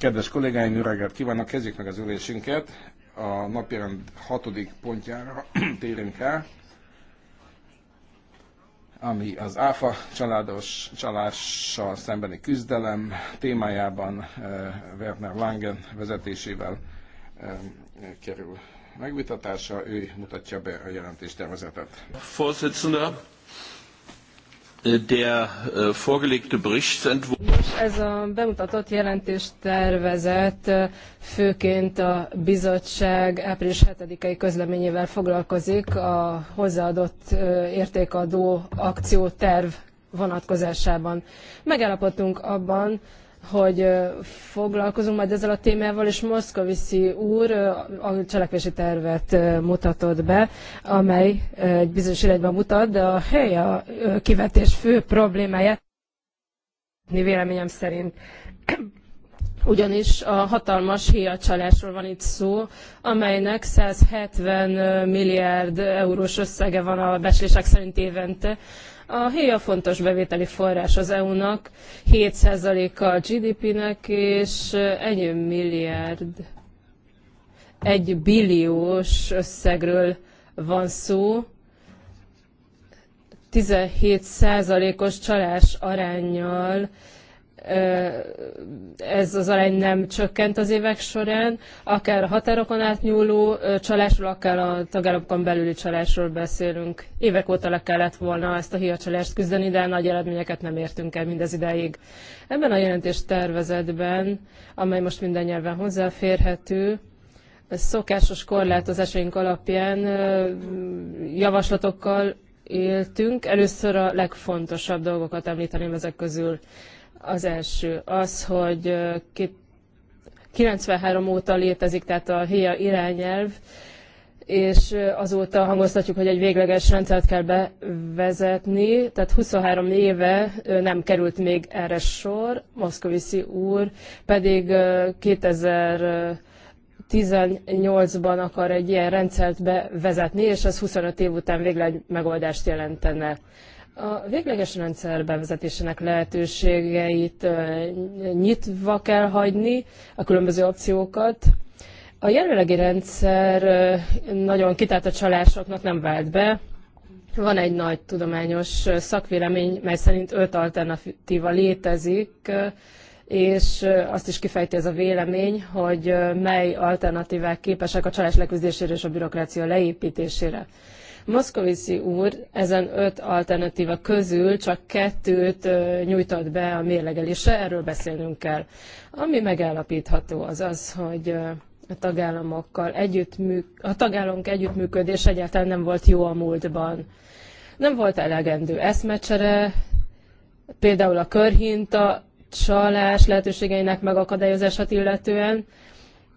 Kedves kollégáim, jó reggelt kívánok! Kezdjük meg az ülésünket. A napirend hatodik pontjára térünk rá, ami az ÁFA családos csalással szembeni küzdelem témájában eh, Werner Langen vezetésével eh, kerül megvitatása. Ő mutatja be a jelentéstervezetet. Vorsitzender, Der äh, vorgelegte Berichtsentwurf. ez a bemutatott jelentés főként a bizottság április 7-i közleményével foglalkozik a hozzáadott értékadó akcióterv vonatkozásában. Megállapodtunk abban, hogy foglalkozunk majd ezzel a témával, és Moszkoviszi úr a cselekvési tervet mutatott be, amely egy bizonyos irányban mutat, de a hely a kivetés fő problémáját véleményem szerint ugyanis a hatalmas héjacsalásról van itt szó, amelynek 170 milliárd eurós összege van a becslések szerint évente, a héja fontos bevételi forrás az EU-nak, 7%-a a, a gdp nek és egy milliárd, egy billiós összegről van szó. 17 százalékos csalás arányjal ez az arány nem csökkent az évek során, akár a határokon átnyúló csalásról, akár a tagállamokon belüli csalásról beszélünk. Évek óta le kellett volna ezt a hiacsalást küzdeni, de nagy eredményeket nem értünk el mindez ideig. Ebben a jelentés tervezetben, amely most minden nyelven hozzáférhető, szokásos korlátozásaink alapján javaslatokkal éltünk. Először a legfontosabb dolgokat említeném ezek közül. Az első az, hogy 93 óta létezik, tehát a HIA irányelv, és azóta hangoztatjuk, hogy egy végleges rendszert kell bevezetni, tehát 23 éve nem került még erre sor, Moszkoviszi úr pedig 2018-ban akar egy ilyen rendszert bevezetni, és ez 25 év után végleg megoldást jelentene. A végleges rendszer bevezetésének lehetőségeit nyitva kell hagyni, a különböző opciókat. A jelenlegi rendszer nagyon kitált a csalásoknak nem vált be. Van egy nagy tudományos szakvélemény, mely szerint öt alternatíva létezik, és azt is kifejti ez a vélemény, hogy mely alternatívák képesek a csalás leküzdésére és a bürokrácia leépítésére. Moszkovici úr ezen öt alternatíva közül csak kettőt nyújtott be a mérlegelésre, erről beszélnünk kell. Ami megállapítható az az, hogy a tagállamokkal együttműk, a tagállamok együttműködés egyáltalán nem volt jó a múltban. Nem volt elegendő eszmecsere, például a körhinta csalás lehetőségeinek megakadályozását illetően,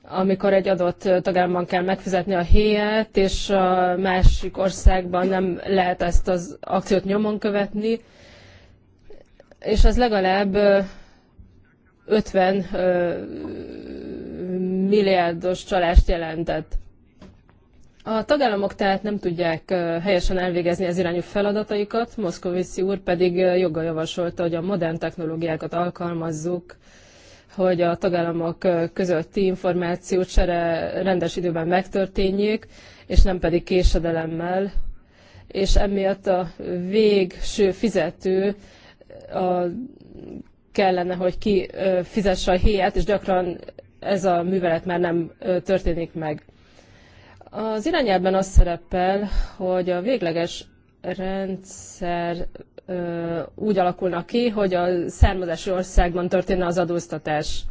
amikor egy adott tagállamban kell megfizetni a héját, és a másik országban nem lehet ezt az akciót nyomon követni, és ez legalább 50 milliárdos csalást jelentett. A tagállamok tehát nem tudják helyesen elvégezni az irányú feladataikat, Moszkovici úr pedig joggal javasolta, hogy a modern technológiákat alkalmazzuk hogy a tagállamok közötti információcsere rendes időben megtörténjék, és nem pedig késedelemmel, és emiatt a végső fizető a, kellene, hogy ki fizesse a héját, és gyakran ez a művelet már nem történik meg. Az irányelben az szerepel, hogy a végleges rendszer úgy alakulna ki, hogy a származási országban történne az adóztatás.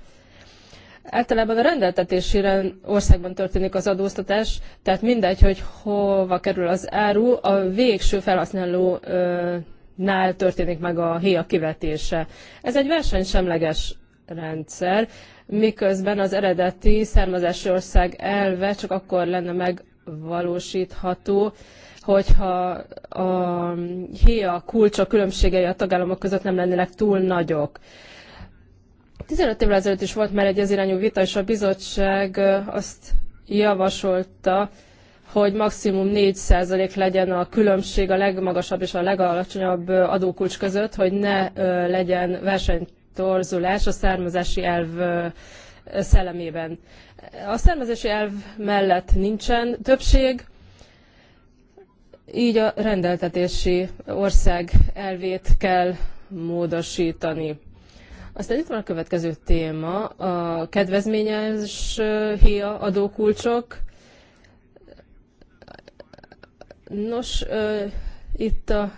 Általában a rendeltetési országban történik az adóztatás, tehát mindegy, hogy hova kerül az áru, a végső felhasználónál történik meg a héja kivetése. Ez egy versenysemleges rendszer, miközben az eredeti származási ország elve csak akkor lenne megvalósítható, hogyha a héja kulcsok különbségei a tagállamok között nem lennének túl nagyok. 15 évvel ezelőtt is volt már egy ezirányú vita, és a bizottság azt javasolta, hogy maximum 4% legyen a különbség a legmagasabb és a legalacsonyabb adókulcs között, hogy ne legyen versenytorzulás a származási elv szellemében. A származási elv mellett nincsen többség, így a rendeltetési ország elvét kell módosítani. Aztán itt van a következő téma, a kedvezményes héja adókulcsok. Nos, itt a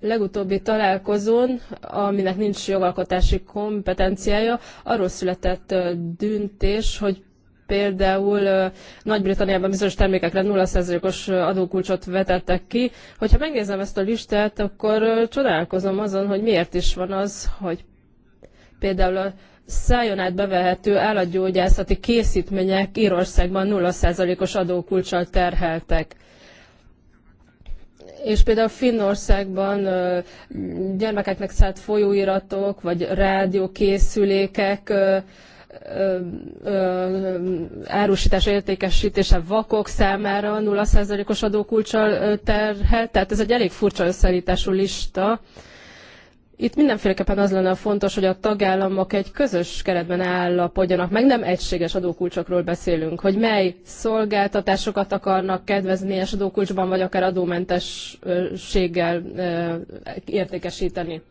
legutóbbi találkozón, aminek nincs jogalkotási kompetenciája, arról született döntés, hogy Például Nagy-Britanniában bizonyos termékekre 0%-os adókulcsot vetettek ki. Hogyha megnézem ezt a listát, akkor csodálkozom azon, hogy miért is van az, hogy például a szájon át bevehető állatgyógyászati készítmények Írországban 0%-os adókulcsal terheltek és például Finnországban gyermekeknek szállt folyóiratok, vagy rádiókészülékek árusítás értékesítése vakok számára 0%-os adókulcsal terhet, tehát ez egy elég furcsa összeállítású lista. Itt mindenféleképpen az lenne fontos, hogy a tagállamok egy közös keretben állapodjanak, meg nem egységes adókulcsokról beszélünk, hogy mely szolgáltatásokat akarnak kedvezményes adókulcsban, vagy akár adómentességgel értékesíteni.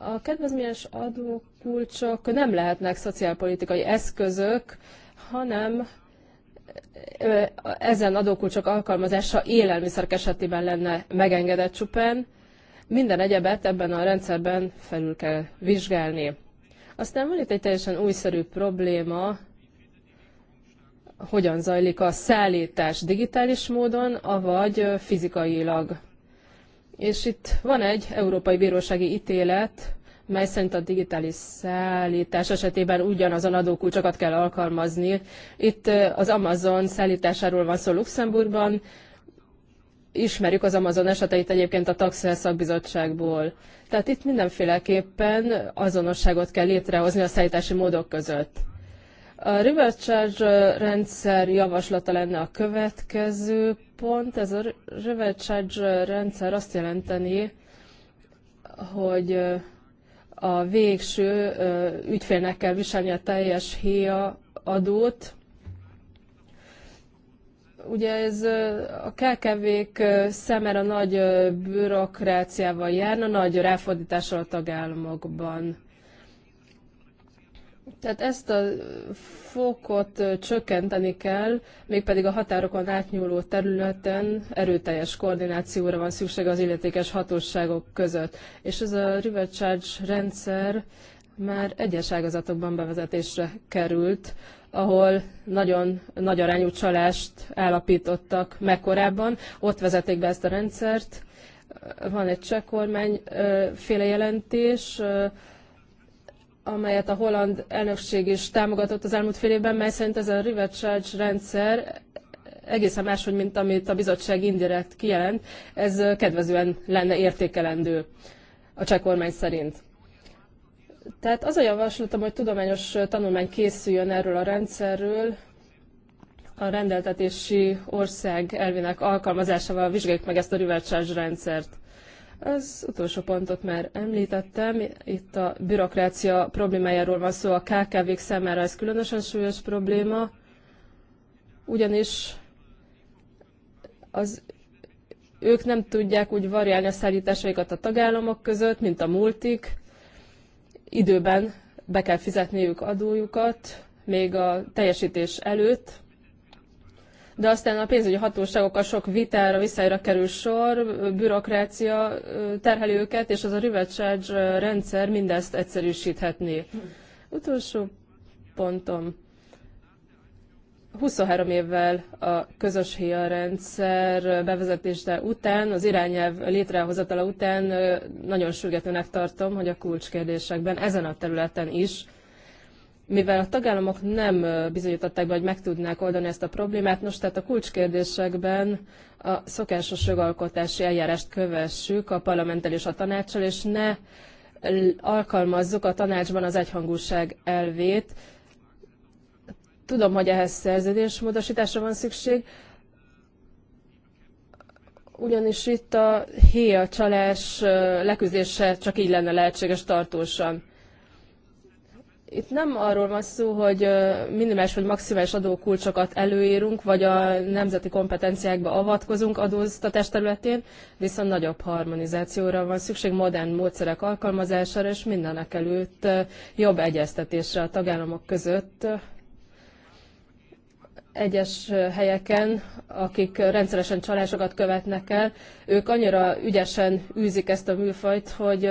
A kedvezményes adókulcsok nem lehetnek szociálpolitikai eszközök, hanem ezen adókulcsok alkalmazása élelmiszerek esetében lenne megengedett csupán. Minden egyebet ebben a rendszerben felül kell vizsgálni. Aztán van itt egy teljesen újszerű probléma, hogyan zajlik a szállítás digitális módon, avagy fizikailag. És itt van egy európai bírósági ítélet, mely szerint a digitális szállítás esetében ugyanazon adókulcsokat kell alkalmazni. Itt az Amazon szállításáról van szó Luxemburgban, ismerjük az Amazon eseteit egyébként a Taxel szakbizottságból. Tehát itt mindenféleképpen azonosságot kell létrehozni a szállítási módok között. A reverse charge rendszer javaslata lenne a következő pont. Ez a reverse charge rendszer azt jelenteni, hogy a végső ügyfélnek kell viselni a teljes héja adót. Ugye ez a KKV-k szemére nagy bürokráciával járna, nagy ráfordítással a tagállamokban tehát ezt a fokot csökkenteni kell, mégpedig a határokon átnyúló területen erőteljes koordinációra van szükség az illetékes hatóságok között. És ez a River Charge rendszer már egyes ágazatokban bevezetésre került, ahol nagyon nagy arányú csalást állapítottak megkorábban. Ott vezeték be ezt a rendszert. Van egy cseh kormány féle jelentés, amelyet a holland elnökség is támogatott az elmúlt fél évben, mely szerint ez a River Charge rendszer egészen máshogy, mint amit a bizottság indirekt kijelent, ez kedvezően lenne értékelendő a cseh kormány szerint. Tehát az a javaslatom, hogy tudományos tanulmány készüljön erről a rendszerről, a rendeltetési ország elvének alkalmazásával vizsgáljuk meg ezt a Charge rendszert. Az utolsó pontot már említettem, itt a bürokrácia problémájáról van szó, a KKV-k számára ez különösen súlyos probléma, ugyanis az ők nem tudják úgy variálni a szállításaikat a tagállamok között, mint a multik. Időben be kell fizetniük adójukat, még a teljesítés előtt, de aztán a pénzügyi a sok vitára, visszájra kerül sor, bürokrácia terheli őket, és az a Charge rendszer mindezt egyszerűsíthetné. Utolsó pontom. 23 évvel a közös HIA rendszer bevezetése után, az irányelv létrehozatala után nagyon sürgetőnek tartom, hogy a kulcskérdésekben ezen a területen is mivel a tagállamok nem bizonyították be, hogy meg tudnák oldani ezt a problémát, most tehát a kulcskérdésekben a szokásos jogalkotási eljárást kövessük a parlamenttel és a tanácssal, és ne alkalmazzuk a tanácsban az egyhangúság elvét. Tudom, hogy ehhez szerződésmódosításra van szükség, ugyanis itt a héja csalás leküzdése csak így lenne lehetséges tartósan itt nem arról van szó, hogy minimális vagy maximális adókulcsokat előírunk, vagy a nemzeti kompetenciákba avatkozunk adóztatás területén, viszont nagyobb harmonizációra van szükség, modern módszerek alkalmazására, és mindenek előtt jobb egyeztetésre a tagállamok között. Egyes helyeken, akik rendszeresen csalásokat követnek el, ők annyira ügyesen űzik ezt a műfajt, hogy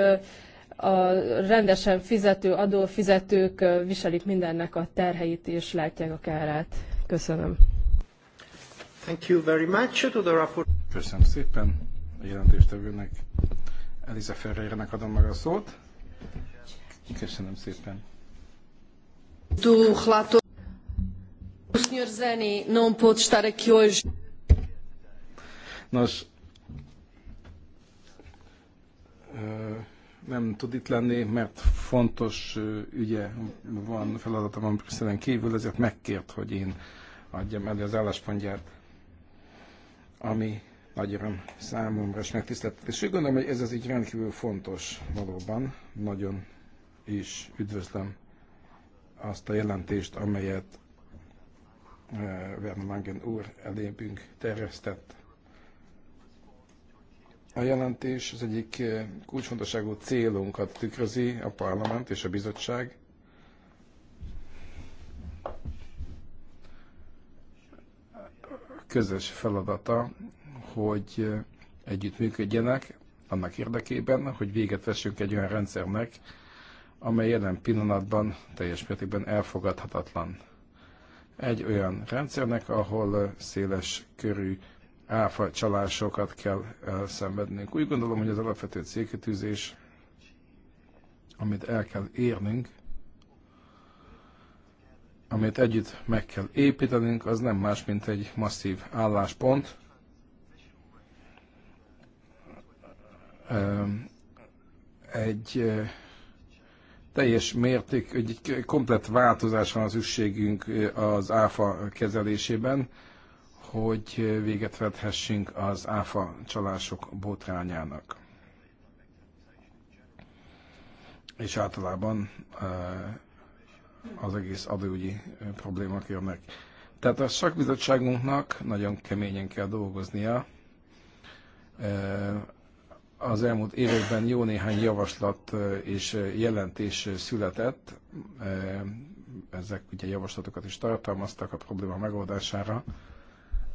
a rendesen fizető adófizetők viselik mindennek a terheit és látják a kárát. Köszönöm. Thank you very much to the rapport. Köszönöm szépen a jelentéstevőnek. Eliza Ferreira-nek adom meg a szót. Köszönöm szépen. Do relator, o Sr. Zani não pôde estar aqui hoje. Nos, uh, nem tud itt lenni, mert fontos ügye van, feladata van Brüsszelen kívül, ezért megkért, hogy én adjam elő az álláspontját, ami nagy öröm számomra és megtiszteltetés. Úgy gondolom, hogy ez az így rendkívül fontos valóban, nagyon is üdvözlöm azt a jelentést, amelyet Werner Langen úr elébünk terjesztett a jelentés az egyik eh, kulcsfontosságú célunkat tükrözi a parlament és a bizottság. Közös feladata, hogy eh, együttműködjenek annak érdekében, hogy véget vessünk egy olyan rendszernek, amely jelen pillanatban teljes mértékben elfogadhatatlan. Egy olyan rendszernek, ahol eh, széles körű áfa csalásokat kell elszenvednünk. Úgy gondolom, hogy az alapvető célkitűzés, amit el kell érnünk, amit együtt meg kell építenünk, az nem más, mint egy masszív álláspont, egy teljes mérték, egy komplet változás van az üsségünk az áfa kezelésében, hogy véget vethessünk az áfa csalások botrányának. És általában eh, az egész adóügyi jönnek. Tehát a szakbizottságunknak nagyon keményen kell dolgoznia. Eh, az elmúlt években jó néhány javaslat eh, és jelentés született, ezek ugye javaslatokat is tartalmaztak a probléma megoldására.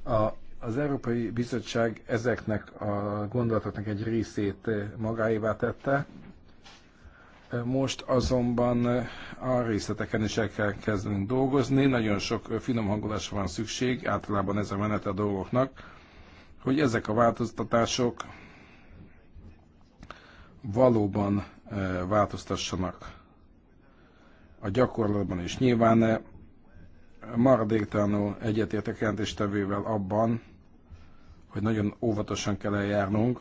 A, az Európai Bizottság ezeknek a gondolatoknak egy részét eh, magáévá tette, eh, most azonban eh, a részleteken is el kell kezdenünk dolgozni, nagyon sok finom hangolásra van szükség, általában ez a menet a dolgoknak, hogy ezek a változtatások valóban változtassanak a gyakorlatban is. Nyilván maradéktalanul egyetértek jelentéstevővel abban, hogy nagyon óvatosan kell eljárnunk,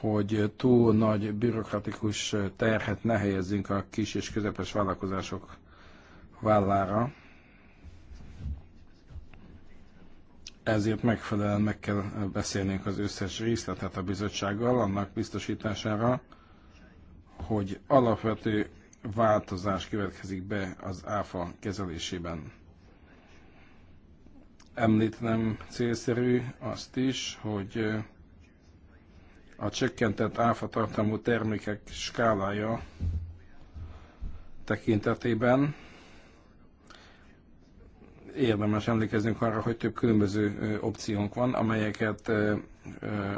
hogy túl nagy bürokratikus terhet ne helyezzünk a kis és közepes vállalkozások vállára. Ezért megfelelően meg kell beszélnünk az összes részletet a bizottsággal, annak biztosítására, hogy alapvető változás következik be az áfa kezelésében. Említenem célszerű azt is, hogy eh, a csökkentett áfa tartalmú termékek skálája tekintetében érdemes emlékeznünk arra, hogy több különböző eh, opciónk van, amelyeket eh,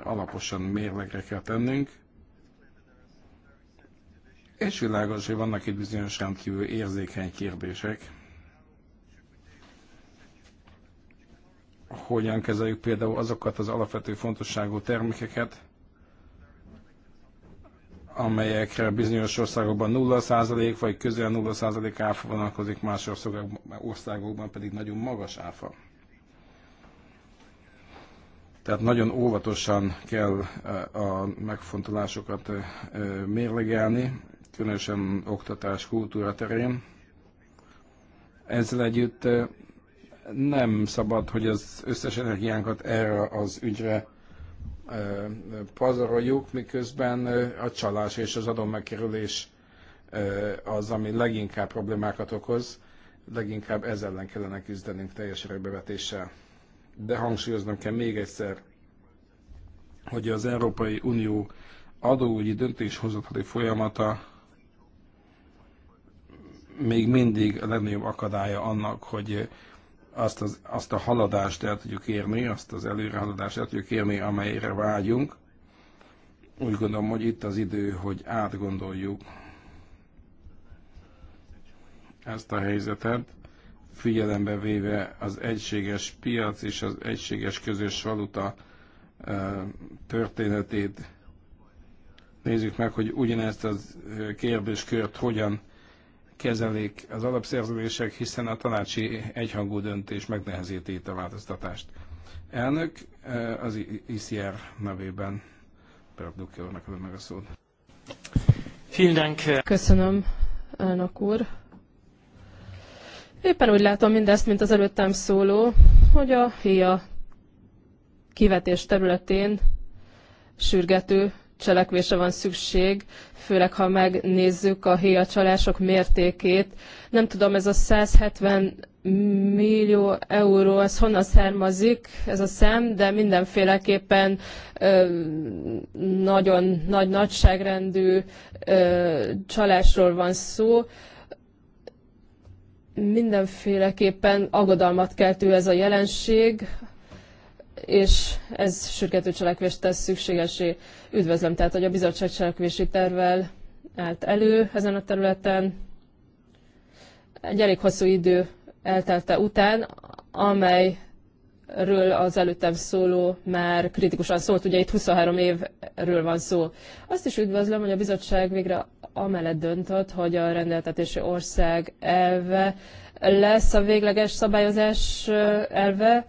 alaposan mérlegre kell tennünk és világos, hogy vannak itt bizonyos rendkívül érzékeny kérdések. Hogyan kezeljük például azokat az alapvető fontosságú termékeket, amelyekre bizonyos országokban 0% vagy közel 0% áfa vonatkozik, más országokban, országokban pedig nagyon magas áfa. Tehát nagyon óvatosan kell eh, a megfontolásokat eh, eh, mérlegelni, különösen oktatás, kultúra terén. Ezzel együtt eh, nem szabad, hogy az összes energiánkat erre az ügyre eh, pazaroljuk, miközben eh, a csalás és az adó megkerülés az, ami leginkább problémákat okoz, leginkább ez ellen kellene küzdenünk teljes erőbevetéssel. De hangsúlyoznom kell még egyszer, hogy az Európai Unió adóügyi döntéshozatali folyamata még mindig a legnagyobb akadálya annak, hogy azt, az, azt a haladást el tudjuk érni, azt az előrehaladást el tudjuk érni, amelyre vágyunk. Úgy gondolom, hogy itt az idő, hogy átgondoljuk ezt a helyzetet, figyelembe véve az egységes piac és az egységes közös valuta történetét. Nézzük meg, hogy ugyanezt az kérdéskört hogyan kezelik az alapszerződések, hiszen a tanácsi egyhangú döntés megnehezíti itt a változtatást. Elnök eh, az ICR nevében Berabdukke úrnak adom meg a szót. Eh. Köszönöm, elnök úr. Éppen úgy látom mindezt, mint az előttem szóló, hogy a HIA kivetés területén sürgető cselekvése van szükség, főleg ha megnézzük a héjacsalások mértékét. Nem tudom, ez a 170 millió euró, ez honnan származik ez a szem, de mindenféleképpen ö, nagyon nagy nagyságrendű ö, csalásról van szó. Mindenféleképpen aggodalmat keltő ez a jelenség, és ez sürgető cselekvést tesz szükségesé. Üdvözlöm tehát, hogy a bizottság cselekvési tervvel állt elő ezen a területen. Egy elég hosszú idő eltelte után, amelyről az előttem szóló már kritikusan szólt, ugye itt 23 évről van szó. Azt is üdvözlöm, hogy a bizottság végre amellett döntött, hogy a rendeltetési ország elve lesz a végleges szabályozás elve,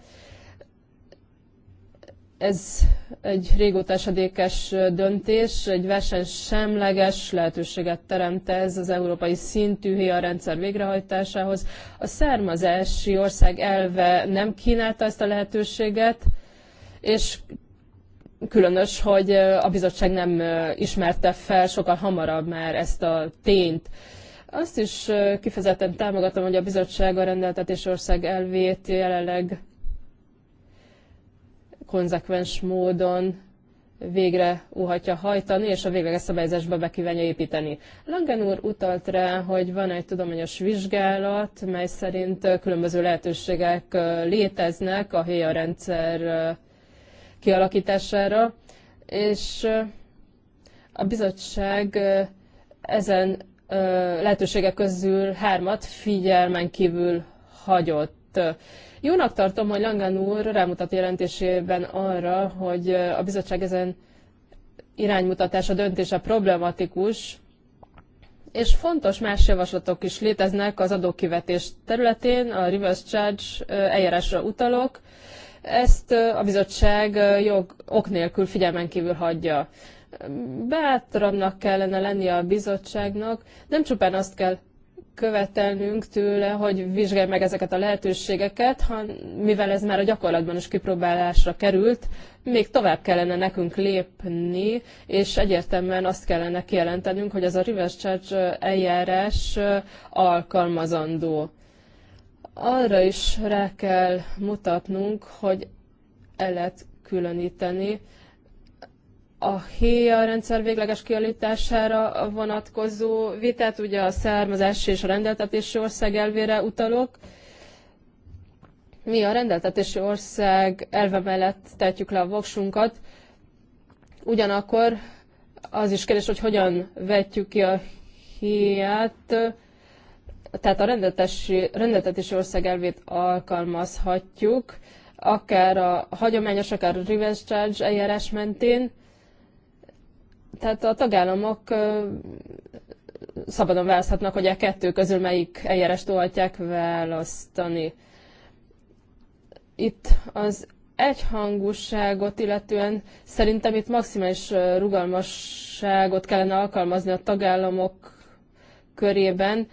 ez egy régóta esedékes döntés, egy versenysemleges lehetőséget teremt ez az európai szintű HIA rendszer végrehajtásához. A származási ország elve nem kínálta ezt a lehetőséget, és különös, hogy a bizottság nem ismerte fel sokkal hamarabb már ezt a tényt. Azt is kifejezetten támogatom, hogy a bizottság a rendeltetés ország elvét jelenleg konzekvens módon végre óhatja hajtani, és a végleges szabályzásba be kívánja építeni. Langen úr utalt rá, hogy van egy tudományos vizsgálat, mely szerint különböző lehetőségek léteznek a héja rendszer kialakítására, és a bizottság ezen lehetőségek közül hármat figyelmen kívül hagyott. Jónak tartom, hogy Langan úr rámutat jelentésében arra, hogy a bizottság ezen iránymutatása döntése problematikus, és fontos más javaslatok is léteznek az adókivetés területén, a reverse charge eljárásra utalok, ezt a bizottság jog ok nélkül figyelmen kívül hagyja. Bátrabbnak kellene lennie a bizottságnak, nem csupán azt kell követelnünk tőle, hogy vizsgálj meg ezeket a lehetőségeket, ha, mivel ez már a gyakorlatban is kipróbálásra került, még tovább kellene nekünk lépni, és egyértelműen azt kellene kijelentenünk, hogy ez a reverse charge eljárás alkalmazandó. Arra is rá kell mutatnunk, hogy el lehet különíteni a HÉA rendszer végleges kialítására vonatkozó vitát, ugye a származás és a rendeltetési ország elvére utalok. Mi a rendeltetési ország elve mellett tetjük le a voksunkat, ugyanakkor az is kérdés, hogy hogyan vetjük ki a hiát, tehát a rendeltetési, rendeltetési ország elvét alkalmazhatjuk, akár a hagyományos, akár a revenge charge eljárás mentén, tehát a tagállamok szabadon választhatnak, hogy a kettő közül melyik eljárást oltják választani. Itt az egyhangúságot illetően szerintem itt maximális rugalmasságot kellene alkalmazni a tagállamok körében,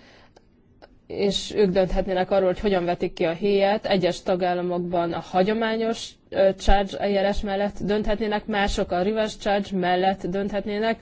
és ők dönthetnének arról, hogy hogyan vetik ki a héját. Egyes tagállamokban a hagyományos charge eljárás mellett dönthetnének, mások a reverse charge mellett dönthetnének,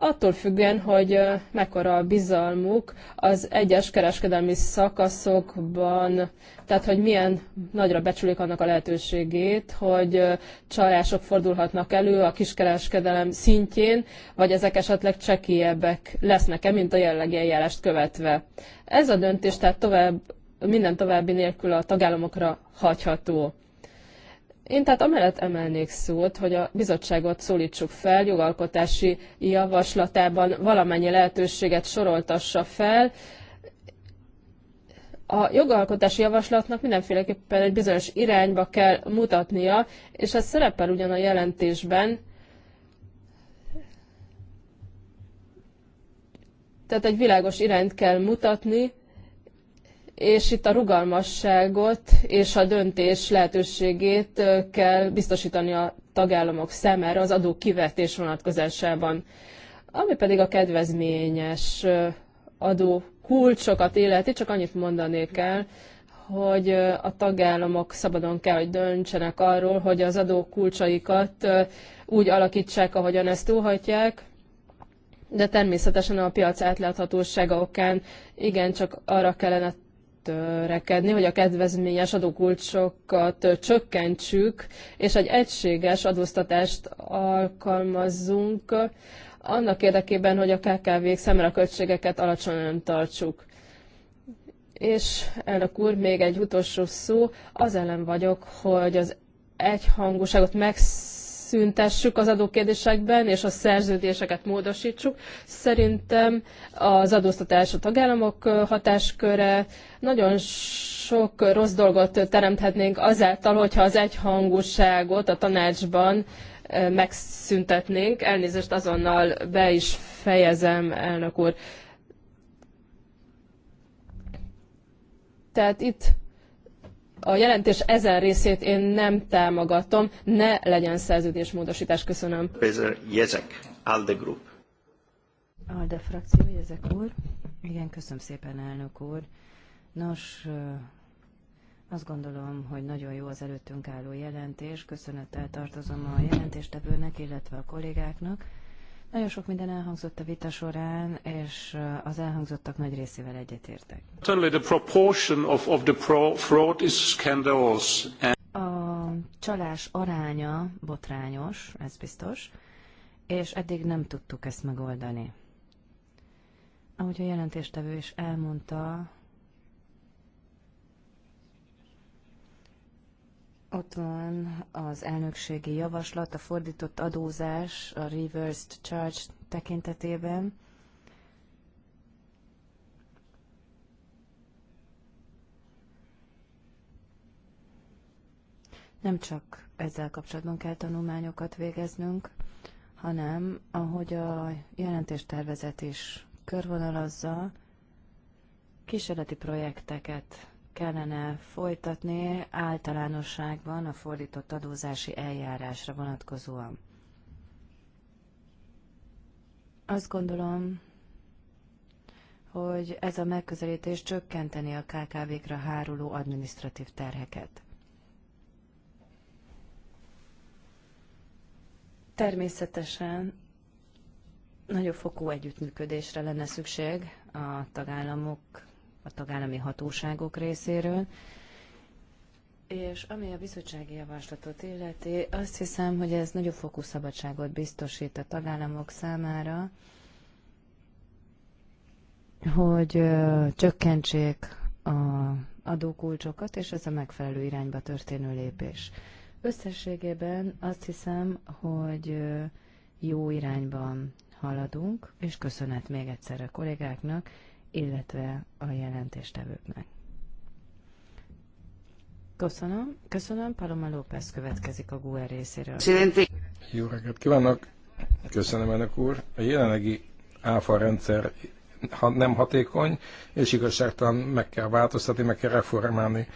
attól függően, hogy mekkora a bizalmuk az egyes kereskedelmi szakaszokban, tehát hogy milyen nagyra becsülik annak a lehetőségét, hogy csalások fordulhatnak elő a kiskereskedelem szintjén, vagy ezek esetleg csekélyebbek lesznek-e, mint a jellegi eljárást követve. Ez a döntés tehát tovább, minden további nélkül a tagállamokra hagyható. Én tehát amellett emelnék szót, hogy a bizottságot szólítsuk fel, jogalkotási javaslatában valamennyi lehetőséget soroltassa fel. A jogalkotási javaslatnak mindenféleképpen egy bizonyos irányba kell mutatnia, és ez szerepel ugyan a jelentésben, tehát egy világos irányt kell mutatni, és itt a rugalmasságot és a döntés lehetőségét kell biztosítani a tagállamok számára az adó kivetés vonatkozásában. Ami pedig a kedvezményes adó kulcsokat illeti, csak annyit mondanék el, hogy a tagállamok szabadon kell, hogy döntsenek arról, hogy az adó kulcsaikat úgy alakítsák, ahogyan ezt túlhatják, de természetesen a piac átláthatósága okán igencsak arra kellene törekedni, hogy a kedvezményes adókulcsokat csökkentsük, és egy egységes adóztatást alkalmazzunk annak érdekében, hogy a KKV-k szemre a költségeket alacsonyan tartsuk. És elnök úr, még egy utolsó szó, az ellen vagyok, hogy az egyhangúságot megsz megszüntessük az adókérdésekben, és a szerződéseket módosítsuk. Szerintem az adóztatás a tagállamok hatásköre. Nagyon sok rossz dolgot teremthetnénk azáltal, hogyha az egyhangúságot a tanácsban megszüntetnénk. Elnézést azonnal be is fejezem, elnök úr. Tehát itt a jelentés ezen részét én nem támogatom, ne legyen szerződésmódosítás. Köszönöm. Pézer Jezek, ALDE Group. ALDE frakció, Jezek úr. Igen, köszönöm szépen, elnök úr. Nos, azt gondolom, hogy nagyon jó az előttünk álló jelentés. Köszönettel tartozom a jelentéstevőnek, illetve a kollégáknak. Nagyon sok minden elhangzott a vita során, és uh, az elhangzottak nagy részével egyetértek. A csalás aránya botrányos, ez biztos, és eddig nem tudtuk ezt megoldani. Ahogy a jelentéstevő is elmondta, Ott van az elnökségi javaslat, a fordított adózás, a reversed charge tekintetében. Nem csak ezzel kapcsolatban kell tanulmányokat végeznünk, hanem ahogy a jelentéstervezet is körvonalazza, kísérleti projekteket kellene folytatni általánosságban a fordított adózási eljárásra vonatkozóan. Azt gondolom, hogy ez a megközelítés csökkenteni a KKV-kra háruló administratív terheket. Természetesen nagyobb fokú együttműködésre lenne szükség a tagállamok a tagállami hatóságok részéről. És ami a bizottsági javaslatot illeti, azt hiszem, hogy ez nagyobb fokú szabadságot biztosít a tagállamok számára, hogy csökkentsék a adókulcsokat, és ez a megfelelő irányba történő lépés. Összességében azt hiszem, hogy jó irányban haladunk, és köszönet még egyszer a kollégáknak, illetve a jelentéstevőknek. Köszönöm, köszönöm. Paloma López következik a GUE részéről. Jó reggelt kívánok! Köszönöm, elnök úr. A jelenlegi áfa rendszer nem hatékony, és igazságtalan meg kell változtatni, meg kell reformálni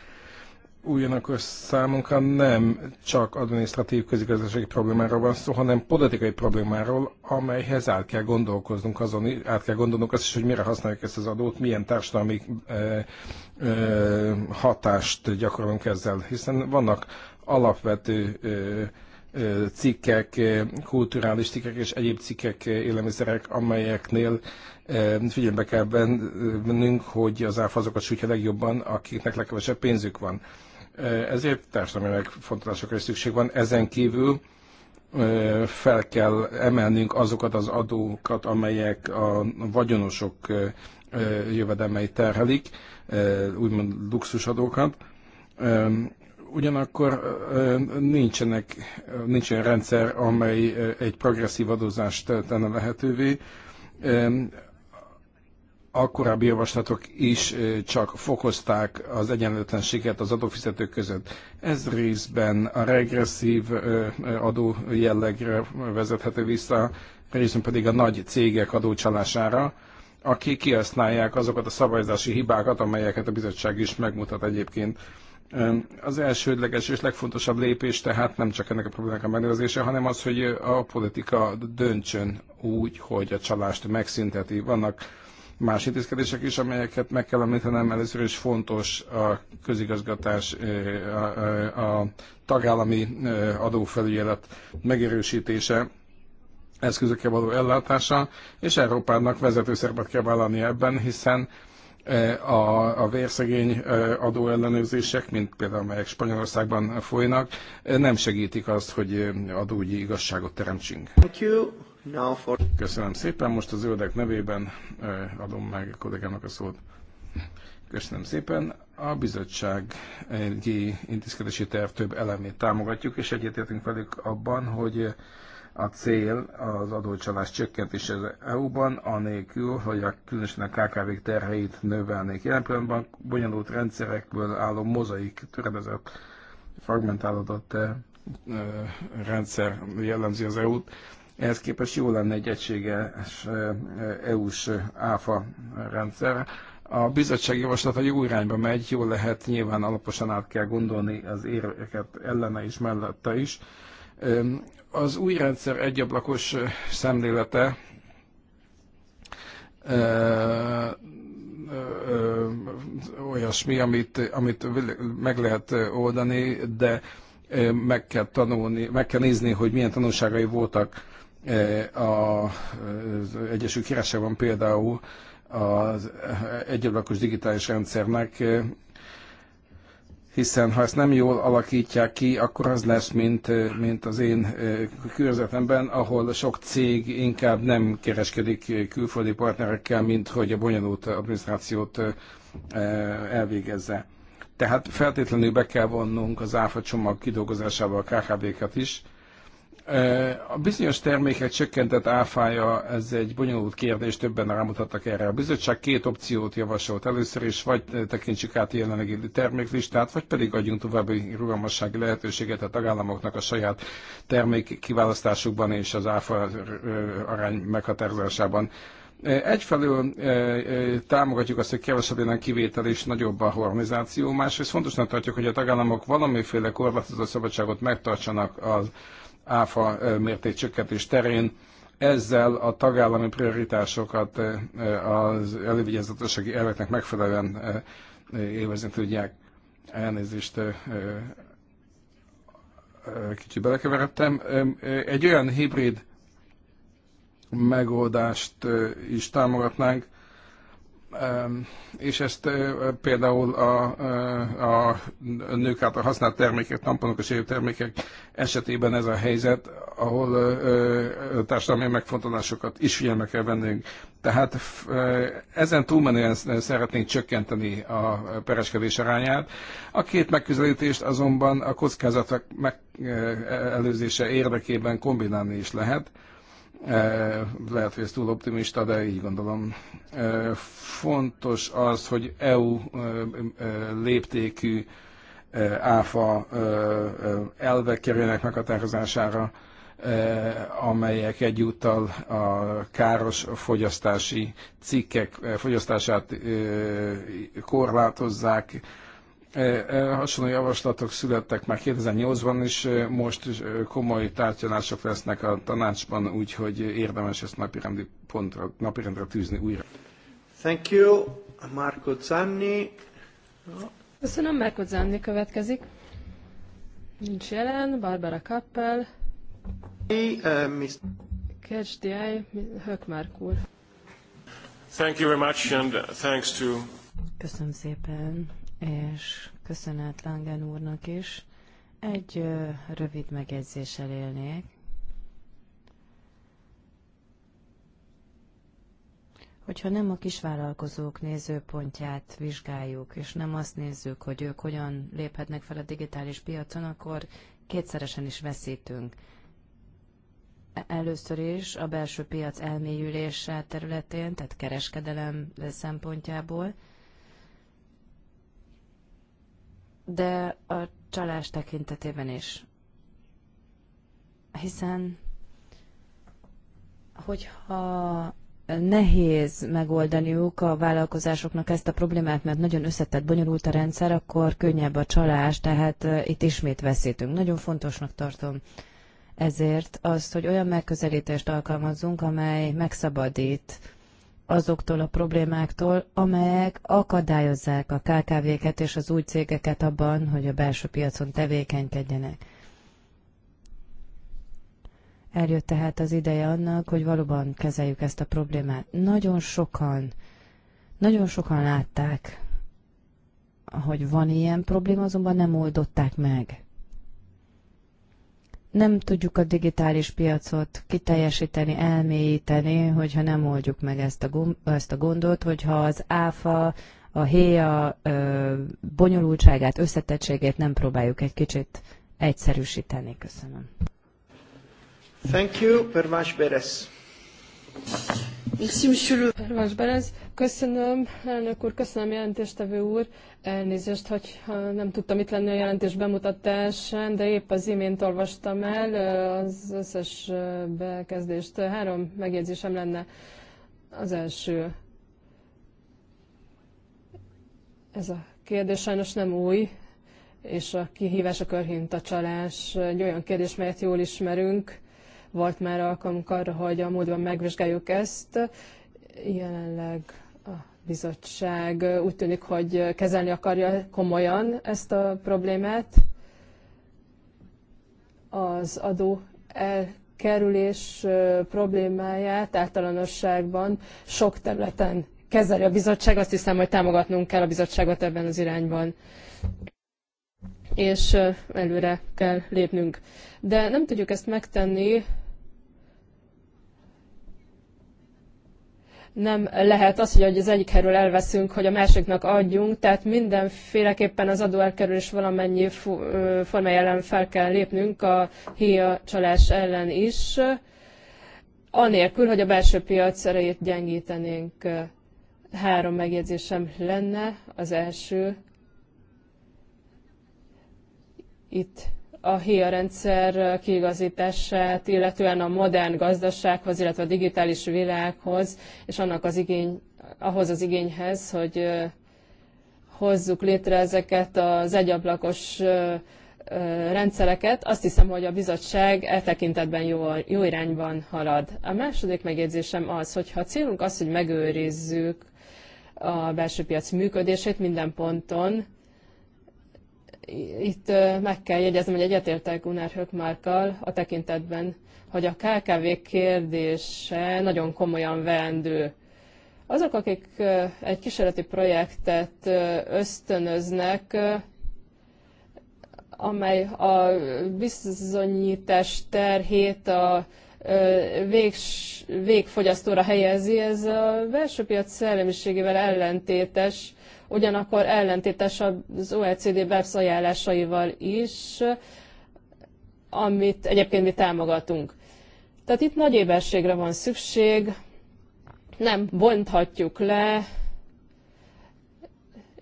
ugyanakkor számunkra nem csak adminisztratív közigazdasági problémáról van szó, hanem politikai problémáról, amelyhez át kell gondolkoznunk azon, át kell gondolnunk azt is, hogy mire használjuk ezt az adót, milyen társadalmi e, e, hatást gyakorolunk ezzel, hiszen vannak alapvető e, cikkek, kulturális cikkek és egyéb cikkek, élelmiszerek, amelyeknél figyelembe kell vennünk, hogy az áfa azokat sújtja legjobban, akiknek legkevesebb pénzük van. Ezért társadalmi megfontolásokra is szükség van. Ezen kívül fel kell emelnünk azokat az adókat, amelyek a vagyonosok jövedelmei terhelik, úgymond luxusadókat. Ugyanakkor nincsenek, nincs rendszer, amely egy progresszív adózást tenne lehetővé a korábbi javaslatok is csak fokozták az egyenlőtlenséget az adófizetők között. Ez részben a regresszív adó jellegre vezethető vissza, részben pedig a nagy cégek adócsalására, akik kihasználják azokat a szabályzási hibákat, amelyeket a bizottság is megmutat egyébként. Az elsődleges és legfontosabb lépés tehát nem csak ennek a problémának a megnevezése, hanem az, hogy a politika döntsön úgy, hogy a csalást megszünteti. Vannak más intézkedések is, amelyeket meg kell említenem. Először is fontos a közigazgatás, a, tagállami adófelügyelet megerősítése, eszközökkel való ellátása, és Európának vezető szerepet kell vállalni ebben, hiszen a, a vérszegény adóellenőrzések, mint például amelyek Spanyolországban folynak, nem segítik azt, hogy adóügyi igazságot teremtsünk. Thank you. Köszönöm szépen, most a zöldek nevében eh, adom meg a kollégának a szót. Köszönöm szépen. A bizottság intézkedési terv több elemét támogatjuk, és egyetértünk velük abban, hogy a cél az adócsalás csökkentése az EU-ban, anélkül, hogy a különösen a KKV-k terheit növelnék. Jelen pillanatban bonyolult rendszerekből álló mozaik töredezett, fragmentálódott eh, eh, rendszer jellemzi az EU-t, ehhez képest jó lenne egy egységes EU-s áfa rendszer. A bizottság javaslata jó irányba megy, jó lehet, nyilván alaposan át kell gondolni az éreket ellene és mellette is. Az új rendszer egyablakos szemlélete olyasmi, amit, amit meg lehet oldani, de meg kell tanulni, meg kell nézni, hogy milyen tanulságai voltak E, az Egyesült Királyságban például az egyablakos digitális rendszernek, e, hiszen ha ezt nem jól alakítják ki, akkor az lesz, mint, e, mint az én körzetemben, ahol sok cég inkább nem kereskedik külföldi partnerekkel, mint hogy a bonyolult adminisztrációt elvégezze. Tehát feltétlenül be kell vonnunk az áfa csomag kidolgozásával a KKB-kat is, a bizonyos termékek csökkentett áfája, ez egy bonyolult kérdés, többen rámutattak erre. A bizottság két opciót javasolt. Először is vagy tekintsük át a jelenlegi terméklistát, vagy pedig adjunk további rugalmassági lehetőséget a tagállamoknak a saját termék kiválasztásukban és az áfa arány meghatározásában. Egyfelől támogatjuk azt, hogy kevesebb legyen kivétel és nagyobb a harmonizáció, másrészt fontosnak tartjuk, hogy a tagállamok valamiféle korlátozó szabadságot megtartsanak az áfa mértékcsökkentés terén. Ezzel a tagállami prioritásokat az elővigyázatossági elveknek megfelelően élvezni tudják. Elnézést kicsit belekeveredtem. Egy olyan hibrid megoldást is támogatnánk, és ezt például a, a nők által használt termékek, tamponok és egyéb termékek esetében ez a helyzet, ahol társadalmi megfontolásokat is figyelme kell vennünk. Tehát ezen túlmenően szeretnénk csökkenteni a pereskedés arányát. A két megközelítést azonban a kockázatok meg, előzése érdekében kombinálni is lehet lehet, hogy ez túl optimista, de így gondolom. Fontos az, hogy EU léptékű áfa elvek kerülnek meghatározására, amelyek egyúttal a káros fogyasztási cikkek fogyasztását korlátozzák, E, e, hasonló javaslatok születtek már 2008-ban is, e, most komoly tárgyalások lesznek a tanácsban, úgyhogy érdemes ezt napirendi pontra, napirendre tűzni újra. Thank you, Marco Zanni. Köszönöm, Marco Zanni következik. Nincs jelen, Barbara Kappel. Uh, Catch the eye, Hökmark úr. Thank you very much and thanks to... Köszönöm szépen és köszönet Langen úrnak is. Egy ö, rövid megjegyzéssel élnék. Hogyha nem a kisvállalkozók nézőpontját vizsgáljuk, és nem azt nézzük, hogy ők hogyan léphetnek fel a digitális piacon, akkor kétszeresen is veszítünk. E-, először is a belső piac elmélyülése területén, tehát kereskedelem szempontjából, de a csalás tekintetében is. Hiszen, hogyha nehéz megoldaniuk a vállalkozásoknak ezt a problémát, mert nagyon összetett, bonyolult a rendszer, akkor könnyebb a csalás, tehát itt ismét veszítünk. Nagyon fontosnak tartom ezért azt, hogy olyan megközelítést alkalmazzunk, amely megszabadít azoktól a problémáktól, amelyek akadályozzák a KKV-ket és az új cégeket abban, hogy a belső piacon tevékenykedjenek. Eljött tehát az ideje annak, hogy valóban kezeljük ezt a problémát. Nagyon sokan, nagyon sokan látták, hogy van ilyen probléma, azonban nem oldották meg nem tudjuk a digitális piacot kiteljesíteni, elmélyíteni, hogyha nem oldjuk meg ezt a, gomb, ezt a gondot, hogyha az áfa, a héja ö, bonyolultságát, összetettségét nem próbáljuk egy kicsit egyszerűsíteni. Köszönöm. Thank you, much, Beres. Merci, monsieur le... Köszönöm, elnök úr, köszönöm, jelentéstevő úr. Elnézést, hogy nem tudtam itt lenni a jelentés bemutatásán, de épp az imént olvastam el az összes bekezdést. Három megjegyzésem lenne. Az első. Ez a kérdés sajnos nem új, és a kihívás a körhintacsalás egy olyan kérdés, melyet jól ismerünk volt már alkalmunk arra, hogy a módban megvizsgáljuk ezt. Jelenleg a bizottság úgy tűnik, hogy kezelni akarja komolyan ezt a problémát. Az adó elkerülés problémáját általánosságban sok területen kezeli a bizottság. Azt hiszem, hogy támogatnunk kell a bizottságot ebben az irányban és előre kell lépnünk. De nem tudjuk ezt megtenni, nem lehet az, hogy az egyik helyről elveszünk, hogy a másiknak adjunk, tehát mindenféleképpen az adóelkerülés valamennyi formája ellen fel kell lépnünk, a héja csalás ellen is, anélkül, hogy a belső piac erejét gyengítenénk. Három megjegyzésem lenne, az első, itt a HIA rendszer kiigazítását, illetően a modern gazdasághoz, illetve a digitális világhoz, és annak az igény, ahhoz az igényhez, hogy hozzuk létre ezeket az egyablakos rendszereket. Azt hiszem, hogy a bizottság e tekintetben jó, jó irányban halad. A második megjegyzésem az, hogy ha a célunk az, hogy megőrizzük a belső piac működését minden ponton, itt meg kell jegyeznem, hogy egyetértek Gunnar Hökmarkkal a tekintetben, hogy a KKV kérdése nagyon komolyan veendő. Azok, akik egy kísérleti projektet ösztönöznek, amely a bizonyítás terhét a végs, végfogyasztóra helyezi, ez a belső piac szellemiségével ellentétes, ugyanakkor ellentétes az OECD BEPS ajánlásaival is, amit egyébként mi támogatunk. Tehát itt nagy éberségre van szükség, nem bonthatjuk le,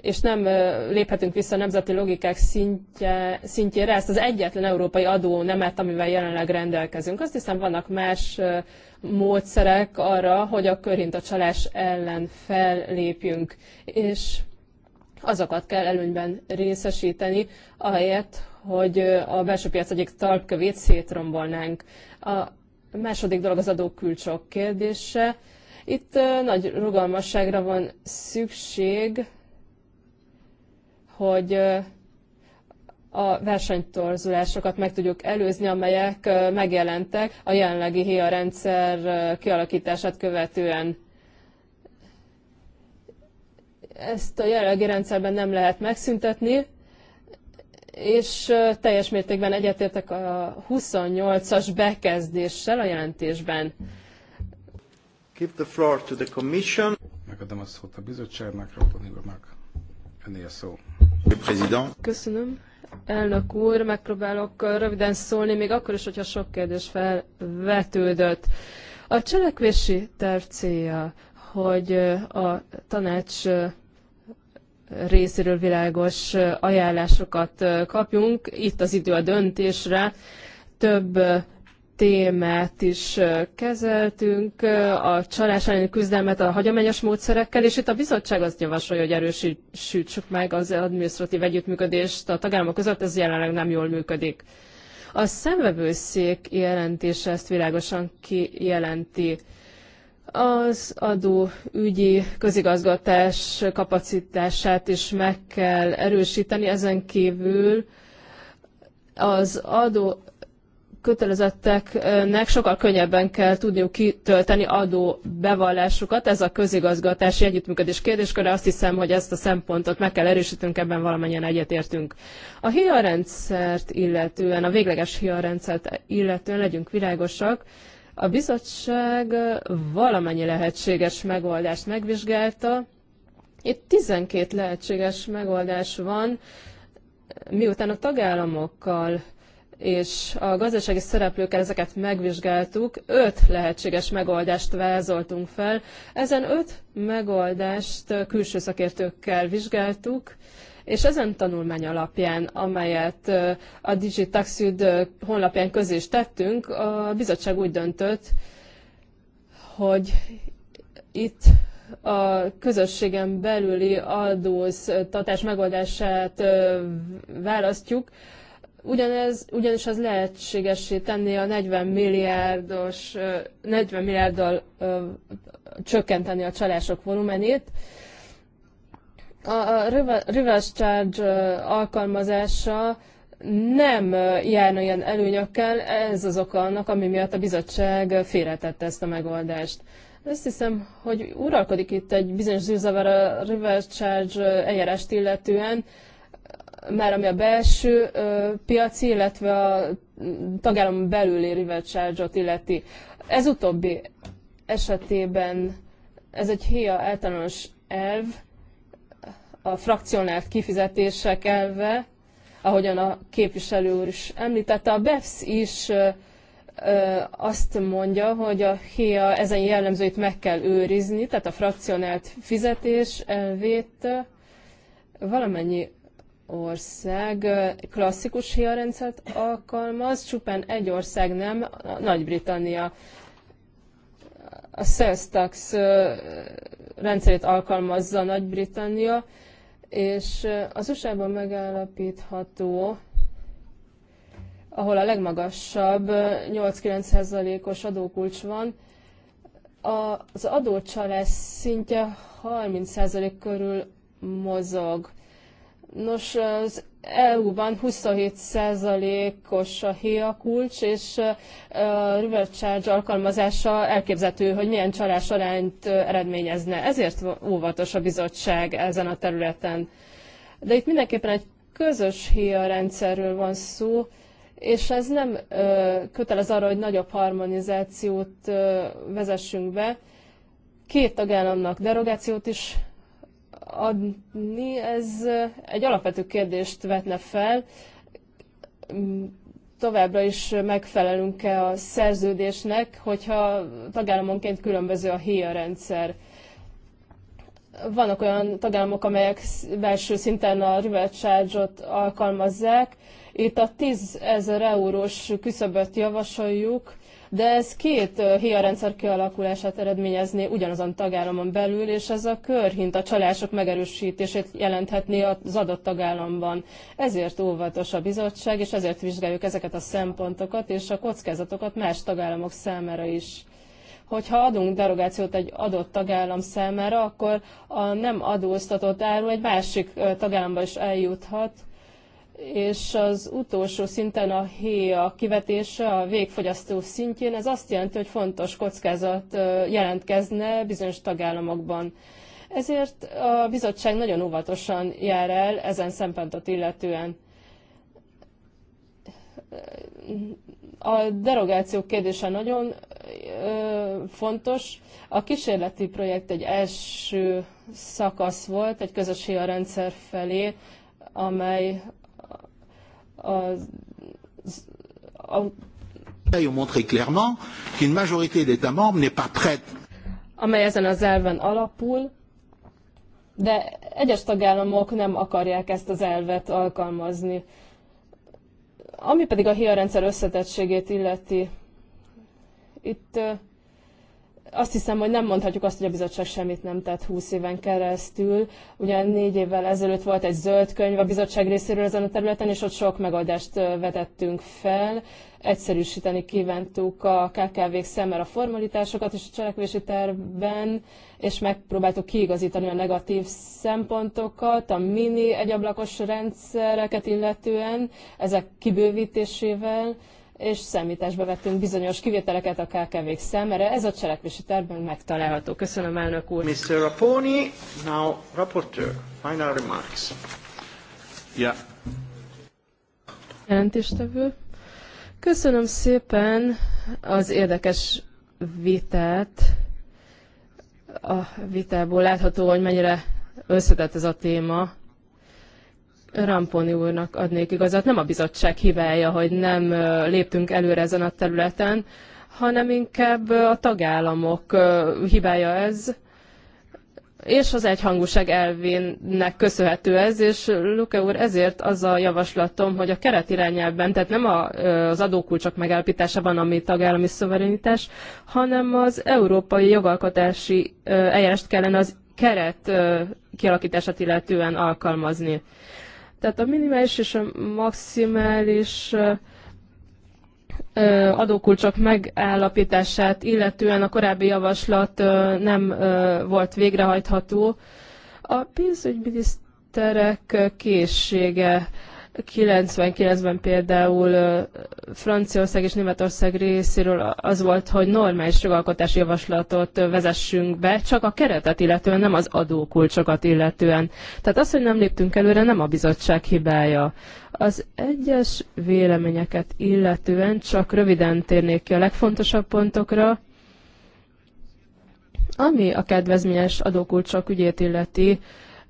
és nem léphetünk vissza a nemzeti logikák szintje, szintjére. Ezt az egyetlen európai adó nemet, amivel jelenleg rendelkezünk. Azt hiszem vannak más módszerek arra, hogy a körhintacsalás ellen fellépjünk. És azokat kell előnyben részesíteni, ahelyett, hogy a belső piac egyik talpkövét szétrombolnánk. A második dolog az adókulcsok kérdése. Itt nagy rugalmasságra van szükség, hogy a versenytorzulásokat meg tudjuk előzni, amelyek megjelentek a jelenlegi HIA rendszer kialakítását követően. Ezt a jelenlegi rendszerben nem lehet megszüntetni, és teljes mértékben egyetértek a 28-as bekezdéssel a jelentésben. Give the floor to the commission. Megadom a szót a bizottságnak, Raponi úrnak. Ennél szó. Köszönöm. Elnök úr, megpróbálok röviden szólni, még akkor is, hogyha sok kérdés felvetődött. A cselekvési terv célja, hogy a tanács részéről világos ajánlásokat kapjunk. Itt az idő a döntésre. Több témát is kezeltünk, a csalás elleni küzdelmet a hagyományos módszerekkel, és itt a bizottság azt javasolja, hogy erősítsük meg az administratív együttműködést a tagállamok között, ez jelenleg nem jól működik. A szemvevőszék jelentése ezt világosan kijelenti. Az adóügyi közigazgatás kapacitását is meg kell erősíteni, ezen kívül az adó kötelezetteknek sokkal könnyebben kell tudniuk kitölteni adó bevallásukat. Ez a közigazgatási együttműködés kérdésköre. Azt hiszem, hogy ezt a szempontot meg kell erősítünk, ebben valamennyien egyetértünk. A hiarendszert illetően, a végleges hiarendszert illetően legyünk világosak. A bizottság valamennyi lehetséges megoldást megvizsgálta. Itt 12 lehetséges megoldás van, miután a tagállamokkal és a gazdasági szereplőkkel ezeket megvizsgáltuk, öt lehetséges megoldást vázoltunk fel. Ezen öt megoldást külső szakértőkkel vizsgáltuk, és ezen tanulmány alapján, amelyet a Digitaxud honlapján közé is tettünk, a bizottság úgy döntött, hogy itt a közösségen belüli adóztatás megoldását választjuk, Ugyanez, ugyanis az lehetségessé tenni a 40 milliárdos, 40 milliárddal csökkenteni a csalások volumenét, a reverse charge alkalmazása nem járna ilyen előnyökkel, ez az oka annak, ami miatt a bizottság félretette ezt a megoldást. Azt hiszem, hogy uralkodik itt egy bizonyos zűrzavar a reverse charge eljárást illetően, már ami a belső piaci, illetve a tagállam belüli reverse charge-ot illeti. Ez utóbbi esetében ez egy héja általános elv, a frakcionált kifizetések elve, ahogyan a képviselő úr is említette, a BEPS is azt mondja, hogy a HIA ezen jellemzőit meg kell őrizni, tehát a frakcionált fizetés elvét valamennyi ország klasszikus HIA rendszert alkalmaz, csupán egy ország nem, a Nagy-Britannia a sales tax rendszerét alkalmazza Nagy-Britannia, és az USA-ban megállapítható, ahol a legmagasabb 8-9%-os adókulcs van, az adócsalás szintje 30% körül mozog. Nos, az EU-ban 27%-os a HIA kulcs, és a River Charge alkalmazása elképzelhető, hogy milyen csalás arányt eredményezne. Ezért óvatos a bizottság ezen a területen. De itt mindenképpen egy közös HIA rendszerről van szó, és ez nem kötelez arra, hogy nagyobb harmonizációt vezessünk be. Két tagállamnak derogációt is adni, ez egy alapvető kérdést vetne fel. Mm, továbbra is megfelelünk-e a szerződésnek, hogyha tagállamonként különböző a HIA rendszer? Vannak olyan tagállamok, amelyek belső szinten a River Charge-ot alkalmazzák. Itt a 10 ezer eurós küszöböt javasoljuk, de ez két HIA rendszer kialakulását eredményezné ugyanazon tagállamon belül, és ez a körhint a csalások megerősítését jelenthetné az adott tagállamban. Ezért óvatos a bizottság, és ezért vizsgáljuk ezeket a szempontokat és a kockázatokat más tagállamok számára is hogyha adunk derogációt egy adott tagállam számára, akkor a nem adóztatott áru egy másik tagállamba is eljuthat, és az utolsó szinten a héja kivetése a végfogyasztó szintjén, ez azt jelenti, hogy fontos kockázat jelentkezne bizonyos tagállamokban. Ezért a bizottság nagyon óvatosan jár el ezen szempontot illetően. A derogáció kérdése nagyon fontos. A kísérleti projekt egy első szakasz volt, egy közösségi rendszer felé, amely amely ezen az elven alapul, de egyes tagállamok nem akarják ezt az elvet alkalmazni. Ami pedig a HIA összetettségét illeti, itt azt hiszem, hogy nem mondhatjuk azt, hogy a bizottság semmit nem tett 20 éven keresztül. Ugyan négy évvel ezelőtt volt egy zöld könyv a bizottság részéről ezen a területen, és ott sok megoldást vetettünk fel. Egyszerűsíteni kívántuk a KKV-k szemmel a formalitásokat és a cselekvési tervben, és megpróbáltuk kiigazítani a negatív szempontokat, a mini egyablakos rendszereket illetően, ezek kibővítésével és számításba vettünk bizonyos kivételeket a KKV-k számára. Ez a cselekvési tervben megtalálható. Köszönöm, elnök úr. Mr. Raponi, now rapporteur, final remarks. Yeah. Jelentéstevő. Köszönöm szépen az érdekes vitát. A vitából látható, hogy mennyire összetett ez a téma. Ramponi úrnak adnék igazat. Nem a bizottság hibája, hogy nem léptünk előre ezen a területen, hanem inkább a tagállamok hibája ez, és az egyhangúság elvének köszönhető ez, és Luke úr, ezért az a javaslatom, hogy a keret irányában, tehát nem az adókulcsok megállapításában, ami tagállami szuverenitás, hanem az európai jogalkotási eljárást kellene az keret kialakítását illetően alkalmazni. Tehát a minimális és a maximális adókulcsok megállapítását, illetően a korábbi javaslat nem volt végrehajtható. A pénzügyminiszterek készsége 99-ben például Franciaország és Németország részéről az volt, hogy normális jogalkotási javaslatot vezessünk be, csak a keretet illetően, nem az adókulcsokat illetően. Tehát az, hogy nem léptünk előre, nem a bizottság hibája. Az egyes véleményeket illetően csak röviden térnék ki a legfontosabb pontokra. Ami a kedvezményes adókulcsok ügyét illeti,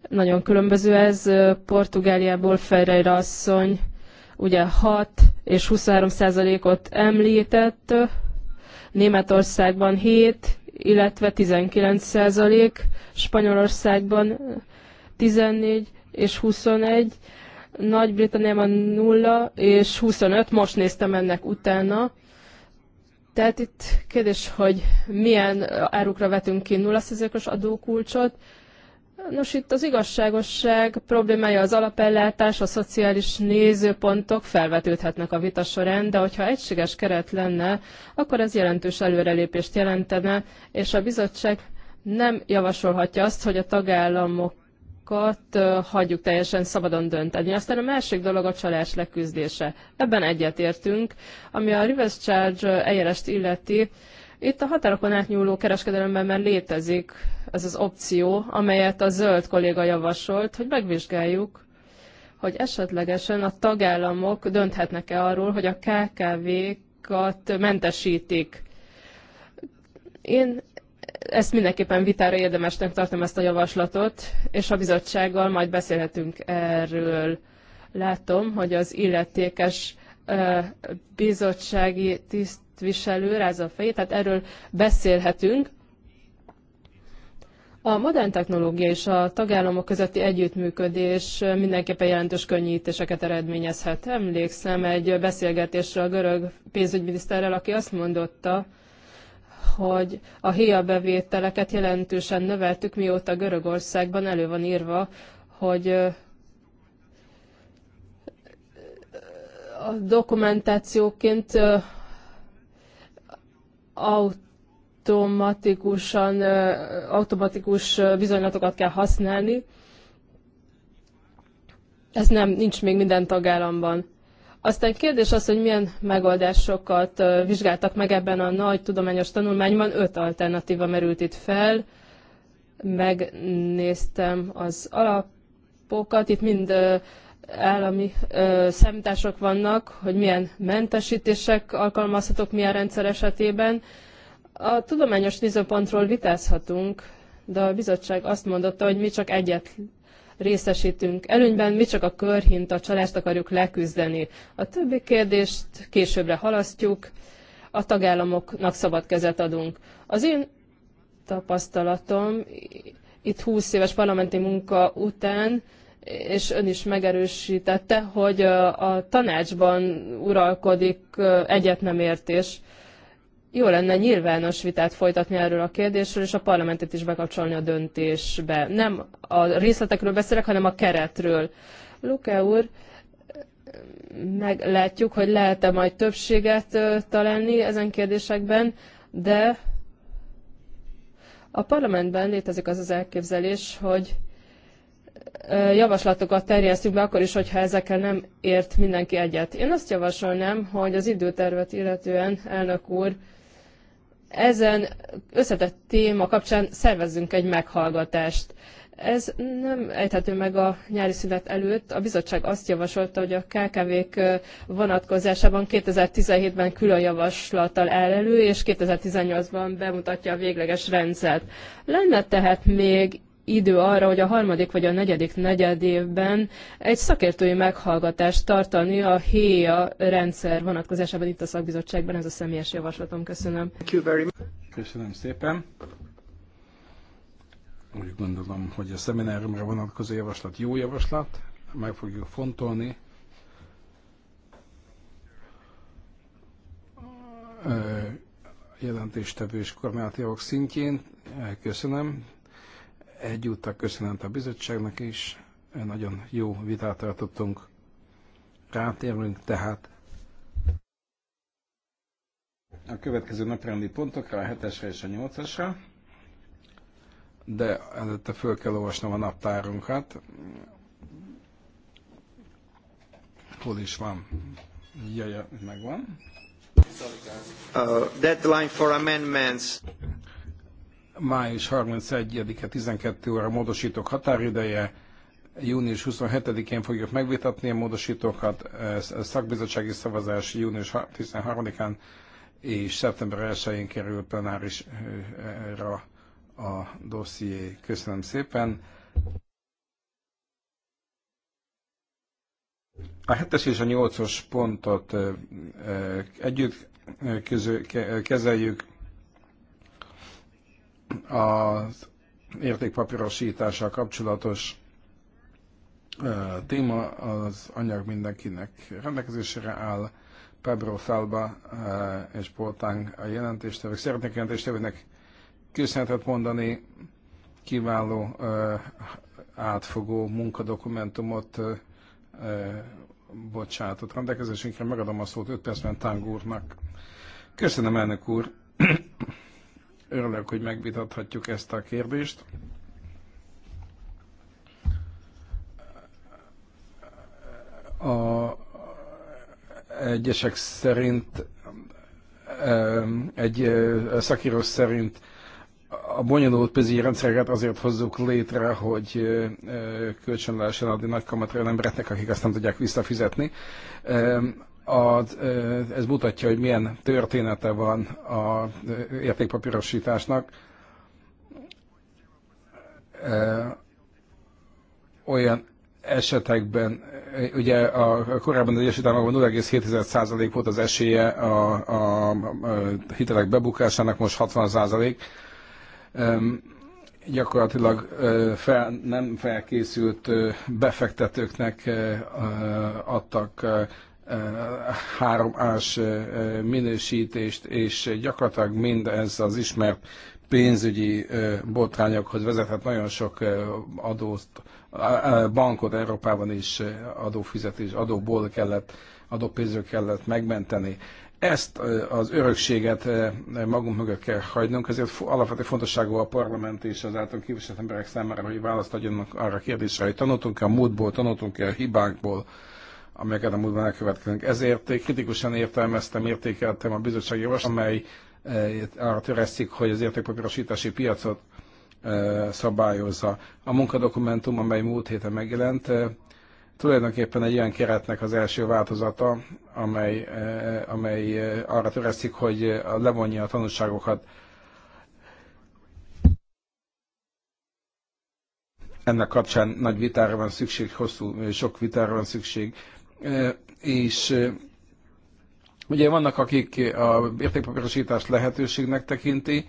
nagyon különböző ez. Portugáliából Ferreira asszony ugye 6 és 23 százalékot említett, Németországban 7, illetve 19 százalék, Spanyolországban 14 és 21, Nagy-Britanniában 0 és 25, most néztem ennek utána. Tehát itt kérdés, hogy milyen árukra vetünk ki 0%-os adókulcsot, Nos, itt az igazságosság problémája az alapellátás, a szociális nézőpontok felvetődhetnek a vita során, de hogyha egységes keret lenne, akkor ez jelentős előrelépést jelentene, és a bizottság nem javasolhatja azt, hogy a tagállamok hagyjuk teljesen szabadon dönteni. Aztán a másik dolog a csalás leküzdése. Ebben egyetértünk. Ami a reverse charge eljárást illeti, itt a határokon átnyúló kereskedelemben már létezik ez az opció, amelyet a zöld kolléga javasolt, hogy megvizsgáljuk, hogy esetlegesen a tagállamok dönthetnek-e arról, hogy a KKV-kat mentesítik. Én ezt mindenképpen vitára érdemesnek tartom ezt a javaslatot, és a bizottsággal majd beszélhetünk erről. Látom, hogy az illetékes bizottsági tiszt viselő rázza a fejét, tehát erről beszélhetünk. A modern technológia és a tagállamok közötti együttműködés mindenképpen jelentős könnyítéseket eredményezhet. Emlékszem egy beszélgetésre a görög pénzügyminiszterrel, aki azt mondotta, hogy a héja bevételeket jelentősen növeltük, mióta Görögországban elő van írva, hogy a dokumentációként automatikusan, automatikus bizonylatokat kell használni. Ez nem, nincs még minden tagállamban. Aztán kérdés az, hogy milyen megoldásokat vizsgáltak meg ebben a nagy tudományos tanulmányban. Öt alternatíva merült itt fel. Megnéztem az alapokat. Itt mind állami ö, számítások vannak, hogy milyen mentesítések alkalmazhatók milyen rendszer esetében. A tudományos nézőpontról vitázhatunk, de a bizottság azt mondotta, hogy mi csak egyet részesítünk előnyben, mi csak a körhint, a csalást akarjuk leküzdeni. A többi kérdést későbbre halasztjuk, a tagállamoknak szabad kezet adunk. Az én tapasztalatom itt 20 éves parlamenti munka után és ön is megerősítette, hogy a tanácsban uralkodik egyetnemértés. Jó lenne nyilvános vitát folytatni erről a kérdésről, és a parlamentet is bekapcsolni a döntésbe. Nem a részletekről beszélek, hanem a keretről. Luke úr, meglátjuk, hogy lehet-e majd többséget találni ezen kérdésekben, de a parlamentben létezik az az elképzelés, hogy javaslatokat terjesztünk be, akkor is, hogyha ezekkel nem ért mindenki egyet. Én azt javasolnám, hogy az időtervet illetően, elnök úr, ezen összetett téma kapcsán szervezzünk egy meghallgatást. Ez nem ejthető meg a nyári szünet előtt. A bizottság azt javasolta, hogy a KKV-k vonatkozásában 2017-ben külön javaslattal áll elő, és 2018-ban bemutatja a végleges rendszert. Lenne tehát még idő arra, hogy a harmadik vagy a negyedik negyed évben egy szakértői meghallgatást tartani a HÉA e rendszer vonatkozásában itt a szakbizottságban. Ez a személyes javaslatom. Köszönöm. Köszönöm szépen. Úgy gondolom, hogy a szemináriumra vonatkozó javaslat jó javaslat, meg fogjuk fontolni. Jelentéstevő és kormányátjavok szintjén köszönöm Egyúttal köszönet a bizottságnak is, nagyon jó vitát tartottunk. Rátérünk tehát a következő naprendi pontokra, a 7-esre és a 8-asra, de előtte föl kell olvasnom a naptárunkat. Hol is van? Jaja, megvan. Uh, deadline for amendments május 31-e 12 óra módosítók határideje, június 27-én fogjuk megvitatni a módosítókat, szakbizottsági szavazás június 13-án és szeptember 1-én kerül plenárisra a dosszié. Köszönöm szépen! A 7-es és a 8-os pontot eh, eh, együtt eh, kezeljük az értékpapírosítással kapcsolatos téma, az anyag mindenkinek rendelkezésére áll. Pebro Felba és Poltánk a jelentéstevők. Szeretnék jelentéstevőnek köszönetet mondani, kiváló átfogó munkadokumentumot bocsátott rendelkezésünkre. Megadom a szót 5 percben Táng úrnak. Köszönöm, elnök úr. Örülök, hogy megvitathatjuk ezt a kérdést. A egyesek szerint, egy szakíró szerint a bonyolult pénzügyi rendszereket azért hozzuk létre, hogy kölcsön lehessen adni nagy kamatra olyan embereknek, akik azt nem tudják visszafizetni az, ez mutatja, hogy milyen története van a értékpapírosításnak. Olyan esetekben, ugye a korábban az Egyesült Államokban 0,7% volt az esélye a, a, a hitelek bebukásának, most 60%. Gyakorlatilag fel, nem felkészült befektetőknek adtak három ás minősítést, és gyakorlatilag mindez az ismert pénzügyi botrányokhoz vezethet nagyon sok adót, bankot Európában is adófizetés, adóból kellett, adópénzről kellett megmenteni. Ezt az örökséget magunk mögött kell hagynunk, ezért alapvető fontosságú a parlament és az általunk képviselt emberek számára, hogy választ adjanak arra a kérdésre, hogy tanultunk-e a múltból, tanultunk-e a hibánkból, amelyeket a múltban elkövetkezünk. Ezért kritikusan értelmeztem, értékeltem a bizottsági javaslat, amely eh, arra törekszik, hogy az értékpapírosítási piacot eh, szabályozza. A munkadokumentum, amely múlt héten megjelent, eh, tulajdonképpen egy olyan keretnek az első változata, amely, amely arra törekszik, hogy levonja a tanulságokat ennek kapcsán nagy vitára van szükség, hosszú, sok vitára van szükség és ugye vannak, akik a értékpapírosítást lehetőségnek tekinti,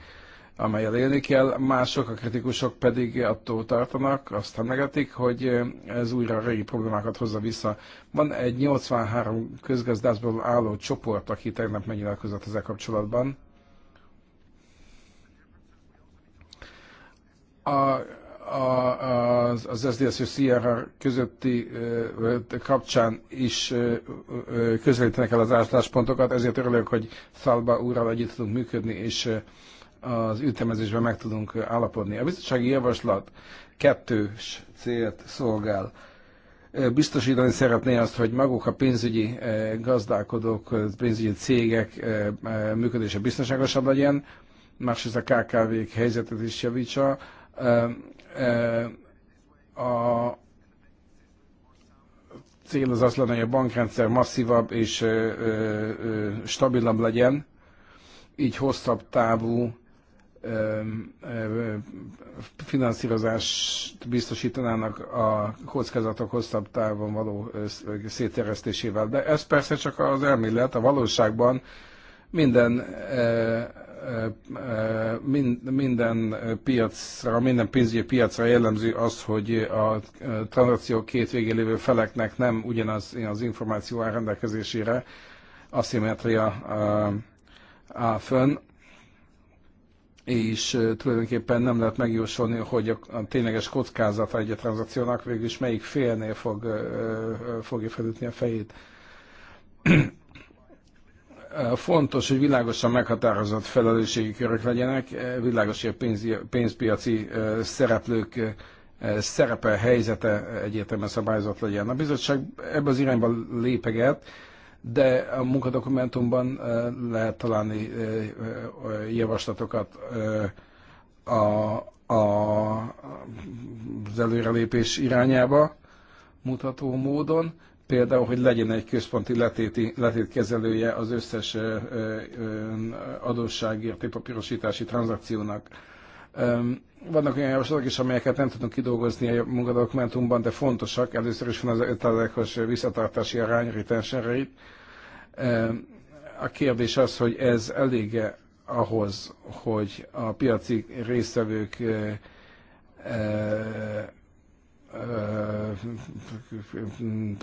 amelyel élni kell, mások, a kritikusok pedig attól tartanak, azt emlegetik, hogy ez újra a régi problémákat hozza vissza. Van egy 83 közgazdászból álló csoport, aki tegnap megnyilatkozott ezzel kapcsolatban. A az, az SZDSZ és Sierra közötti ö, kapcsán is ö, ö, közelítenek el az álláspontokat, ezért örülök, hogy Szalba úrral együtt tudunk működni, és az ütemezésben meg tudunk állapodni. A biztonsági javaslat kettős célt szolgál. Biztosítani szeretné azt, hogy maguk a pénzügyi gazdálkodók, pénzügyi cégek működése biztonságosabb legyen, másrészt a KKV-k helyzetet is javítsa, a cél az az lenne, hogy a bankrendszer masszívabb és stabilabb legyen, így hosszabb távú finanszírozást biztosítanának a kockázatok hosszabb távon való szétterjesztésével. De ez persze csak az elmélet, a valóságban minden, eh, eh, eh, minden piacra, minden pénzügyi piacra jellemző az, hogy a tranzakció két végén lévő feleknek nem ugyanaz az információ áll rendelkezésére, aszimetria áll fönn, és tulajdonképpen nem lehet megjósolni, hogy a, tényleges kockázata egy a tranzakciónak is melyik félnél fog, fogja felütni a fejét. Fontos, hogy világosan meghatározott felelősségi körök legyenek, világos, hogy a pénz, pénzpiaci szereplők szerepe, helyzete egyértelműen szabályozott legyen. A bizottság ebbe az irányba lépeget, de a munkadokumentumban lehet találni javaslatokat a, a, az előrelépés irányába mutató módon Például, hogy legyen egy központi letéti, letétkezelője az összes adósságért, papírosítási tranzakciónak. Vannak olyan javaslatok is, amelyeket nem tudunk kidolgozni a munkadokumentumban, de fontosak. Először is van az 5%-os visszatartási arány, retention rate. A kérdés az, hogy ez elége ahhoz, hogy a piaci résztvevők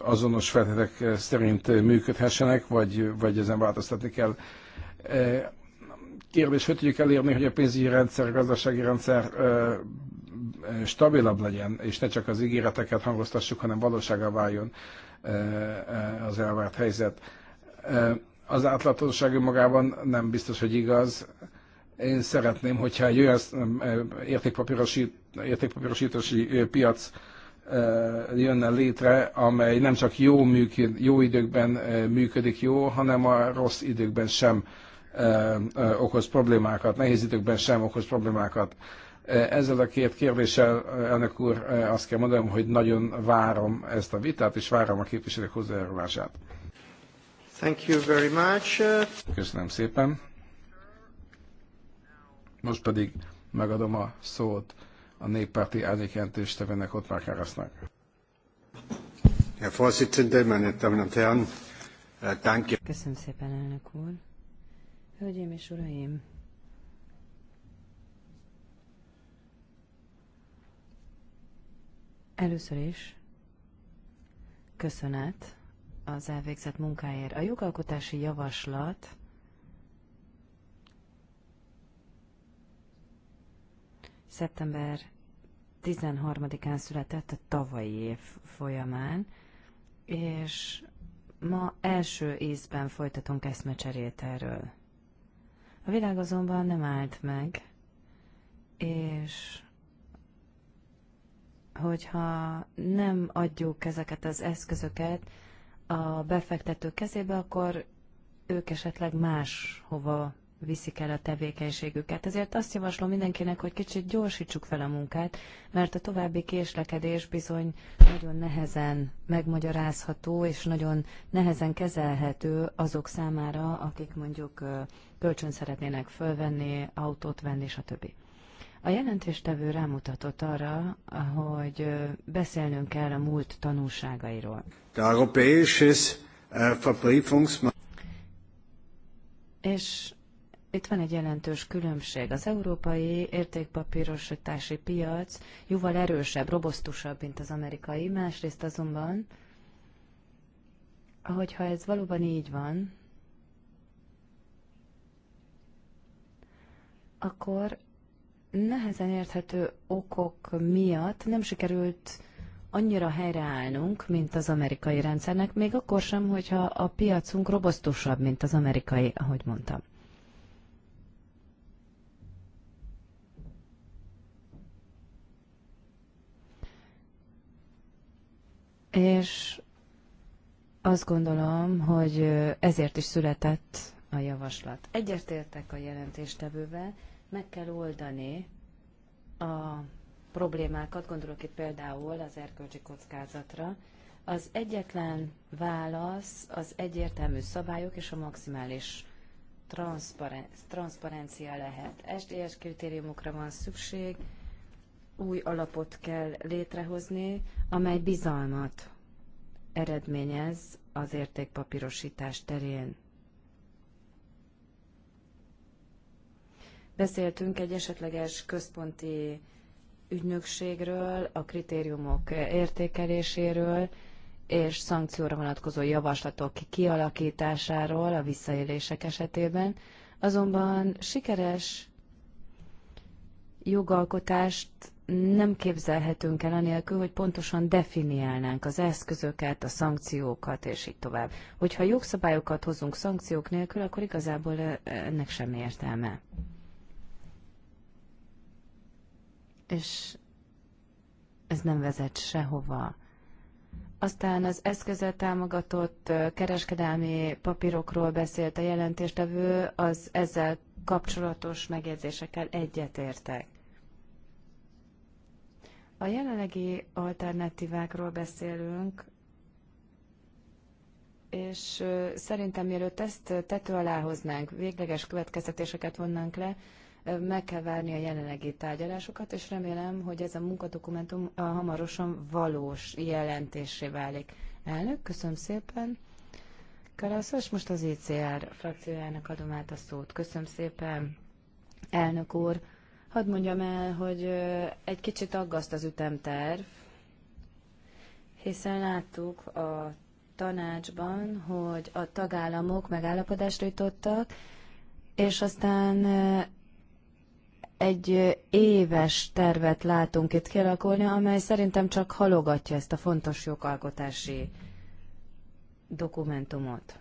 azonos feltétek szerint működhessenek, vagy, vagy ezen változtatni kell. Kérdés, hogy tudjuk elérni, hogy a pénzügyi rendszer, a gazdasági rendszer stabilabb legyen, és ne csak az ígéreteket hangoztassuk, hanem valósága váljon az elvárt helyzet. Az átláthatóság önmagában nem biztos, hogy igaz. Én szeretném, hogyha egy olyan értékpapírosítási piac jönne létre, amely nem csak jó, működ, jó időkben működik jó, hanem a rossz időkben sem okoz problémákat, nehéz időkben sem okoz problémákat. Ezzel a két kérdéssel, elnök úr, azt kell mondanom, hogy nagyon várom ezt a vitát, és várom a képviselők hozzájárulását. Thank you very much. Köszönöm szépen. Most pedig megadom a szót a néppárti árnyékjelentéstevenek ott már Karasznak. Äh, Köszönöm szépen, elnök úr. Hölgyeim és uraim, Először is köszönet az elvégzett munkáért. A jogalkotási javaslat szeptember 13-án született a tavalyi év folyamán, és ma első ízben folytatunk eszmecserét erről. A világ azonban nem állt meg, és hogyha nem adjuk ezeket az eszközöket a befektető kezébe, akkor ők esetleg máshova viszik el a tevékenységüket. Ezért azt javaslom mindenkinek, hogy kicsit gyorsítsuk fel a munkát, mert a további késlekedés bizony nagyon nehezen megmagyarázható, és nagyon nehezen kezelhető azok számára, akik mondjuk kölcsön szeretnének fölvenni, autót venni, stb. A jelentéstevő rámutatott arra, hogy beszélnünk kell a múlt tanulságairól. Äh, és itt van egy jelentős különbség. Az európai értékpapírosítási piac jóval erősebb, robosztusabb, mint az amerikai. Másrészt azonban, ahogyha ez valóban így van, akkor nehezen érthető okok miatt nem sikerült annyira helyreállnunk, mint az amerikai rendszernek, még akkor sem, hogyha a piacunk robosztusabb, mint az amerikai, ahogy mondtam. És azt gondolom, hogy ezért is született a javaslat. Egyetértek a jelentéstevővel, meg kell oldani a problémákat, gondolok itt például az erkölcsi kockázatra. Az egyetlen válasz az egyértelmű szabályok és a maximális transzparencia lehet. SDS kritériumokra van szükség, új alapot kell létrehozni, amely bizalmat eredményez az értékpapírosítás terén. Beszéltünk egy esetleges központi ügynökségről, a kritériumok értékeléséről, és szankcióra vonatkozó javaslatok kialakításáról a visszaélések esetében, azonban sikeres jogalkotást nem képzelhetünk el anélkül, hogy pontosan definiálnánk az eszközöket, a szankciókat, és így tovább. Hogyha jogszabályokat hozunk szankciók nélkül, akkor igazából eh, ennek semmi értelme. És ez nem vezet sehova. Aztán az eszközzel támogatott eh, kereskedelmi papírokról beszélt a jelentéstevő, az ezzel kapcsolatos megjegyzésekkel egyetértek. A jelenlegi alternatívákról beszélünk, és szerintem mielőtt ezt tető alá hoznánk, végleges következtetéseket vonnánk le, meg kell várni a jelenlegi tárgyalásokat, és remélem, hogy ez a munkadokumentum a hamarosan valós jelentésé válik. Elnök, köszönöm szépen. Karaszos, most az ICR frakciójának adom át a szót. Köszönöm szépen, elnök úr. Hadd mondjam el, hogy egy kicsit aggaszt az ütemterv, hiszen láttuk a tanácsban, hogy a tagállamok megállapodásra jutottak, és aztán egy éves tervet látunk itt kialakulni, amely szerintem csak halogatja ezt a fontos jogalkotási dokumentumot.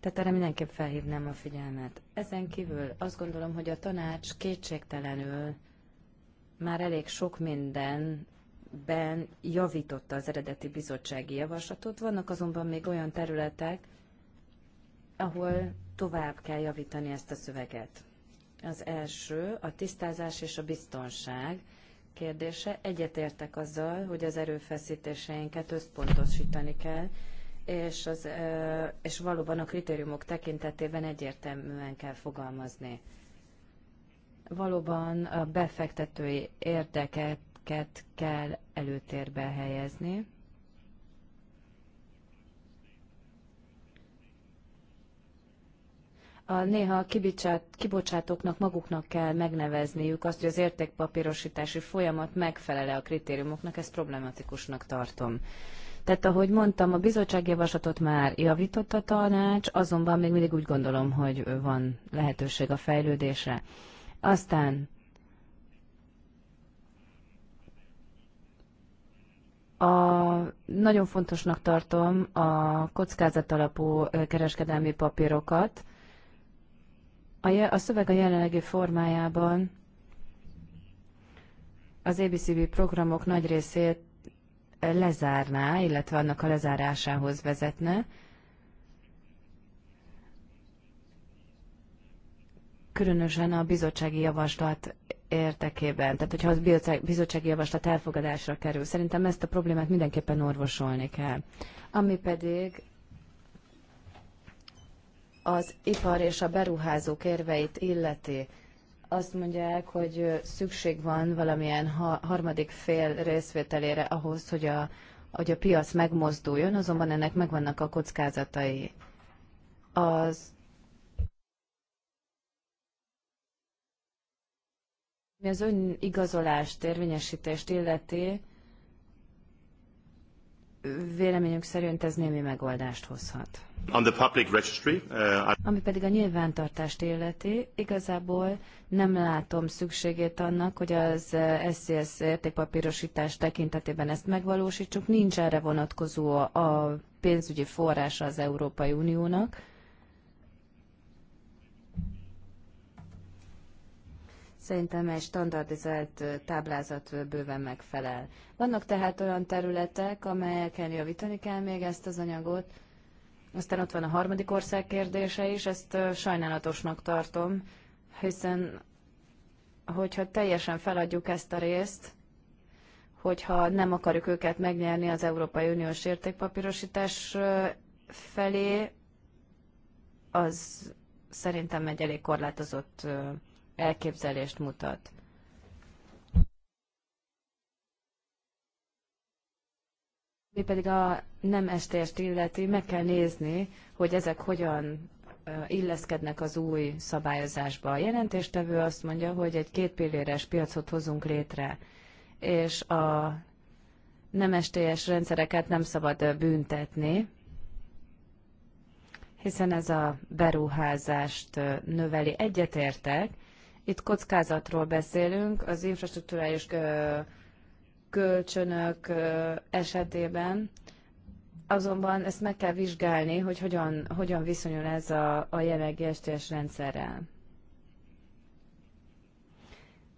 Tehát erre mindenképp felhívnám a figyelmet. Ezen kívül azt gondolom, hogy a tanács kétségtelenül már elég sok minden ben javította az eredeti bizottsági javaslatot, vannak azonban még olyan területek, ahol tovább kell javítani ezt a szöveget. Az első a tisztázás és a biztonság kérdése. Egyetértek azzal, hogy az erőfeszítéseinket összpontosítani kell és, az, és valóban a kritériumok tekintetében egyértelműen kell fogalmazni. Valóban a befektetői érdekeket kell előtérbe helyezni. a néha kibicsát, kibocsátóknak maguknak kell megnevezniük azt, hogy az értékpapírosítási folyamat megfelele a kritériumoknak, ezt problematikusnak tartom. Tehát, ahogy mondtam, a bizottságjavaslatot már javított a tanács, azonban még mindig úgy gondolom, hogy van lehetőség a fejlődésre. Aztán A, nagyon fontosnak tartom a kockázatalapú kereskedelmi papírokat. A, a szöveg a jelenlegi formájában az ABCB programok nagy részét lezárná, illetve annak a lezárásához vezetne. Különösen a bizottsági javaslat értekében, tehát hogyha a bizottsági javaslat elfogadásra kerül. Szerintem ezt a problémát mindenképpen orvosolni kell. Ami pedig az ipar és a beruházók érveit illeti azt mondják, hogy szükség van valamilyen harmadik fél részvételére ahhoz, hogy a, hogy a piac megmozduljon, azonban ennek megvannak a kockázatai. Az mi az igazolást, érvényesítést illeti, véleményünk szerint ez némi megoldást hozhat. On the public registry, uh, I... Ami pedig a nyilvántartást illeti, igazából nem látom szükségét annak, hogy az eh, SCS értékpapírosítás tekintetében ezt megvalósítsuk. Nincs erre vonatkozó a pénzügyi forrása az Európai Uniónak. Szerintem egy standardizált táblázat bőven megfelel. Vannak tehát olyan területek, amelyeken javítani kell még ezt az anyagot. Aztán ott van a harmadik ország kérdése is, ezt sajnálatosnak tartom, hiszen hogyha teljesen feladjuk ezt a részt, hogyha nem akarjuk őket megnyerni az Európai Uniós értékpapírosítás felé, az szerintem egy elég korlátozott elképzelést mutat. Mi pedig a nem STS-t illeti, meg kell nézni, hogy ezek hogyan illeszkednek az új szabályozásba. A jelentéstevő azt mondja, hogy egy kétpilléres piacot hozunk létre, és a nem STS rendszereket nem szabad büntetni, hiszen ez a beruházást növeli. Egyetértek, itt kockázatról beszélünk az infrastruktúrális kölcsönök esetében, azonban ezt meg kell vizsgálni, hogy hogyan, hogyan viszonyul ez a, a jelenlegi STS rendszerrel.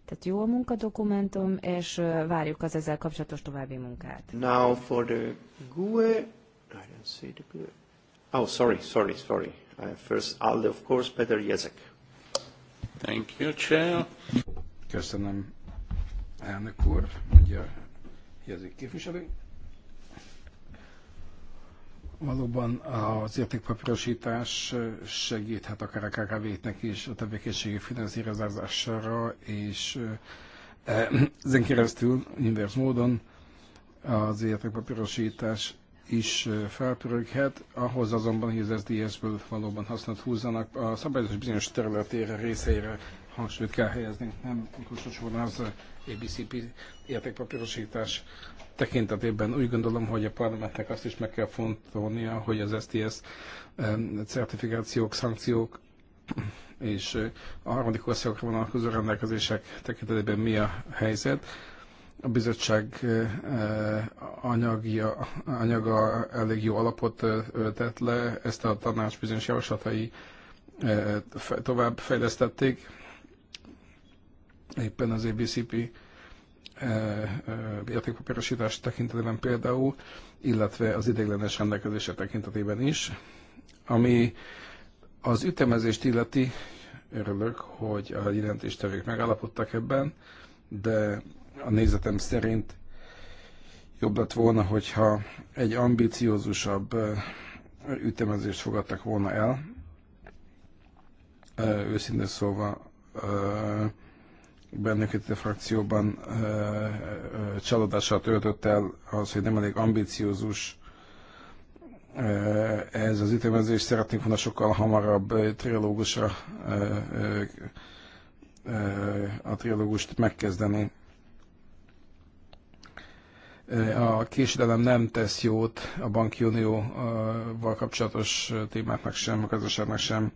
Tehát jó a munkadokumentum, és várjuk az ezzel kapcsolatos további munkát. Now for the GUE, I don't see the GUE. Oh, sorry, sorry, sorry. Uh, first ALDE, of course, Peter Jezek. Thank you, Chair. Köszönöm, elnök úr, mondja Jezik képviselő. Valóban az értékpapírosítás segíthet akár a kkv nek is a tevékenységi finanszírozására, és eh, ezen keresztül, inverz módon az értékpapírosítás is felpöröghet, ahhoz azonban, hogy az SDS-ből valóban hasznot húzzanak, a szabályozás bizonyos területére, részeire hangsúlyt kell helyezni, nem utolsó sorban az ABCP értékpapírosítás tekintetében úgy gondolom, hogy a parlamentnek azt is meg kell fontolnia, hogy az STS certifikációk, szankciók és a harmadik országokra vonatkozó rendelkezések tekintetében mi a helyzet. A bizottság eh, eh, anyagja, anyaga elég jó alapot eh, tett le, ezt a tanács bizonyos javaslatai tovább fejlesztették. Éppen az ABCP értékpapírosítás tekintetében például, illetve az ideiglenes rendelkezése tekintetében is. Ami az ütemezést illeti, örülök, hogy a jelentéstevők megállapodtak ebben, de a nézetem szerint jobb lett volna, hogyha egy ambiciózusabb ütemezést fogadtak volna el. Őszintén szólva bennünket a frakcióban csalódással töltött el az, hogy nem elég ambiciózus ez az ütemezés. Szeretnénk volna sokkal hamarabb trilógusra a trilógust megkezdeni a késedelem nem tesz jót a banki unióval kapcsolatos témáknak sem, a gazdaságnak sem.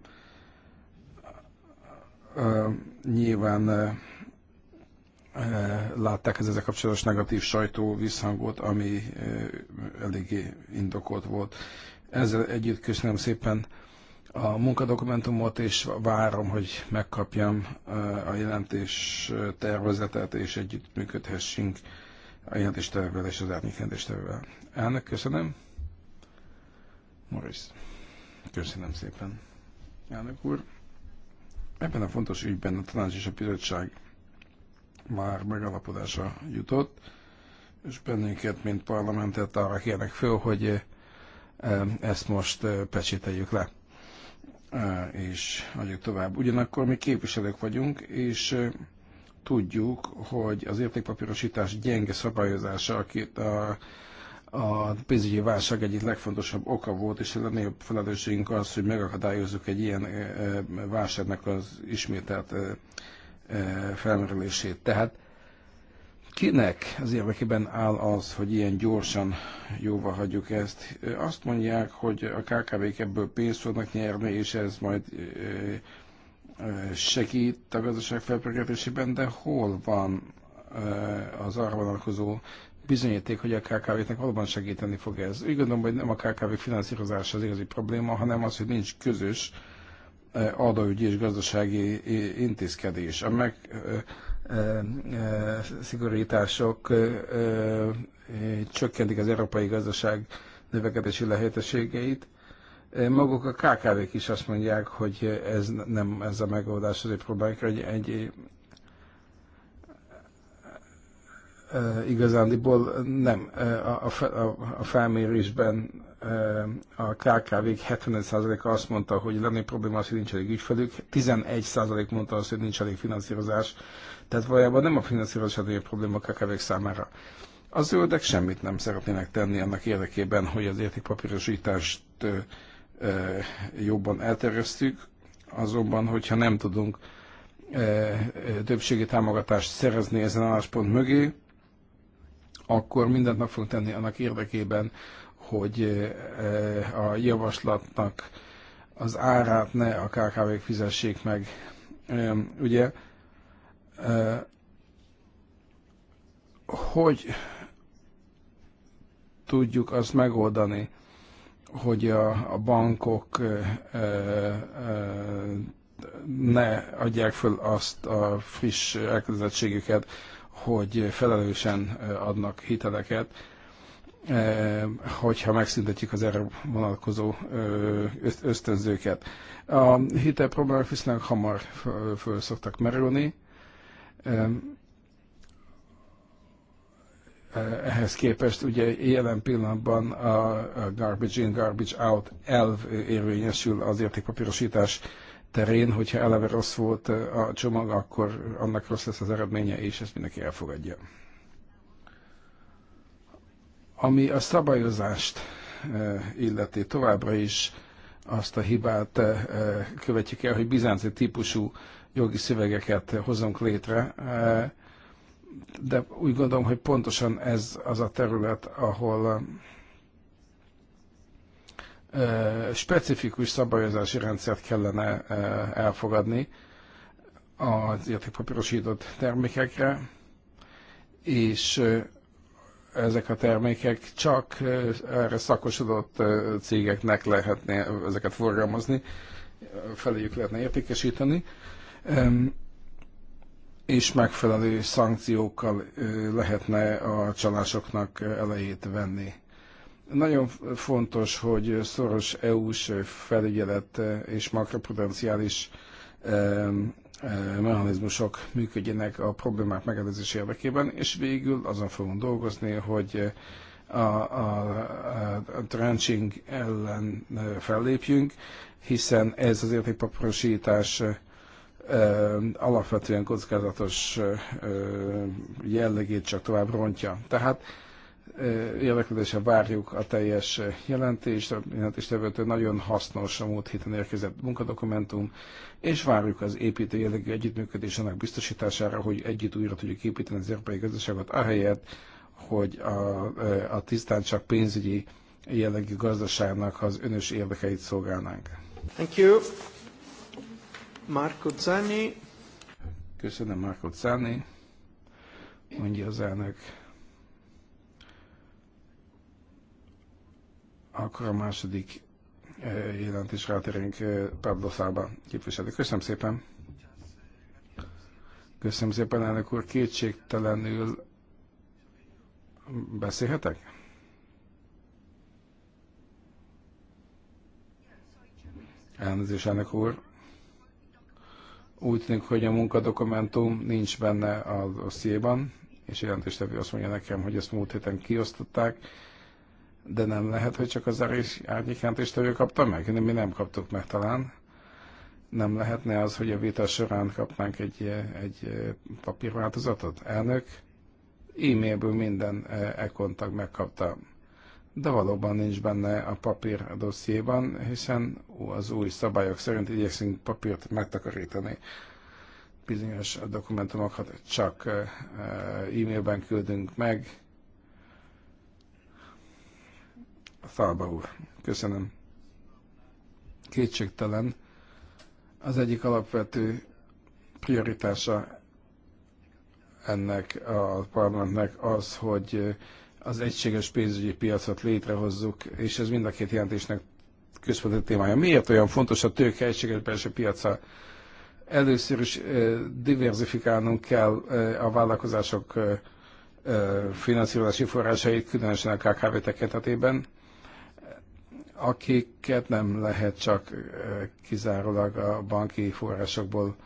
Nyilván látták ez ezzel kapcsolatos negatív sajtó visszhangot, ami eléggé indokolt volt. Ezzel együtt köszönöm szépen a munkadokumentumot, és várom, hogy megkapjam a jelentés tervezetet, és együtt működhessünk a jelentéstevővel és az árnyék jelentéstevővel. Elnök, köszönöm. Morris, köszönöm szépen. Elnök úr, ebben a fontos ügyben a tanács és a bizottság már megalapodása jutott, és bennünket, mint parlamentet arra kérnek föl, hogy eh, ezt most eh, pecsételjük le eh, és adjuk tovább. Ugyanakkor mi képviselők vagyunk, és Tudjuk, hogy az értékpapírosítás gyenge szabályozása, akit a, a pénzügyi válság egyik legfontosabb oka volt, és a legnagyobb felelősségünk az, hogy megakadályozzuk egy ilyen válságnak az ismételt felmerülését. Tehát kinek az érdekében áll az, hogy ilyen gyorsan jóvá hagyjuk ezt? Azt mondják, hogy a KKV-k ebből pénzt fognak nyerni, és ez majd segít a gazdaság felpörgetésében, de hol van az arra vonatkozó bizonyíték, hogy a KKV-knek valóban segíteni fog ez. Úgy gondolom, hogy nem a KKV finanszírozása az igazi probléma, hanem az, hogy nincs közös adóügyi és gazdasági intézkedés. A megszigorítások csökkentik az európai gazdaság növekedési lehetőségeit, Eh, maguk a KKV-k is azt mondják, hogy ez nem ez a megoldás, azért próbálják egy, egy eh, eh, igazándiból nem. A, a, a felmérésben a KKV-k 75%-a azt mondta, hogy lenni probléma az, hogy nincs elég ügyfelük, 11% mondta azt, hogy nincs elég finanszírozás, tehát valójában nem a finanszírozás elég probléma a KKV-k számára. A zöldek semmit nem szeretnének tenni annak érdekében, hogy az értékpapírosítást jobban elterjesztjük, azonban, hogyha nem tudunk többségi támogatást szerezni ezen álláspont mögé, akkor mindent meg fogunk tenni annak érdekében, hogy a javaslatnak az árát ne a KKV-k fizessék meg. Ugye, hogy tudjuk azt megoldani, hogy a, a bankok ö, ö, ne adják föl azt a friss elkötelezettségüket, hogy felelősen adnak hiteleket, hogyha megszüntetjük az erre vonatkozó ösztönzőket. A hitel viszonylag hamar föl, föl szoktak merülni, Eh, ehhez képest ugye jelen pillanatban a garbage in, garbage out elv érvényesül az értékpapírosítás terén, hogyha eleve rossz volt eh, a csomag, akkor annak rossz lesz az eredménye, és ezt mindenki elfogadja. Ami a szabályozást eh, illeti továbbra is azt a hibát követjük el, hogy bizánci típusú jogi szövegeket hozunk létre, de úgy gondolom, hogy pontosan ez az a terület, ahol specifikus szabályozási rendszert kellene elfogadni az értékpapírosított termékekre, és ezek a termékek csak erre szakosodott cégeknek lehetne ezeket forgalmazni, feléjük lehetne értékesíteni és megfelelő szankciókkal lehetne a csalásoknak elejét venni. Nagyon fontos, hogy szoros EU-s felügyelet és makroprudenciális mechanizmusok működjenek a problémák megelőzés érdekében, és végül azon fogunk dolgozni, hogy a, a, a trenching ellen fellépjünk, hiszen ez az értékpapírosítás alapvetően kockázatos jellegét csak tovább rontja. Tehát érdeklődésre várjuk a teljes jelentést, a jelentéstevőtől nagyon hasznos a múlt héten érkezett munkadokumentum, és várjuk az építő jellegű együttműködés annak biztosítására, hogy együtt újra tudjuk építeni az európai gazdaságot, ahelyett, hogy a, a tisztán csak pénzügyi jellegű gazdaságnak az önös érdekeit szolgálnánk. Thank you. Marco Zani. Köszönöm, Marco Zani. Mondja az elnök. Akkor a második eh, jelentés ráterünk eh, Pablo Szába képviselő. Köszönöm szépen. Köszönöm szépen, elnök úr. Kétségtelenül beszélhetek? Elnézést, elnök úr. Úgy tűnik, hogy a munkadokumentum nincs benne a dossziéban, és jelentéstevő azt mondja nekem, hogy ezt múlt héten kiosztották, de nem lehet, hogy csak az árnyék jelentéstevő kapta meg? Mi nem kaptuk meg talán. Nem lehetne az, hogy a vita során kapnánk egy, egy papírváltozatot? Elnök, e-mailből minden e-kontag megkapta de valóban nincs benne a papír dossziéban, hiszen az új szabályok szerint igyekszünk papírt megtakarítani. Bizonyos dokumentumokat csak e-mailben küldünk meg. Falba úr, köszönöm. Kétségtelen az egyik alapvető prioritása ennek a parlamentnek az, hogy az egységes pénzügyi piacot létrehozzuk, és ez mind a két jelentésnek központi témája. Miért olyan fontos a tőke egységes belső piaca? Először is diversifikálnunk kell a vállalkozások finanszírozási forrásait, különösen a KKV tekintetében, akiket nem lehet csak kizárólag a banki forrásokból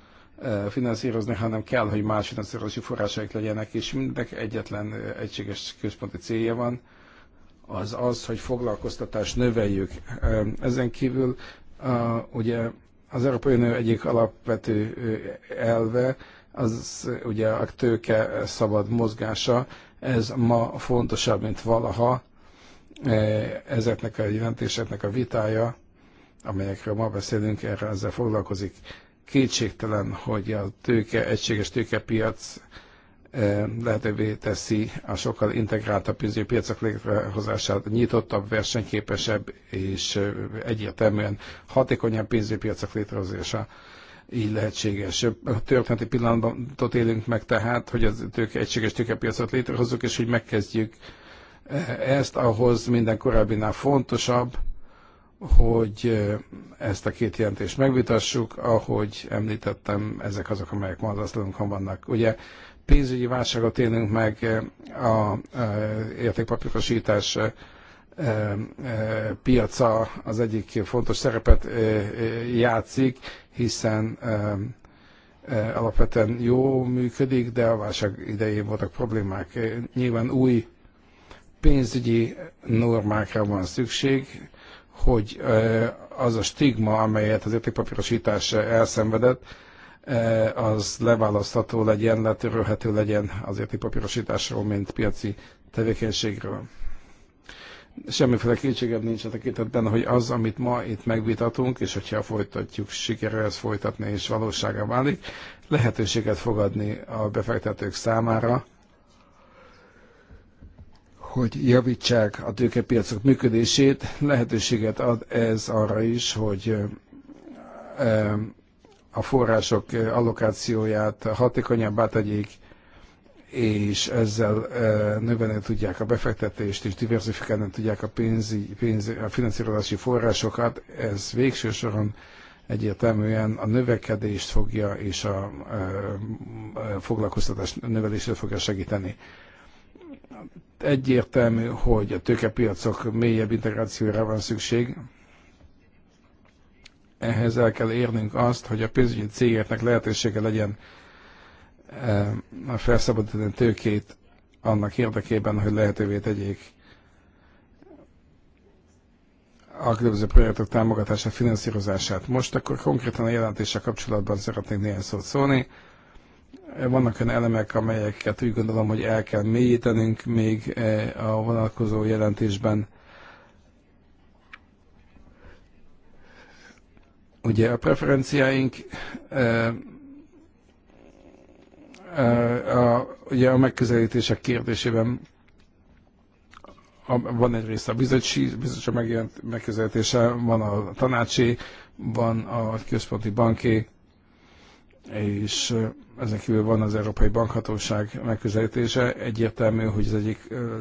finanszírozni, hanem kell, hogy más finanszírozási forrásaik legyenek, és mindnek egyetlen egységes központi célja van, az az, hogy foglalkoztatást növeljük. Ezen kívül ugye az Európai Unió egyik alapvető elve, az ugye a tőke szabad mozgása, ez ma fontosabb, mint valaha. Ezeknek a jelentéseknek a vitája, amelyekről ma beszélünk, erre ezzel foglalkozik. Kétségtelen, hogy a tőke, egységes tőkepiac eh, lehetővé teszi a sokkal integráltabb pénzügyi piacok létrehozását, nyitottabb, versenyképesebb és eh, egyértelműen hatékonyabb pénzügyi piacok létrehozása így lehetséges. A történeti pillanatot élünk meg tehát, hogy az tőke, egységes tőkepiacot létrehozzuk, és hogy megkezdjük eh, ezt, ahhoz minden korábbinál fontosabb, hogy ezt a két jelentést megvitassuk, ahogy említettem, ezek azok, amelyek ma az asztalunkon vannak. Ugye pénzügyi válságot élünk meg, a értékpapírosítás piaca az egyik fontos szerepet játszik, hiszen alapvetően jó működik, de a válság idején voltak problémák. Nyilván új pénzügyi normákra van szükség, hogy az a stigma, amelyet az értékpapírosítás elszenvedett, az leválasztható legyen, letörölhető legyen az értékpapírosításról, mint piaci tevékenységről. Semmiféle kétségem nincs a tekintetben, hogy az, amit ma itt megvitatunk, és hogyha folytatjuk, sikerül ezt folytatni és valósága válik, lehetőséget fogadni a befektetők számára, hogy javítsák a tőkepiacok működését, lehetőséget ad ez arra is, hogy a források allokációját hatékonyabbá tegyék, és ezzel növelni tudják a befektetést, és diversifikálni tudják a, pénzi, pénzi, a finanszírozási forrásokat. Ez végső soron egyértelműen a növekedést fogja és a, a foglalkoztatás növelését fogja segíteni. Egyértelmű, hogy a tőkepiacok mélyebb integrációra van szükség. Ehhez el kell érnünk azt, hogy a pénzügyi cégeknek lehetősége legyen eh, a felszabadítani tőkét annak érdekében, hogy lehetővé tegyék a különböző projektok támogatását, finanszírozását. Most akkor konkrétan a jelentéssel kapcsolatban szeretnék néhány szót szólni. Vannak olyan elemek, amelyeket úgy gondolom, hogy el kell mélyítenünk még eh, a vonatkozó jelentésben. Ugye a preferenciáink eh, eh, a, ugye a megközelítések kérdésében a, van egyrészt a bizottság megjelent megközelítése, van a tanácsi, van a központi banki, és ezen kívül van az Európai Bankhatóság megközelítése. Egyértelmű, hogy az egyik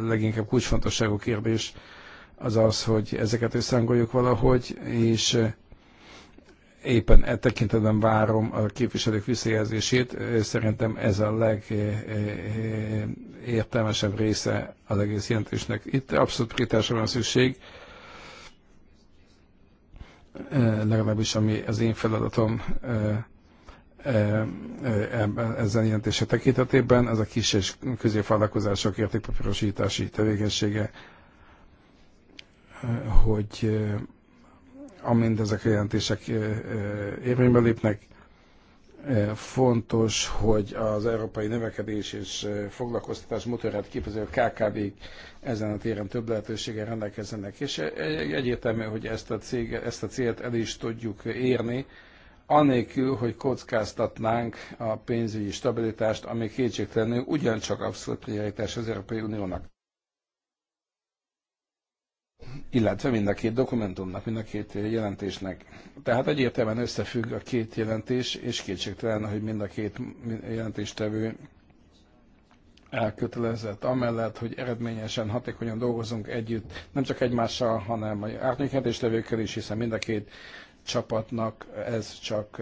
leginkább kulcsfontosságú kérdés az az, hogy ezeket összehangoljuk valahogy, és éppen e tekintetben várom a képviselők visszajelzését. Szerintem ez a legértelmesebb része az egész jelentésnek. Itt abszolút prioritásra van szükség, legalábbis ami az én feladatom E, e, ezen jelentése tekintetében, ez a kis és középvállalkozások értékpapírosítási tevékenysége, e, hogy amint ezek a jelentések érvénybe lépnek, fontos, hogy az európai növekedés és foglalkoztatás motorát képező KKV-k ezen a téren több lehetőséggel rendelkezzenek, és egyértelmű, hogy ezt a, cég, ezt a célt el is tudjuk érni, anélkül, hogy kockáztatnánk a pénzügyi stabilitást, ami kétségtelenül ugyancsak abszolút prioritás az Európai Uniónak. Illetve mind a két dokumentumnak, mind a két jelentésnek. Tehát egyértelműen összefügg a két jelentés, és kétségtelen, hogy mind a két jelentéstevő elkötelezett amellett, hogy eredményesen, hatékonyan dolgozunk együtt, nem csak egymással, hanem a árnyékjelentéstevőkkel is, hiszen mind a két csapatnak ez csak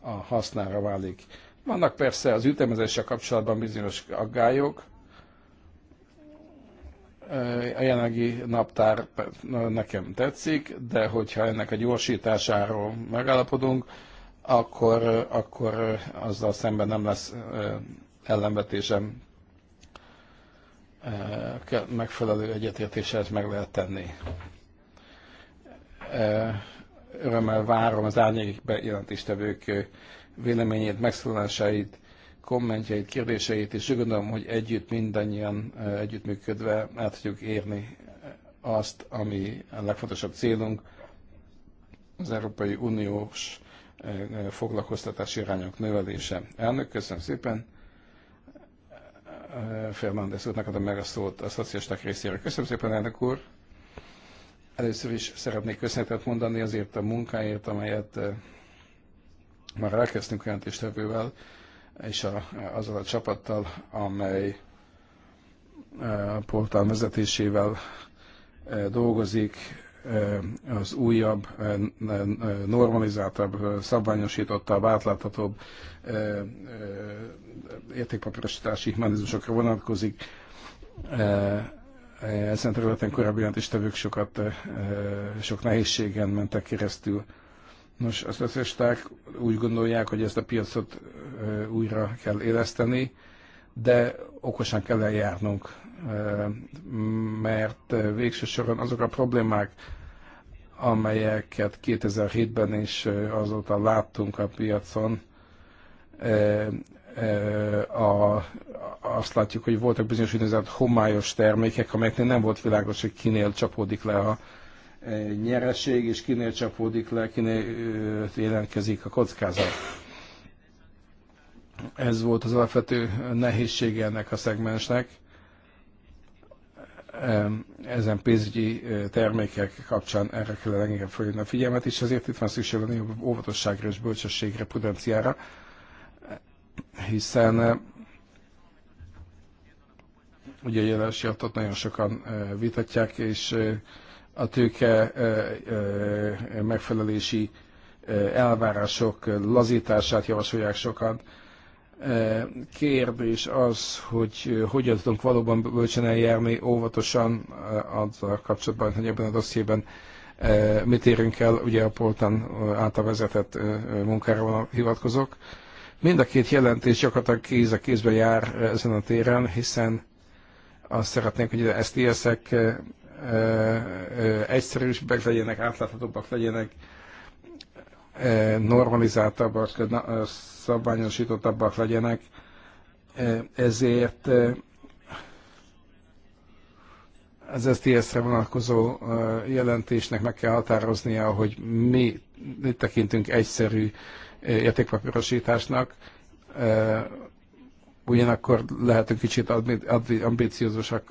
a hasznára válik. Vannak persze az ütemezéssel kapcsolatban bizonyos aggályok, a jelenlegi naptár nekem tetszik, de hogyha ennek a gyorsításáról megállapodunk, akkor, akkor azzal szemben nem lesz ellenvetésem megfelelő egyetértéshez meg lehet tenni örömmel várom az árnyék bejelentéstevők véleményét, megszólalásait, kommentjeit, kérdéseit, és úgy gondolom, hogy együtt mindannyian együttműködve el tudjuk érni azt, ami a legfontosabb célunk, az Európai Uniós foglalkoztatási irányok növelése. Elnök, köszönöm szépen. Fernández úrnak adom meg a szót a szociálisták részére. Köszönöm szépen, elnök úr. Először is szeretnék köszönetet mondani azért a munkáért, amelyet eh, már elkezdtünk jelentéstevővel, és a, azzal a csapattal, amely eh, a portál vezetésével eh, dolgozik, az újabb, normalizáltabb, szabványosítottabb, átláthatóbb értékpapírosítási mechanizmusokra vonatkozik ezen területen korábbi jelentéstevők sokat, sok nehézségen mentek keresztül. Nos, az összesták úgy gondolják, hogy ezt a piacot újra kell éleszteni, de okosan kell eljárnunk, mert végső soron azok a problémák, amelyeket 2007-ben is azóta láttunk a piacon, a, azt látjuk, hogy voltak bizonyos úgynevezett homályos termékek, amelyeknél nem volt világos, hogy kinél csapódik le a nyereség, és kinél csapódik le, kinél jelentkezik a kockázat. Ez volt az alapvető nehézsége ennek a szegmensnek ezen pénzügyi termékek kapcsán erre kellene engem fölhívni a figyelmet, és ezért itt van szükség a óvatosságra és bölcsességre, prudenciára, hiszen eh, ugye a jelenesítatot nagyon sokan eh, vitatják, és eh, a tőke megfelelési elvárások lazítását javasolják sokan. Kérdés az, hogy hogyan tudunk valóban bölcsen eljárni óvatosan azzal kapcsolatban, hogy ebben a dossziében mit érünk el, ugye a Poltán által vezetett munkára hivatkozok Mind a két jelentés gyakorlatilag kéz a kézbe jár eh, ezen a téren, hiszen azt szeretnénk, hogy az STS-ek eh, eh, egyszerűsbbek legyenek, átláthatóbbak legyenek, normalizáltabbak, szabványosítottabbak legyenek, ezért az STS-re vonatkozó jelentésnek meg kell határoznia, hogy mi tekintünk egyszerű értékpapírosításnak, ugyanakkor lehetünk kicsit ambiciózusak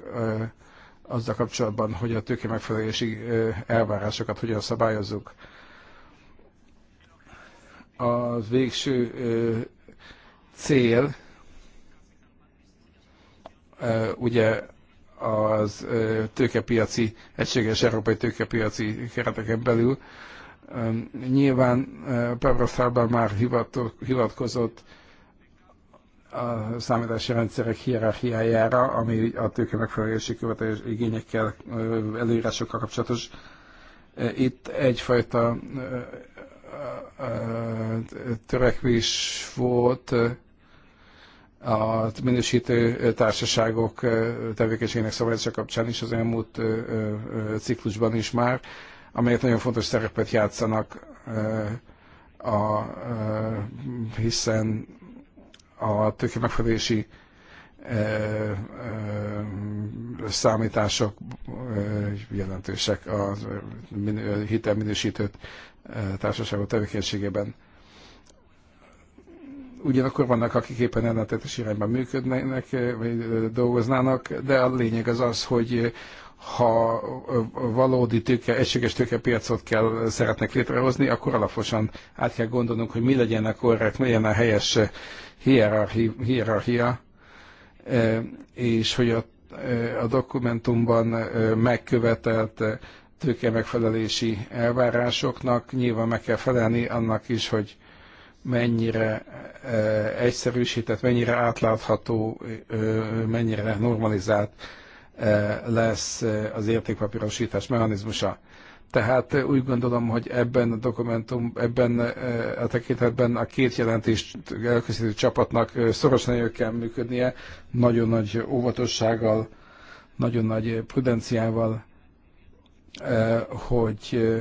azzal kapcsolatban, hogy a tőke megfelelési elvárásokat hogyan szabályozzuk. A végső cél ugye az tőkepiaci, egységes európai tőkepiaci kereteken belül Nyilván Pablo Szálban már hivatkozott a számítási rendszerek hierarchiájára, ami a tőke megfelelési követelés igényekkel, előírásokkal kapcsolatos. Itt egyfajta törekvés volt a minősítő társaságok tevékenységének szabályozása kapcsán is az elmúlt ciklusban is már, amelyek nagyon fontos szerepet játszanak, a, hiszen a tőke megfelelési számítások jelentősek a hitelminősítőt társaságok tevékenységében. Ugyanakkor vannak, akik éppen ellentétes irányban működnek, vagy dolgoznának, de a lényeg az az, hogy ha valódi tőke, egységes tőkepiacot kell, szeretnek létrehozni, akkor alaposan át kell gondolnunk, hogy mi legyen a korrekt, mi legyen a helyes hierarchi, hierarchia, e, és hogy a, e, a dokumentumban e, megkövetelt tőke megfelelési elvárásoknak nyilván meg kell felelni annak is, hogy mennyire egyszerűsített, mennyire átlátható, mennyire normalizált E, lesz e, az értékpapírosítás mechanizmusa. Tehát úgy gondolom, hogy ebben a dokumentum, ebben e, a tekintetben a két jelentést elkészítő csapatnak szorosan együtt kell működnie, nagyon nagy óvatossággal, nagyon nagy prudenciával, hogy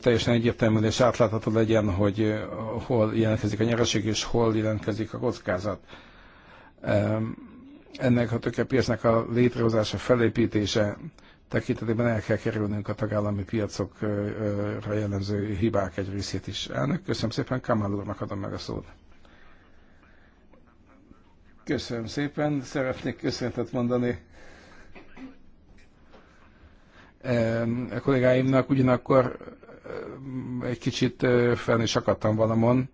teljesen egyértelmű és átlátható legyen, hogy hol jelentkezik a nyereség és hol jelentkezik a kockázat ennek a tőkepiacnak a létrehozása, felépítése tekintetében el kell kerülnünk a tagállami piacokra jellemző hibák egy részét is. Elnök, köszönöm szépen, Kamal úrnak adom meg a szót. Köszönöm szépen, szeretnék köszönetet mondani a kollégáimnak, ugyanakkor egy kicsit fel is akadtam valamon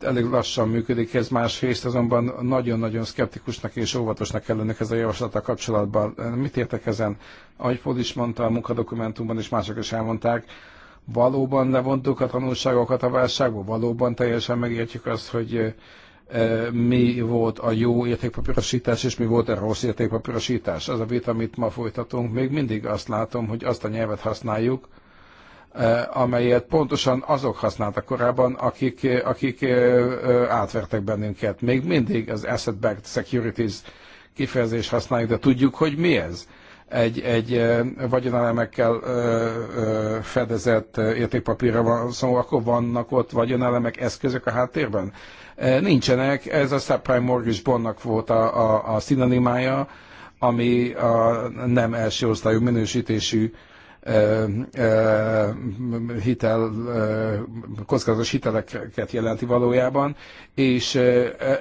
elég lassan működik ez, másrészt azonban nagyon-nagyon szkeptikusnak és óvatosnak kell lennek ez a a kapcsolatban. Mit értek ezen? Ahogy Paul is mondta a munkadokumentumban, és mások is elmondták, valóban levontuk a tanulságokat a válságból, valóban teljesen megértjük azt, hogy mi volt a jó értékpapírosítás, és mi volt a rossz értékpapírosítás. Az a vita, amit ma folytatunk, még mindig azt látom, hogy azt a nyelvet használjuk, E, amelyet pontosan azok használtak korábban, akik, e, akik e, átvertek bennünket. Még mindig az asset-backed securities kifejezés használjuk, de tudjuk, hogy mi ez. Egy, egy vagyonelemekkel fedezett értékpapírra van szó, szóval akkor vannak ott vagyonelemek, eszközök a háttérben? Nincsenek, ez a subprime mortgage bondnak volt a, a, a szinonimája, ami a nem első osztályú minősítésű hitel, kockázatos hiteleket jelenti valójában, és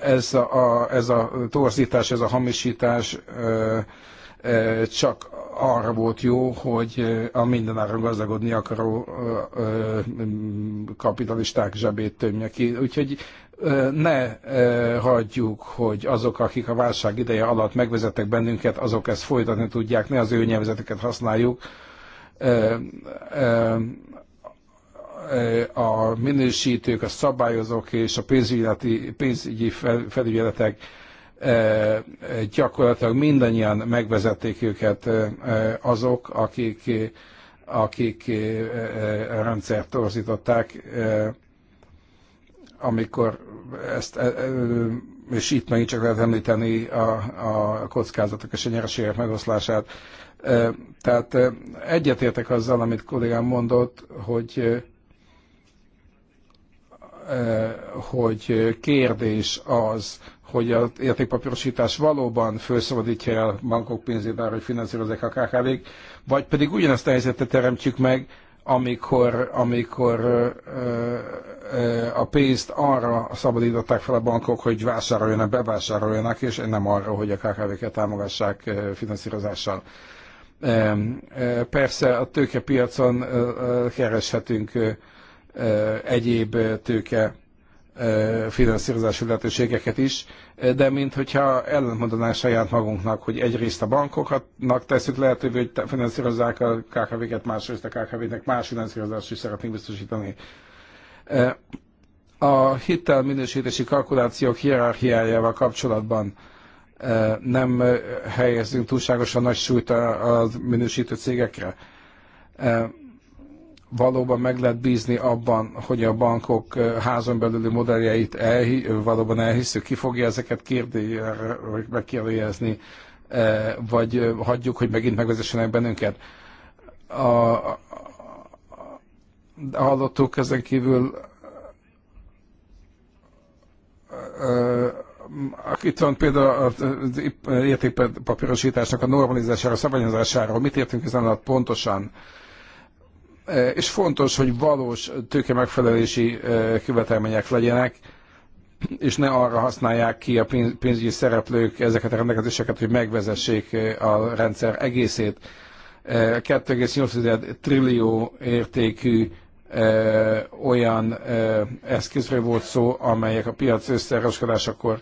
ez a, ez a torzítás, ez a hamisítás csak arra volt jó, hogy a mindenára gazdagodni akaró kapitalisták zsebét tömje ki. Úgyhogy ne hagyjuk, hogy azok, akik a válság ideje alatt megvezettek bennünket, azok ezt folytatni tudják, ne az ő nyelvezeteket használjuk, a minősítők, a szabályozók és a pénzügyi, pénzügyi felügyeletek gyakorlatilag mindannyian megvezették őket azok, akik, akik a rendszert torzították, amikor ezt, és itt megint csak lehet említeni a, a kockázatok és a nyereségek megoszlását, tehát egyetértek azzal, amit kollégám mondott, hogy hogy kérdés az, hogy az értékpapírosítás valóban felszabadítja a bankok pénzét arra, hogy finanszírozzák a kkv vagy pedig ugyanazt a helyzetet teremtjük meg, amikor, amikor ö, ö, a pénzt arra szabadították fel a bankok, hogy vásároljanak, bevásároljanak, és nem arra, hogy a KKV-ket támogassák finanszírozással. Persze a tőkepiacon kereshetünk egyéb tőke finanszírozási lehetőségeket is, de minthogyha hogyha ellentmondanánk saját magunknak, hogy egyrészt a bankoknak teszük lehetővé, hogy finanszírozzák a KKV-ket, másrészt a KKV-nek más finanszírozást is szeretnénk biztosítani. A hitel minősítési kalkulációk hierarchiájával kapcsolatban nem helyezünk túlságosan nagy súlyt a, a minősítő cégekre. Valóban meg lehet bízni abban, hogy a bankok házon belüli modelljeit el, valóban elhiszük, ki fogja ezeket kérdé, vagy hagyjuk, hogy megint megvezessenek bennünket. A, hallottuk ezen kívül itt van például az értékpapírosításnak a normalizására, szabályozására, mit értünk ezen alatt pontosan. E, és fontos, hogy valós tőke megfelelési e, követelmények legyenek, és ne arra használják ki a pénzügyi szereplők ezeket a rendelkezéseket, hogy megvezessék e, a rendszer egészét. 2,8 trillió értékű olyan eszközről volt szó, amelyek a piac összeroskodásakor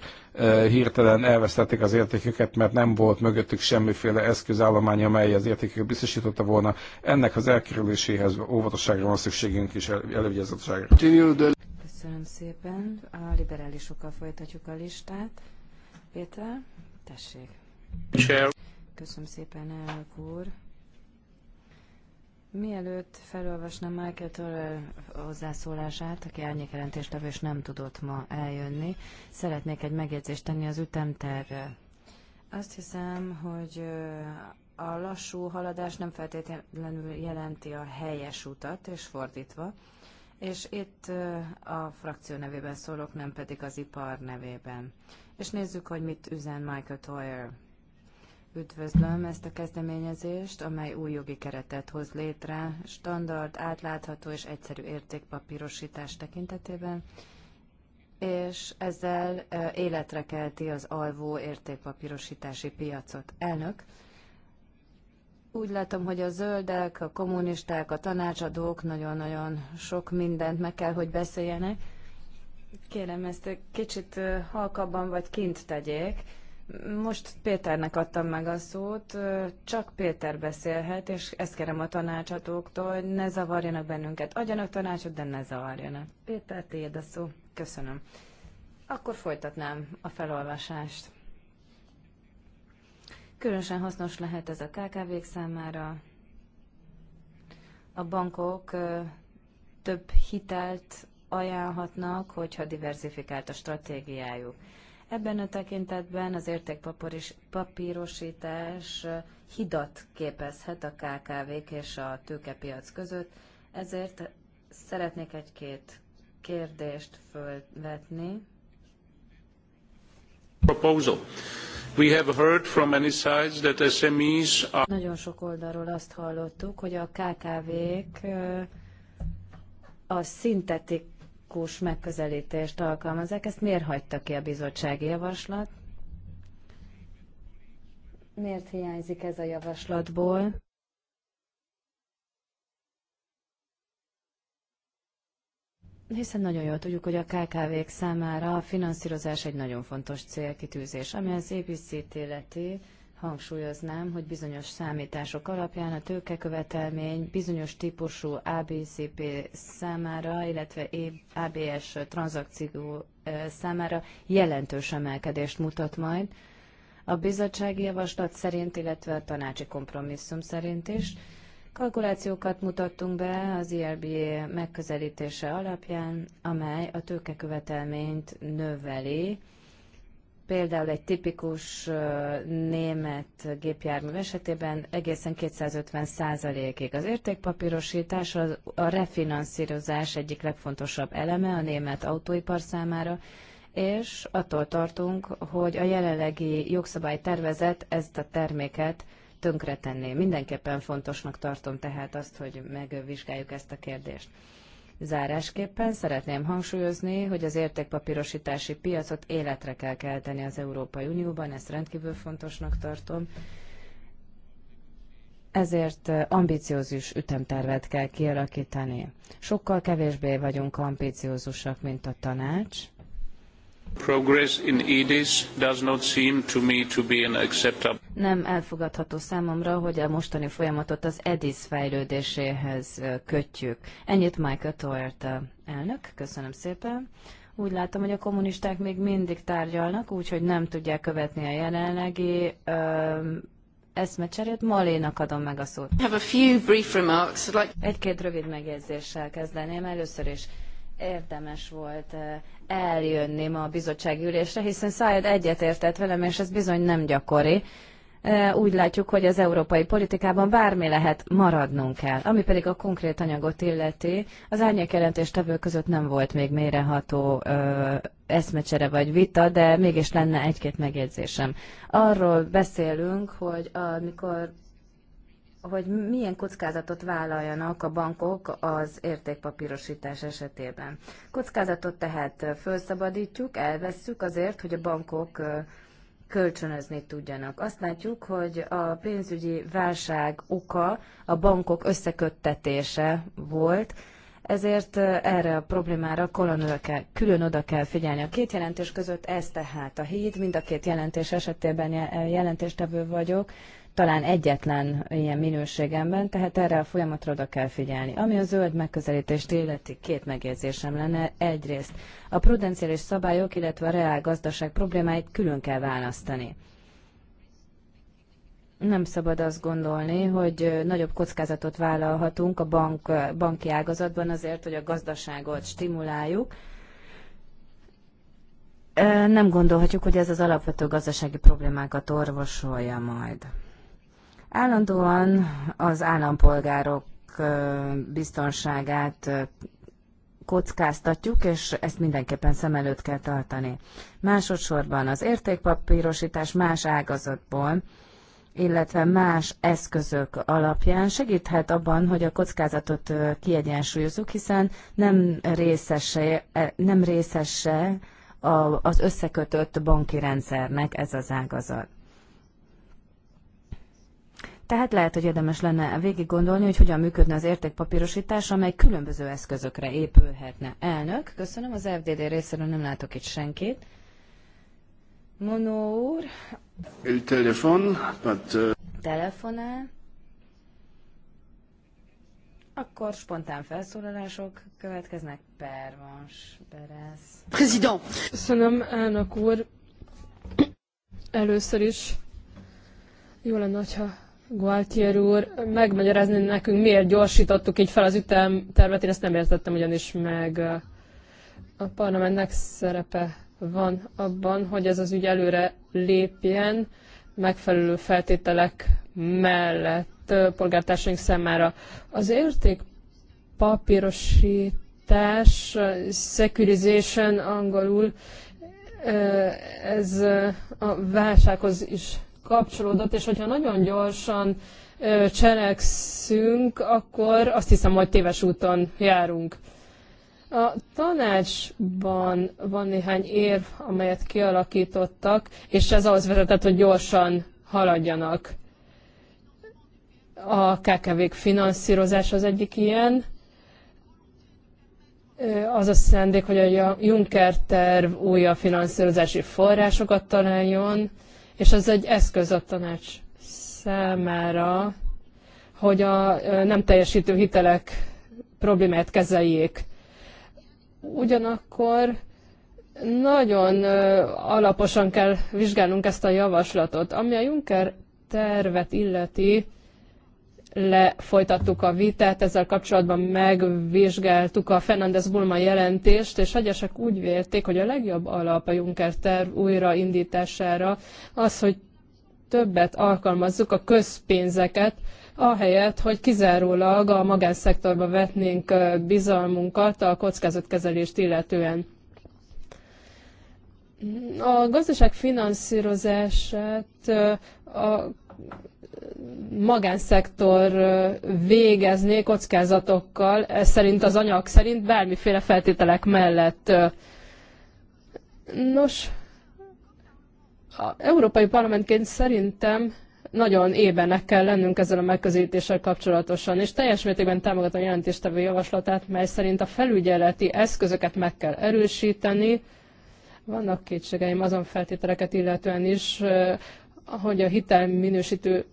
hirtelen elvesztették az értéküket, mert nem volt mögöttük semmiféle eszközállomány, amely az értéküket biztosította volna. Ennek az elkerüléséhez óvatosságra van szükségünk és elővigyázatosságra. Köszönöm szépen. A liberálisokkal folytatjuk a listát. Péter, tessék. Köszönöm szépen, elnök úr. Mielőtt felolvasnám Michael Töröl hozzászólását, aki árnyékjelentéstevő és nem tudott ma eljönni, szeretnék egy megjegyzést tenni az ütemterre. Azt hiszem, hogy a lassú haladás nem feltétlenül jelenti a helyes utat, és fordítva. És itt a frakció nevében szólok, nem pedig az ipar nevében. És nézzük, hogy mit üzen Michael Toyer Üdvözlöm ezt a kezdeményezést, amely új jogi keretet hoz létre, standard, átlátható és egyszerű értékpapírosítás tekintetében, és ezzel életre kelti az alvó értékpapírosítási piacot. Elnök, úgy látom, hogy a zöldek, a kommunisták, a tanácsadók nagyon-nagyon sok mindent meg kell, hogy beszéljenek. Kérem, ezt kicsit halkabban vagy kint tegyék most Péternek adtam meg a szót, csak Péter beszélhet, és ezt kérem a tanácsatóktól, hogy ne zavarjanak bennünket. Adjanak tanácsot, de ne zavarjanak. Péter, tiéd a szó. Köszönöm. Akkor folytatnám a felolvasást. Különösen hasznos lehet ez a KKV-k számára. A bankok több hitelt ajánlhatnak, hogyha diversifikált a stratégiájuk. Ebben a tekintetben az értékpapírosítás hidat képezhet a KKV-k és a tőkepiac között, ezért szeretnék egy-két kérdést fölvetni. Proposal. We have heard from many sides that SMEs are... Nagyon sok oldalról azt hallottuk, hogy a KKV-k a szintetik holisztikus megközelítést alkalmazzák. Ezt miért hagyta ki a bizottsági javaslat? Miért hiányzik ez a javaslatból? Hiszen nagyon jól tudjuk, hogy a KKV-k számára a finanszírozás egy nagyon fontos célkitűzés, ami az ABC-t illeti hangsúlyoznám, hogy bizonyos számítások alapján a tőkekövetelmény bizonyos típusú ABCP számára, illetve ABS tranzakció számára jelentős emelkedést mutat majd. A bizottsági javaslat szerint, illetve a tanácsi kompromisszum szerint is. Kalkulációkat mutattunk be az IRB megközelítése alapján, amely a tőkekövetelményt növeli, Például egy tipikus német gépjármű esetében egészen 250 százalékig. Az értékpapírosítás az a refinanszírozás egyik legfontosabb eleme a német autóipar számára, és attól tartunk, hogy a jelenlegi jogszabálytervezet ezt a terméket tönkretenné. Mindenképpen fontosnak tartom tehát azt, hogy megvizsgáljuk ezt a kérdést. Zárásképpen szeretném hangsúlyozni, hogy az értékpapírosítási piacot életre kell kelteni az Európai Unióban, ezt rendkívül fontosnak tartom. Ezért eh, ambiciózus ütemtervet kell kialakítani. Sokkal kevésbé vagyunk ambiciózusak, mint a tanács Progress in EDIS does not seem to me to be an acceptable. Nem elfogadható számomra, hogy a mostani folyamatot az EDIS fejlődéséhez kötjük. Ennyit Michael Toert elnök, köszönöm szépen. Úgy látom, hogy a kommunisták még mindig tárgyalnak, úgyhogy nem tudják követni a jelenlegi eszmecserét. Malénak adom meg a szót. Like... Egy-két rövid megjegyzéssel kezdeném először is érdemes volt eljönni ma a bizottsági ülésre, hiszen Szájad egyetértett velem, és ez bizony nem gyakori. Úgy látjuk, hogy az európai politikában bármi lehet, maradnunk kell. Ami pedig a konkrét anyagot illeti, az jelentéstevő között nem volt még méreható ö, eszmecsere vagy vita, de mégis lenne egy-két megjegyzésem. Arról beszélünk, hogy amikor hogy milyen kockázatot vállaljanak a bankok az értékpapírosítás esetében. Kockázatot tehát felszabadítjuk, elvesszük azért, hogy a bankok kölcsönözni tudjanak. Azt látjuk, hogy a pénzügyi válság oka a bankok összeköttetése volt, ezért erre a problémára kell, külön oda kell figyelni. A két jelentés között ez tehát a híd, mind a két jelentés esetében jelentéstevő vagyok, talán egyetlen ilyen minőségemben, tehát erre a folyamatra oda kell figyelni. Ami a zöld megközelítést illeti, két megjegyzésem lenne. Egyrészt a prudenciális szabályok, illetve a reál gazdaság problémáit külön kell választani. Nem szabad azt gondolni, hogy nagyobb kockázatot vállalhatunk a bank, banki ágazatban azért, hogy a gazdaságot stimuláljuk, nem gondolhatjuk, hogy ez az alapvető gazdasági problémákat orvosolja majd. Állandóan az állampolgárok biztonságát kockáztatjuk, és ezt mindenképpen szem előtt kell tartani. Másodszorban az értékpapírosítás más ágazatból, illetve más eszközök alapján segíthet abban, hogy a kockázatot kiegyensúlyozzuk, hiszen nem részese, e, nem részese az összekötött banki rendszernek ez az ágazat. Tehát lehet, hogy érdemes lenne végig gondolni, hogy hogyan működne az értékpapírosítás, amely különböző eszközökre épülhetne. Elnök, köszönöm, az FDD részéről nem látok itt senkit. Monó úr. Telefon, but, hát, uh... Telefonál. Akkor spontán felszólalások következnek. Pervans, Beres. Prezident! Köszönöm, elnök úr. Először is jó lenne, ha Gualtier úr megmagyarázni nekünk, miért gyorsítottuk így fel az ütemtervet, én ezt nem értettem ugyanis meg. A parlamentnek szerepe van abban, hogy ez az ügy előre lépjen megfelelő feltételek mellett polgártársaink számára. Az érték papírosítás, securization angolul, ez a válsághoz is kapcsolódott, és hogyha nagyon gyorsan cselekszünk, akkor azt hiszem, hogy téves úton járunk. A tanácsban van néhány érv, amelyet kialakítottak, és ez ahhoz vezetett, hogy gyorsan haladjanak. A kkv finanszírozás az egyik ilyen. Az a szándék, hogy a Juncker terv újabb finanszírozási forrásokat találjon, és ez egy eszköz a tanács számára, hogy a nem teljesítő hitelek problémát kezeljék. Ugyanakkor nagyon alaposan kell vizsgálnunk ezt a javaslatot. Ami a Juncker tervet illeti, lefolytattuk a vitát, ezzel kapcsolatban megvizsgáltuk a Fernandez Bulma jelentést, és egyesek úgy vélték, hogy a legjobb alap a Juncker terv újraindítására az, hogy többet alkalmazzuk a közpénzeket, ahelyett, hogy kizárólag a magánszektorba vetnénk bizalmunkat a kockázatkezelést illetően. A gazdaság finanszírozását a magánszektor végezné kockázatokkal, ez szerint az anyag szerint bármiféle feltételek mellett. Nos, a Európai Parlamentként szerintem nagyon ébenek kell lennünk ezzel a megközelítéssel kapcsolatosan, és teljes mértékben támogatom a jelentéstevő javaslatát, mely szerint a felügyeleti eszközöket meg kell erősíteni. Vannak kétségeim azon feltételeket illetően is, hogy a hitelminősítő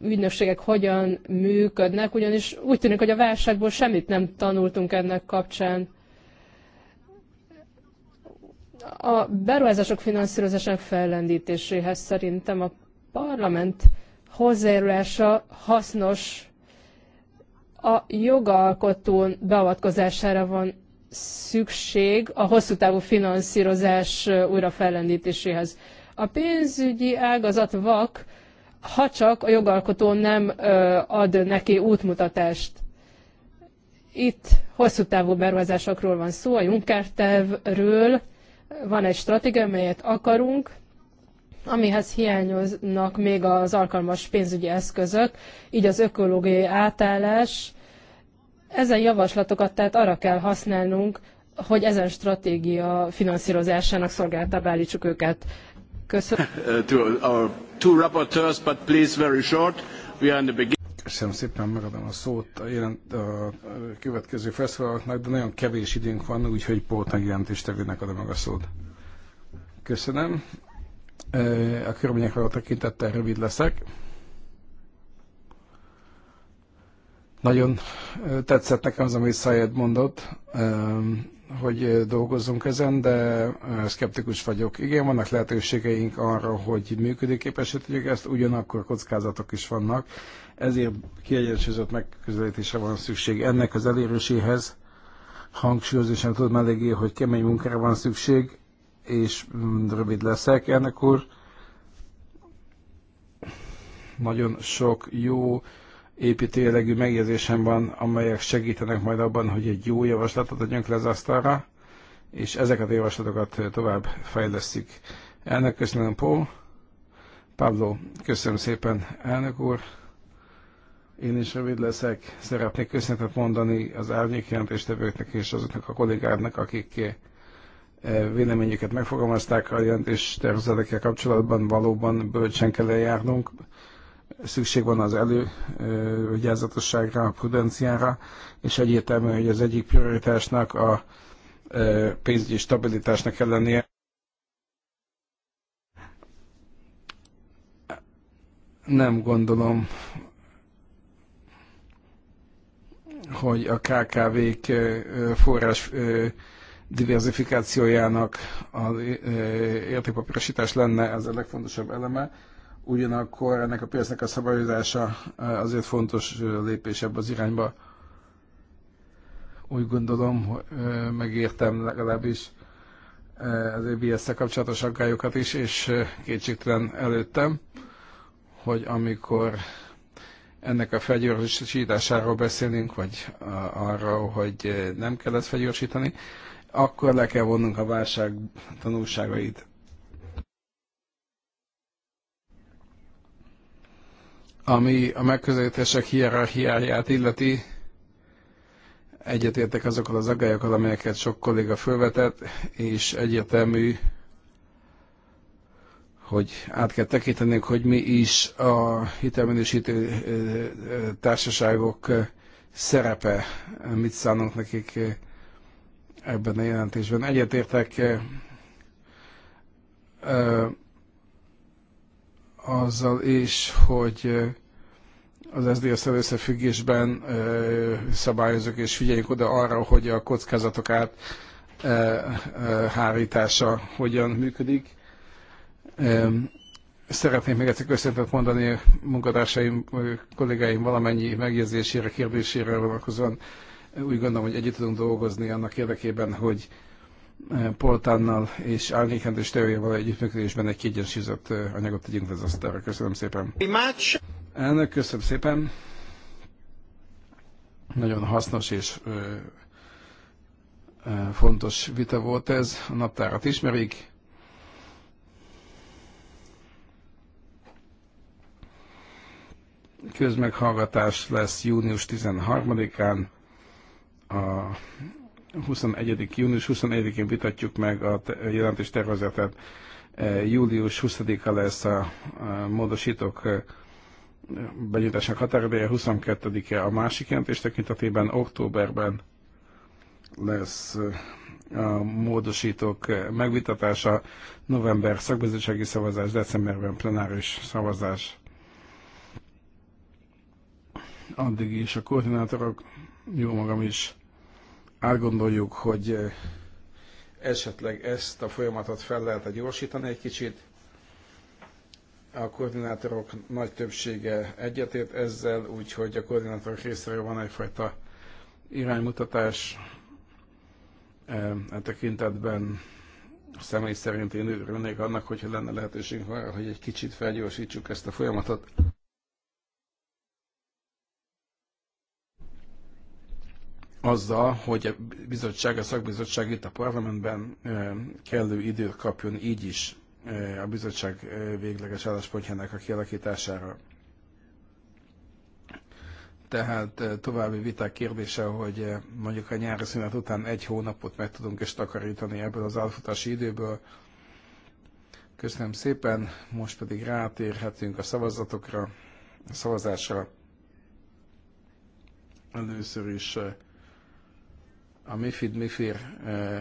ügynökségek hogyan működnek, ugyanis úgy tűnik, hogy a válságból semmit nem tanultunk ennek kapcsán. A beruházások finanszírozásának fellendítéséhez szerintem a parlament hozzájárulása hasznos a jogalkotón beavatkozására van szükség a hosszú távú finanszírozás újra fellendítéséhez. A pénzügyi ágazat vak, ha csak a jogalkotó nem ad neki útmutatást. Itt hosszú távú beruházásokról van szó, a Juncker tervről, van egy stratégia, melyet akarunk, amihez hiányoznak még az alkalmas pénzügyi eszközök, így az ökológiai átállás. Ezen javaslatokat tehát arra kell használnunk, hogy ezen stratégia finanszírozásának szolgáltába állítsuk őket. Köszönöm. szépen, megadom a szót a, jelent, a következő felszólalóknak, de nagyon kevés időnk van, úgyhogy Pótnag jelentéstevőnek adom meg a szót. Köszönöm. Uh, a körülményekre tekintettel rövid leszek. Nagyon uh, tetszett nekem az, amit Szájed mondott. Um, hogy dolgozzunk ezen, de szkeptikus vagyok. Igen, vannak lehetőségeink arra, hogy működőképesé tegyük ezt, ugyanakkor kockázatok is vannak, ezért kiegyensúlyozott megközelítésre van szükség. Ennek az eléréséhez hangsúlyozásan tudom eléggé, hogy kemény munkára van szükség, és mm, rövid leszek. Ennek úr nagyon sok jó építőjelegű megjegyzésem van, amelyek segítenek majd abban, hogy egy jó javaslatot adjunk le az asztalra, és ezeket a javaslatokat tovább fejlesztjük. Elnök, köszönöm, Paul. Pablo, köszönöm szépen, elnök úr. Én is rövid leszek. Szeretnék köszönetet mondani az árnyékjelentéstevőknek és azoknak a kollégáknak, akik eh, véleményeket megfogalmazták a jelentés tervezetekkel kapcsolatban. Valóban bölcsen kell eljárnunk szükség van az elővigyázatosságra, a prudenciára, és egyértelmű, hogy az egyik prioritásnak a pénzügyi stabilitásnak ellenére Nem gondolom, hogy a KKV-k forrás diversifikációjának az értékpapírosítás lenne ez a legfontosabb eleme Ugyanakkor ennek a piacnak a szabályozása e, azért fontos e, lépés ebbe az irányba. Úgy gondolom, e, megértem legalábbis az ebs szel kapcsolatos aggályokat is, és kétségtelen előttem, hogy amikor ennek a felgyorsításáról beszélünk, vagy arról, hogy nem kell ezt felgyorsítani, akkor le kell vonnunk a válság tanulságait. Ami a megközelítések hierarchiáját illeti, egyetértek azokkal az aggályokkal, amelyeket sok kolléga felvetett, és egyértelmű, hogy át kell tekintenünk, hogy mi is a hitelminősítő társaságok szerepe, mit szánunk nekik ebben a jelentésben. Egyetértek azzal is, hogy az sds szel összefüggésben szabályozok és figyeljünk oda arra, hogy a kockázatok át hárítása hogyan működik. Szeretnék még egyszer köszönetet mondani a munkatársaim, kollégáim valamennyi megjegyzésére, kérdésére vonatkozóan. Úgy gondolom, hogy együtt tudunk dolgozni annak érdekében, hogy Poltánnal és Árnyékendős tevőjével együttműködésben egy kiegyensúlyozott anyagot tegyünk az asztalra. Köszönöm szépen. Elnök, köszönöm szépen. Nagyon hasznos és ö, ö, fontos vita volt ez. A naptárat ismerik. Közmeghallgatás lesz június 13-án. A 21. június 21-én vitatjuk meg a jelentés tervezetet. Július 20-a lesz a, a módosítók benyújtásnak határideje 22-e a másik jelentés tekintetében, októberben lesz a módosítók megvitatása, november szakbizottsági szavazás, decemberben plenáris szavazás. Addig is a koordinátorok, jó magam is, átgondoljuk, hogy esetleg ezt a folyamatot fel lehet gyorsítani egy kicsit, a koordinátorok nagy többsége egyetért ezzel, úgyhogy a koordinátorok részéről van egyfajta iránymutatás e, e tekintetben. Személy szerint én örülnék annak, hogyha lenne lehetőségünk arra, hogy egy kicsit felgyorsítsuk ezt a folyamatot. azzal, hogy a bizottság, a szakbizottság itt a parlamentben e, kellő időt kapjon így is a bizottság végleges álláspontjának a kialakítására. Tehát további viták kérdése, hogy mondjuk a nyári szünet után egy hónapot meg tudunk és takarítani ebből az átfutási időből. Köszönöm szépen, most pedig rátérhetünk a szavazatokra, a szavazásra. Először is a MIFID-MIFIR uh,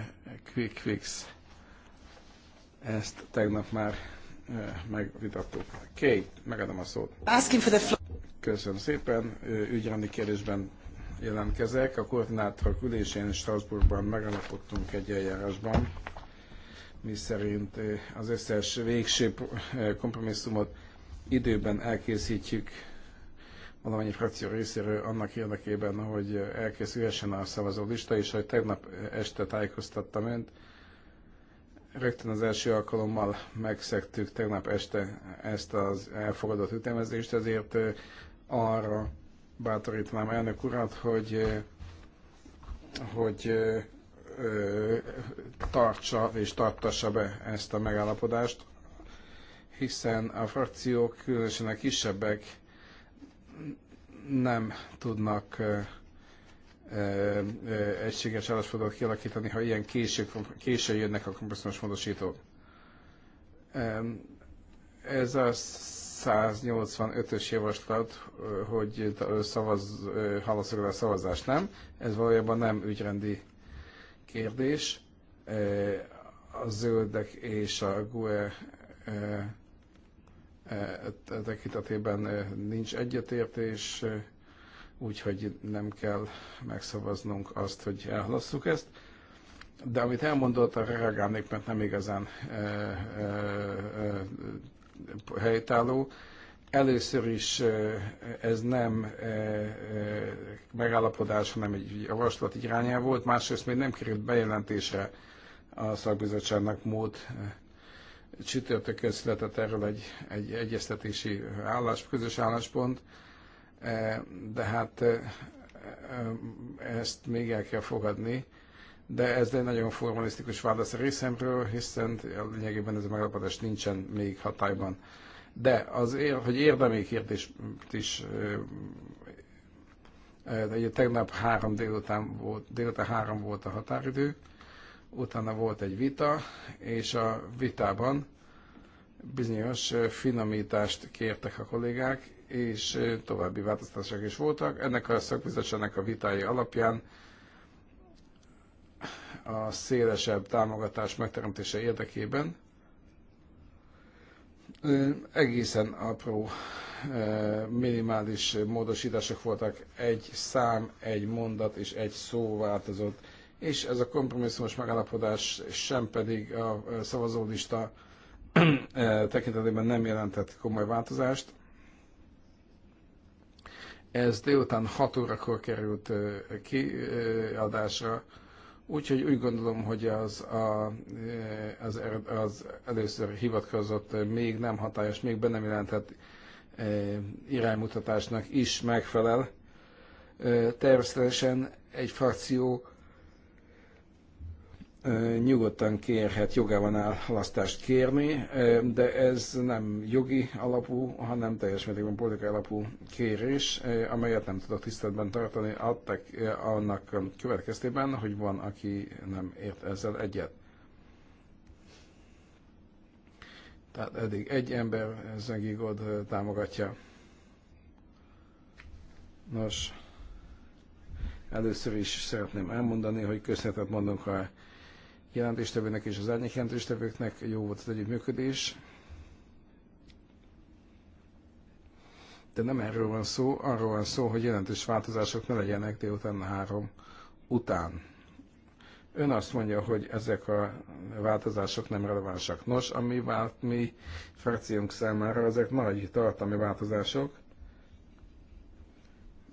Quick Fix ezt tegnap már eh, megvitattuk. Kate, megadom a szót. Köszönöm szépen. Ügyrendi kérdésben jelentkezek. A koordinátor ülésén Strasbourgban megalapodtunk egy eljárásban, mi szerint az összes végső eh, kompromisszumot időben elkészítjük valamennyi frakció részéről annak érdekében, hogy eh, elkészülhessen a szavazólista, és hogy tegnap este tájékoztattam önt, Rögtön az első alkalommal megszektük tegnap este ezt az elfogadott ütemezést, ezért arra bátorítanám elnök urat, hogy, hogy tartsa és tartassa be ezt a megállapodást, hiszen a frakciók, különösen a kisebbek nem tudnak egységes álláspontot kialakítani, ha ilyen késők, későn jönnek a kompromisszumos módosítók. Ez a 185-ös javaslat, hogy szavaz, a szavazást, nem? Ez valójában nem ügyrendi kérdés. A zöldek és a GUE tekintetében nincs egyetértés, úgyhogy nem kell megszavaznunk azt, hogy elhalasszuk ezt. De amit elmondott, arra reagálnék, mert nem igazán e, e, e, helytálló. Először is ez nem megállapodás, hanem egy javaslat irányá volt, másrészt még nem került bejelentésre a szakbizottságnak mód csütörtökön született erről egy, egy egyeztetési állás, közös álláspont Eh, de hát eh, eh, ezt még el kell fogadni, de ez egy nagyon formalisztikus válasz a részemről, hiszen a lényegében ez a megalapodás nincsen még hatályban. De az, hogy érdemi kérdést is Ugye tegnap három délután volt, délután három volt a határidő, utána volt egy vita, és a vitában bizonyos finomítást kértek a kollégák, és további változtatások is voltak. Ennek a szakbizottságnak a vitái alapján a szélesebb támogatás megteremtése érdekében egészen apró, minimális módosítások voltak. Egy szám, egy mondat és egy szó változott, és ez a kompromisszumos megállapodás sem pedig a szavazólista tekintetében nem jelentett komoly változást. Ez délután 6 órakor került kiadásra, úgyhogy úgy gondolom, hogy az, a, az, er, az először hivatkozott, még nem hatályos, még be nem jelentett iránymutatásnak is megfelel. Természetesen egy frakció nyugodtan kérhet, jogában áll halasztást kérni, de ez nem jogi alapú, hanem teljes mértékben politikai alapú kérés, amelyet nem tudok tiszteletben tartani, adtak annak következtében, hogy van, aki nem ért ezzel egyet. Tehát eddig egy ember Zengigod támogatja. Nos, először is szeretném elmondani, hogy köszönetet mondunk a jelentéstevőnek és az árnyék jelentéstevőknek. Jó volt az együttműködés. De nem erről van szó, arról van szó, hogy jelentős változások ne legyenek délután három után. Ön azt mondja, hogy ezek a változások nem relevánsak. Nos, ami vált mi frakciónk számára, ezek nagy tartalmi változások,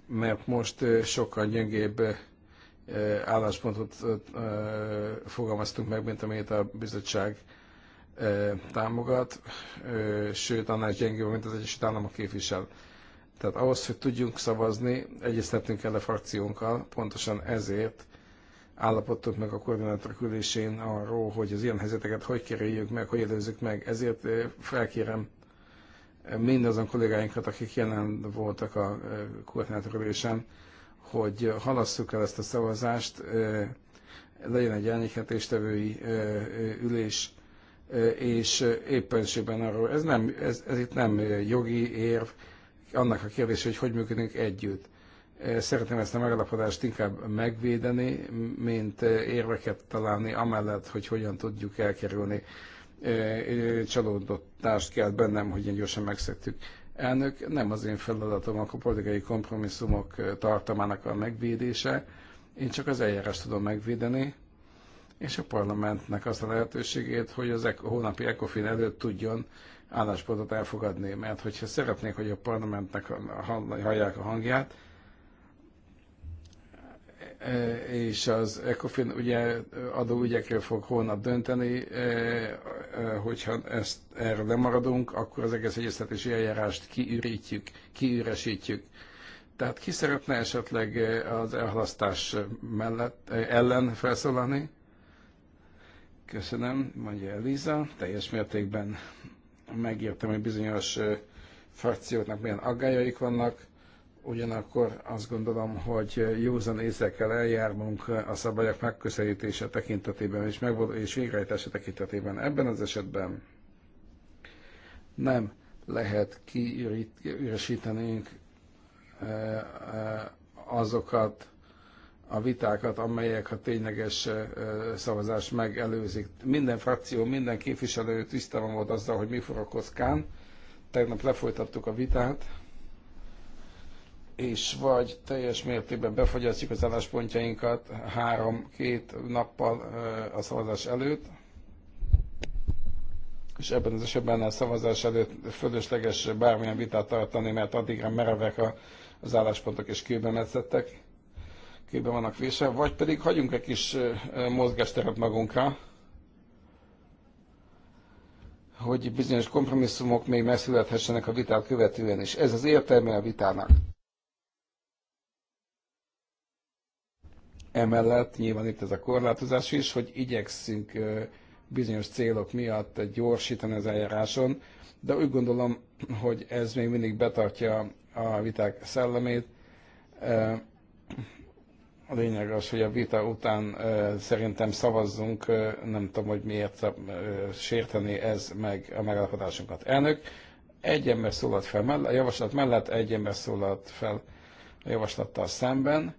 mert most sokkal gyengébb álláspontot fogalmaztunk meg, mint amit a bizottság támogat, sőt, annál is gyengébb, mint az Egyesült Államok képvisel. Tehát ahhoz, hogy tudjunk szavazni, egyeztettünk el a frakciónkkal, pontosan ezért állapodtunk meg a koordinátor ülésén arról, hogy az ilyen helyzeteket hogy kerüljük meg, hogy előzzük meg. Ezért felkérem mindazon kollégáinkat, akik jelen voltak a koordinátor ülésen, hogy halasszuk el ezt a szavazást, legyen egy elnyéketéstevői ülés, és éppenségben arról, ez, nem, ez, ez itt nem jogi érv, annak a kérdés, hogy hogy működünk együtt. Szeretném ezt a megállapodást inkább megvédeni, mint érveket találni amellett, hogy hogyan tudjuk elkerülni. Csalódottást kelt bennem, hogy ilyen gyorsan megszektük elnök, nem az én feladatom a politikai kompromisszumok tartalmának a megvédése, én csak az eljárást tudom megvédeni, és a parlamentnek azt a lehetőségét, hogy az ek- hónapi ECOFIN előtt tudjon álláspontot elfogadni, mert hogyha szeretnék, hogy a parlamentnek hallják a hangját, E, és az ECOFIN ugye adóügyekről fog holnap dönteni, e, e, hogyha ezt, erre maradunk, akkor az egész egyeztetési eljárást kiürítjük, kiüresítjük. Tehát ki szeretne esetleg az elhalasztás mellett, ellen felszólalni? Köszönöm, mondja Eliza. Teljes mértékben megértem, hogy bizonyos frakcióknak milyen aggájaik vannak Ugyanakkor azt gondolom, hogy józan észre kell eljárnunk a szabályok megközelítése tekintetében és, megvod- és végrehajtása tekintetében. Ebben az esetben nem lehet kiüresítenünk eh, eh, azokat a vitákat, amelyek a tényleges eh, szavazást megelőzik. Minden frakció, minden képviselő tisztában volt azzal, hogy mi forog kockán. Tegnap lefolytattuk a vitát, és vagy teljes mértékben befogyasztjuk az álláspontjainkat három-két nappal a szavazás előtt, és ebben az esetben a szavazás előtt fölösleges bármilyen vitát tartani, mert addigra merevek a, az álláspontok és kőben metszettek, kőben vannak vése, vagy pedig hagyunk egy kis mozgásteret magunkra, hogy bizonyos kompromisszumok még megszülethessenek a vitát követően is. Ez az értelme a vitának. Emellett nyilván itt ez a korlátozás is, hogy igyekszünk bizonyos célok miatt gyorsítani az eljáráson, de úgy gondolom, hogy ez még mindig betartja a viták szellemét. A lényeg az, hogy a vita után szerintem szavazzunk, nem tudom, hogy miért sérteni ez meg a megállapodásunkat. Elnök, egy ember szólalt fel, a javaslat mellett egy ember szólalt fel a javaslattal szemben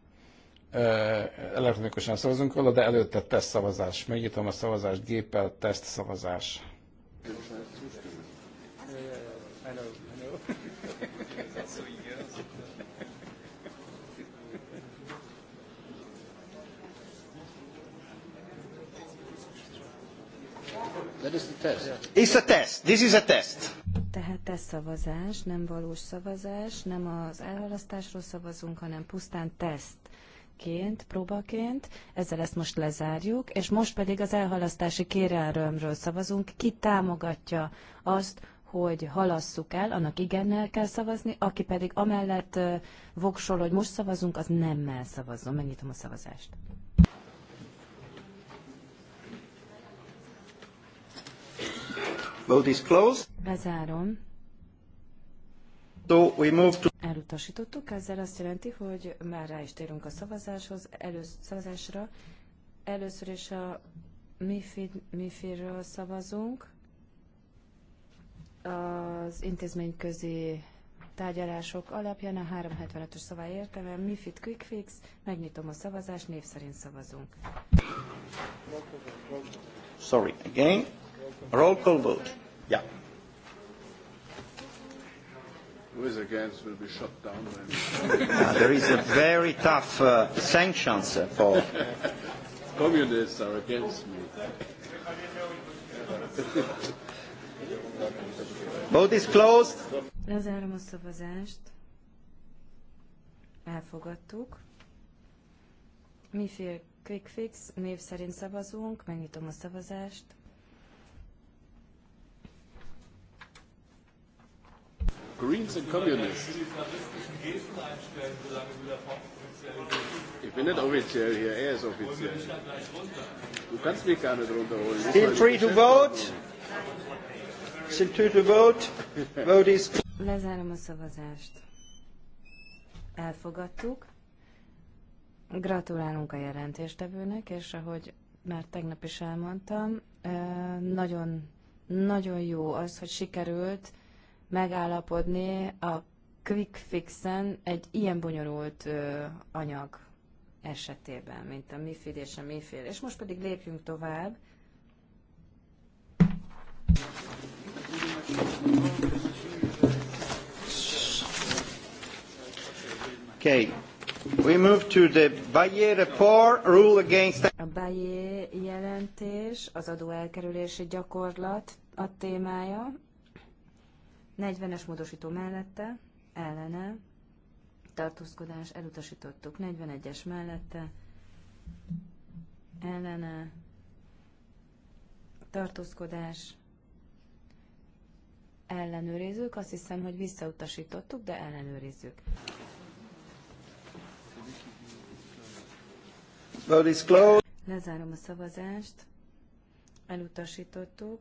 elektronikusan szavazunk róla, de előtte teszt szavazás. Megnyitom a szavazást géppel, teszt szavazás. It's a test. This is a test. Tehát teszt szavazás, nem valós szavazás, nem az elhalasztásról szavazunk, hanem pusztán teszt ként, próbaként, ezzel ezt most lezárjuk, és most pedig az elhalasztási kérelmről szavazunk. Ki támogatja azt, hogy halasszuk el, annak igennel kell szavazni, aki pedig amellett voksol, hogy most szavazunk, az nemmel szavazzon. Megnyitom a szavazást. Vote is closed. Bezárom. So we move to... Elutasítottuk, ezzel azt jelenti, hogy már rá is térünk a szavazáshoz, először, szavazásra. Először is a MIFID, MIFIR-ről szavazunk, az intézményközi tárgyalások alapján a 375-ös szabály értelmében MIFID Quick Fix, megnyitom a szavazást, név szerint szavazunk. Sorry, again, roll call vote. Yeah with is against will be shut down. now, ah, there is a very tough uh, sanctions uh, for. Communists are against me. Vote is closed. Lezárom a szavazást. Elfogadtuk. Miféle quick fix név szerint szavazunk, megnyitom a szavazást. Greens and Communists. Ich bin nicht offiziell hier, er ist offiziell. Du kannst mich gar nicht runterholen. free to vote. Feel free to vote. Vote is... Lezárom a szavazást. Elfogadtuk. Gratulálunk a jelentéstevőnek, és ahogy már tegnap is elmondtam, eh, nagyon, nagyon jó az, hogy sikerült megállapodni a quick fixen egy ilyen bonyolult ö, anyag esetében, mint a MIFID és a MIFIR. És most pedig lépjünk tovább. Okay. We move to the Bayer report, rule against... A Bayer jelentés, az adó elkerülési gyakorlat a témája. 40-es módosító mellette, ellene, tartózkodás, elutasítottuk. 41-es mellette, ellene, tartózkodás, ellenőrizzük. Azt hiszem, hogy visszautasítottuk, de ellenőrizzük. Lezárom a szavazást. Elutasítottuk.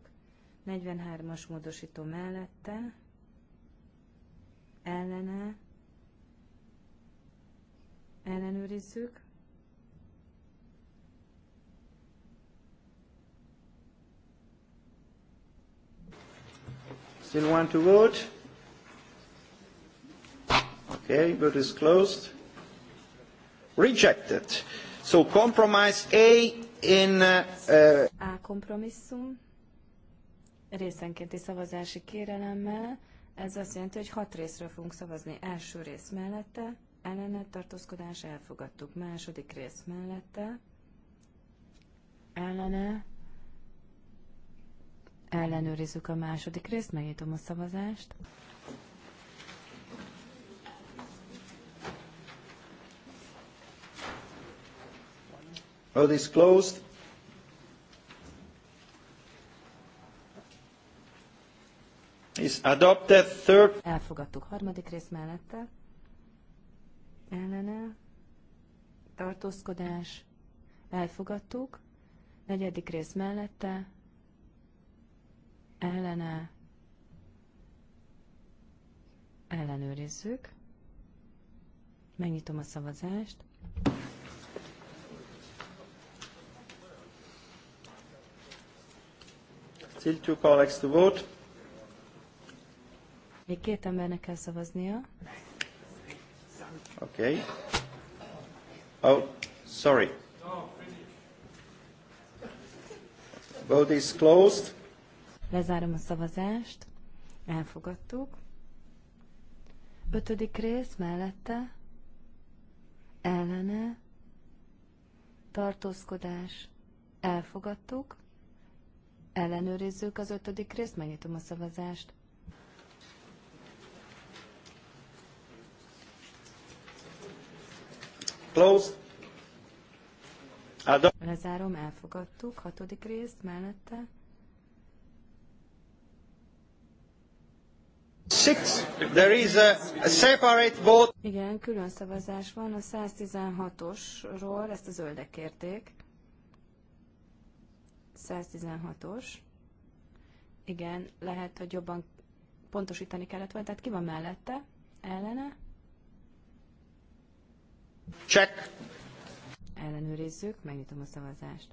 43-as módosító mellette ellene ellenőrizzük. Still want to vote? Okay, vote is closed. Rejected. So compromise A in... Uh, uh A kompromisszum részenkénti szavazási kérelemmel ez azt jelenti, hogy hat részről fogunk szavazni. Első rész mellette, ellenet tartózkodás elfogadtuk. Második rész mellette, ellene ellenőrizzük a második részt, megnyitom a szavazást. Vote is closed. is adopted third. Elfogadtuk harmadik rész mellette. Ellene. Tartózkodás. Elfogadtuk. Negyedik rész mellette. Ellene. Ellenőrizzük. Megnyitom a szavazást. Still two colleagues to vote. Még két embernek kell szavaznia. Okay. Oh, sorry. Vote is closed. Lezárom a szavazást. Elfogadtuk. Ötödik rész mellette. Ellene. Tartózkodás. Elfogadtuk. Ellenőrizzük az ötödik részt, megnyitom a szavazást. Closed. Lezárom, elfogadtuk. Hatodik részt mellette. Six. There is a, a separate vote. Igen, külön szavazás van a 116-osról, ezt a zöldek kérték. 116-os. Igen, lehet, hogy jobban pontosítani kellett volna, tehát ki van mellette, ellene? Check. Ellenőrizzük, megnyitom a szavazást.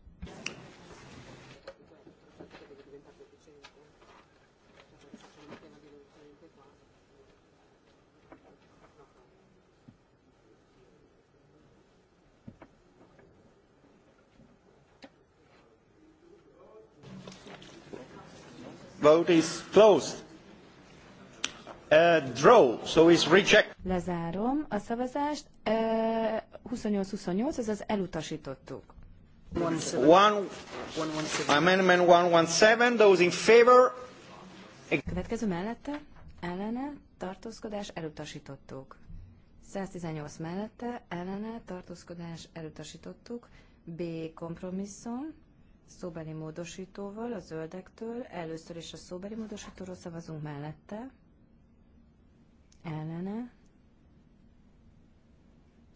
Vote is closed. Uh, draw, so it's reject. Lezárom a szavazást. Uh, 28-28, azaz elutasítottuk. amendment 117, those in favor. Következő mellette, ellene, tartózkodás, elutasítottuk. 118 mellette, ellene, tartózkodás, elutasítottuk. B. Kompromisszum, szóbeli módosítóval, a zöldektől. Először is a szóbeli módosítóról szavazunk mellette. Ellene,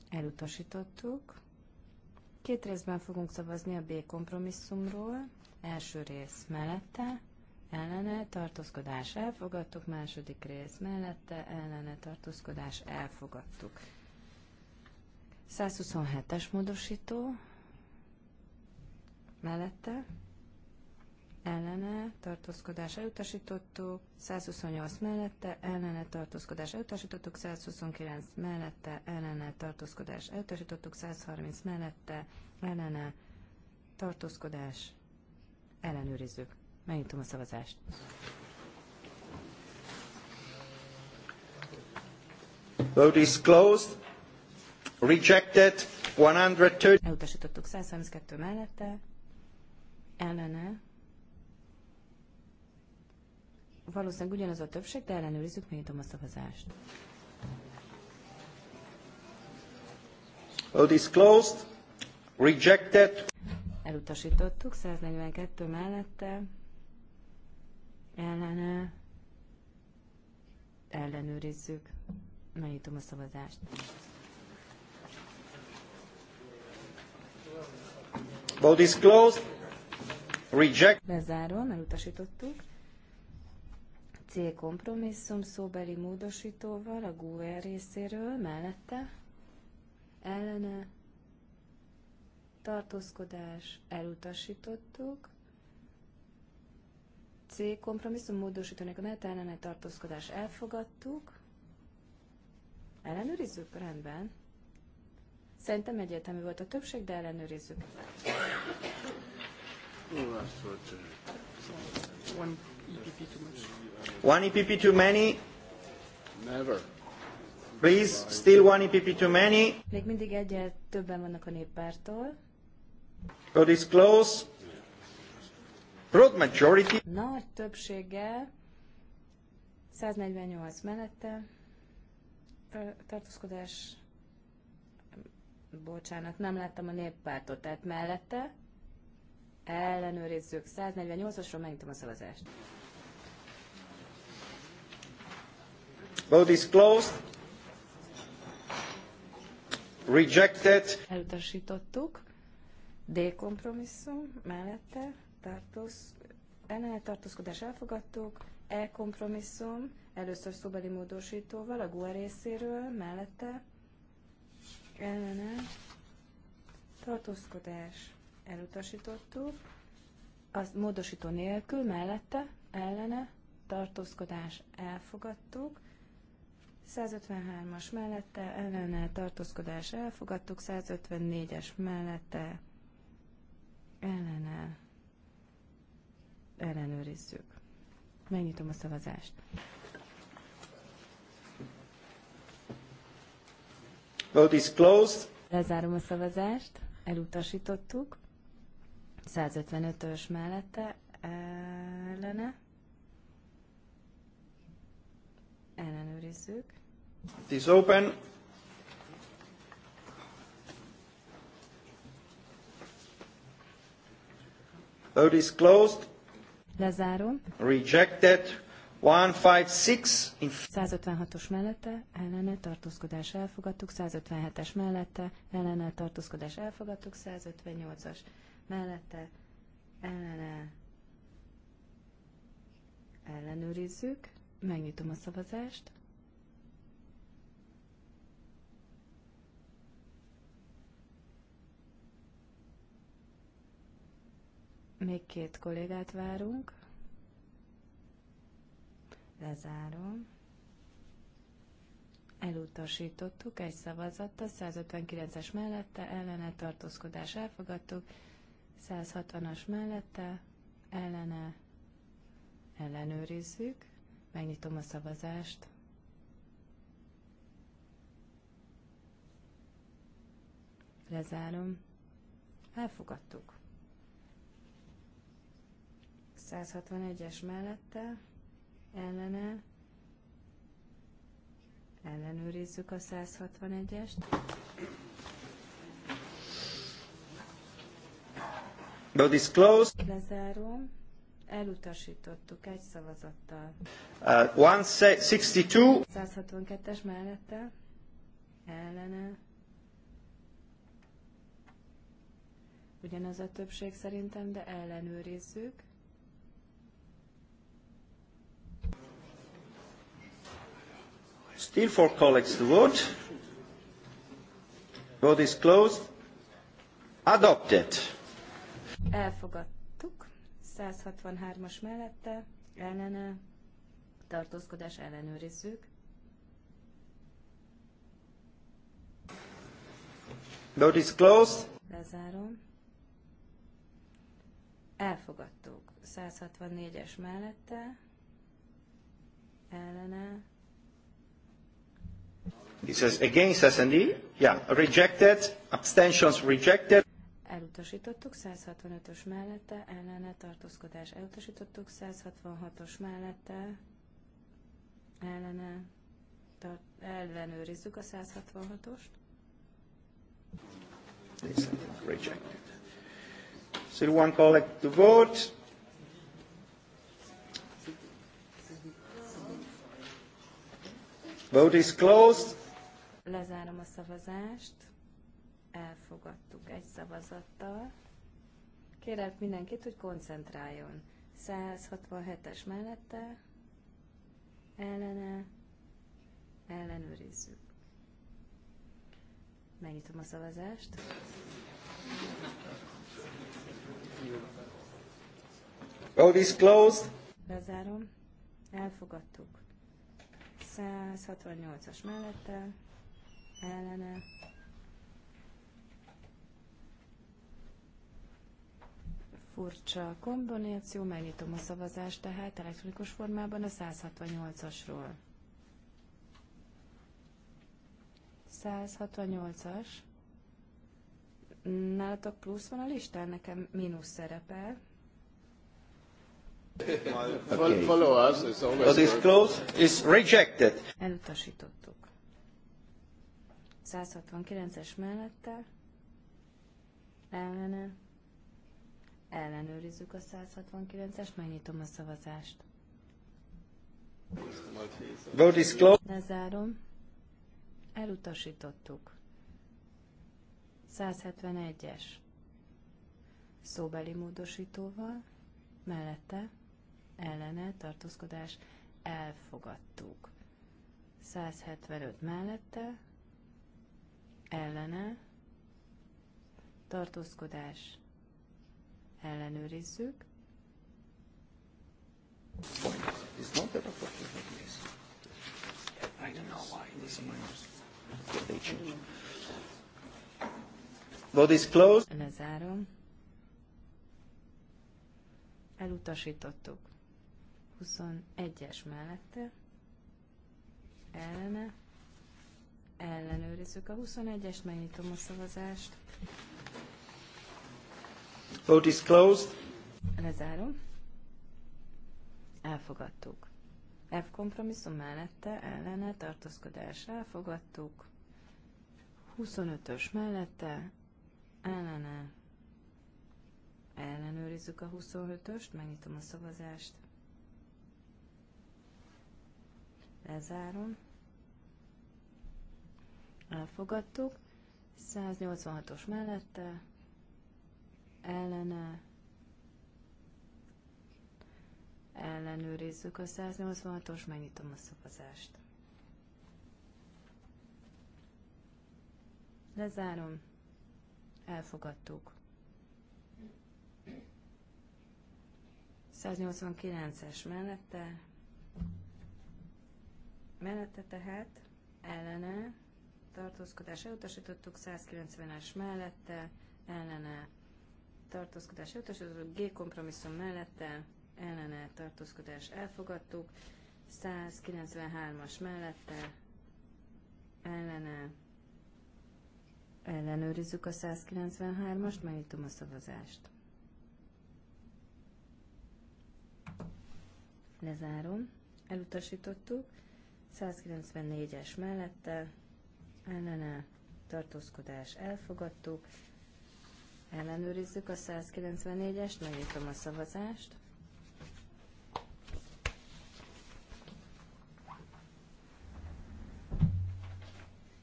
Elutasítottuk. Két részben fogunk szavazni a B kompromisszumról. Első rész mellette, ellene, tartózkodás elfogadtuk. Második rész mellette, ellene, tartózkodás elfogadtuk. 127-es módosító mellette, ellene tartózkodás elutasítottuk, 128 mellette ellene tartózkodás elutasítottuk, 129 mellette ellene tartózkodás elutasítottuk, 130 mellette ellene tartózkodás ellenőrizzük. Megnyitom a szavazást. Vote is closed. Rejected 132. Elutasítottuk 132 mellette, ellene valószínűleg ugyanaz a többség, de ellenőrizzük, nyitom a szavazást. Vote is closed. Rejected. Elutasítottuk, 142 mellette, ellene, ellenőrizzük, megnyitom a szavazást. Vote is closed. Reject. Bezárom, elutasítottuk. C kompromisszum szóbeli módosítóval a GUE részéről mellette ellene tartózkodás elutasítottuk. C kompromisszum módosítónak a mellette ellene tartózkodás elfogadtuk. Ellenőrizzük? Rendben. Szerintem egyértelmű volt a többség, de ellenőrizzük. One. EPP too much. One EPP too many? Never. Please, still one EPP too many. Még mindig egyet többen vannak a néppártól. Vote this close. Broad majority. Nagy többséggel. 148 mellette. Tartózkodás. Bocsánat, nem láttam a néppártot, tehát mellette. Ellenőrizzük. 148-osról megnyitom a szavazást. Vote is closed. Rejected. Elutasítottuk. D kompromisszum mellette tartóz, ellene tartózkodás elfogadtuk. E kompromisszum először szóbeli módosítóval a GUA részéről mellette ellene tartózkodás elutasítottuk. Az módosító nélkül mellette ellene tartózkodás elfogadtuk. 153-as mellette ellene tartózkodás elfogadtuk, 154-es mellette ellene ellenőrizzük. Megnyitom a szavazást. Vote is closed. Lezárom a szavazást, elutasítottuk. 155-ös mellette ellene ellenőrizzük. It is open. Vote is closed. Lezárom. Rejected. 156 156-os mellette, ellene tartózkodás elfogadtuk, 157-es mellette, ellene tartózkodás elfogadtuk, 158-as mellette, ellene ellenőrizzük, megnyitom a szavazást. Még két kollégát várunk. Lezárom. Elutasítottuk egy szavazattal, 159-es mellette, ellene tartózkodás elfogadtuk, 160-as mellette, ellene ellenőrizzük, megnyitom a szavazást. Lezárom. Elfogadtuk. 161-es mellette, ellene, ellenőrizzük a 161-est. Vote disclose. closed. Lezárom. Elutasítottuk egy szavazattal. Uh, 162. 162-es mellette. Ellene. Ugyanaz a többség szerintem, de ellenőrizzük. Still four colleagues to vote. Vote is closed. Adopted. Elfogadtuk. 163-as mellette, ellene, tartózkodás ellenőrizzük. Vote is closed. Lezárom. Elfogadtuk. 164-es mellette, ellene, It says against S&D. Yeah, rejected. Abstentions rejected. Elutasítottuk 165-ös mellette, ellene tartózkodás. Elutasítottuk 166-os mellette, ellene tart, ellenőrizzük a 166-ost. Rejected. Still one collect to vote. Vote is closed. Lezárom a szavazást. Elfogadtuk egy szavazattal. Kérek mindenkit, hogy koncentráljon. 167-es mellette, ellene, ellenőrizzük. Megnyitom a szavazást. Vote is closed. Lezárom. Elfogadtuk. 168-as mellette, ellene. Furcsa kombináció, megnyitom a szavazást tehát elektronikus formában a 168-asról. 168-as. Nálatok plusz van a listán, nekem mínusz szerepel. Okay. Follow us, it's always close, is rejected. Elutasítottuk. 169-es mellette ellene ellenőrizzük a 169-est, megnyitom a szavazást. Vote is closed. Lezárom. Elutasítottuk. 171-es. Szóbeli módosítóval, mellette, ellene, tartózkodás, elfogadtuk. 175 mellette, ellene, tartózkodás, ellenőrizzük. It's is closed. Lezárom. Elutasítottuk. 21-es mellette. Ellene ellenőrizzük a 21-est, megnyitom a szavazást. Vote is closed. Lezárom. Elfogadtuk. F kompromisszum mellette, ellene, tartózkodás elfogadtuk. 25-ös mellette, ellene, ellenőrizzük a 25-öst, megnyitom a szavazást. Lezárom elfogadtuk. 186-os mellette, ellene, ellenőrizzük a 186-os, megnyitom a szavazást. Lezárom, elfogadtuk. 189-es mellette, mellette tehát, ellene, tartózkodás elutasítottuk, 190-es mellette, ellene tartózkodás elutasítottuk, G kompromisszum mellette, ellene tartózkodás elfogadtuk, 193-as mellette, ellene ellenőrizzük a 193-ast, megnyitom a szavazást. Lezárom, elutasítottuk, 194-es mellette, ellene tartózkodás elfogadtuk. Ellenőrizzük a 194-est, megnyitom a szavazást.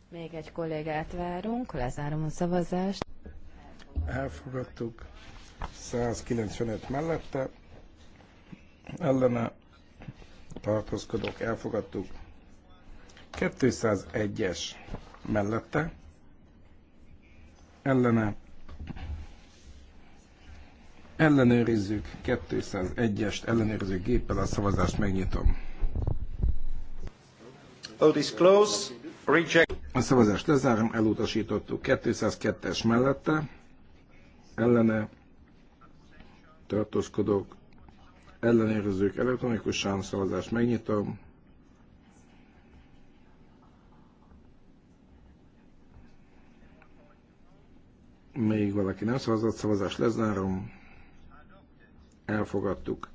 Még egy kollégát várunk, lezárom a szavazást. Elfogadtuk 195 mellette, ellene tartózkodók elfogadtuk. 201-es mellette, ellene ellenőrizzük, 201-est ellenőrző géppel a szavazást megnyitom. Vote is Reject. A szavazást lezárom, elutasítottuk 202-es mellette, ellene tartózkodók, ellenőrzők elektronikusan, szavazást megnyitom. Még valaki nem szavazott, szavazás lezárom. Elfogadtuk.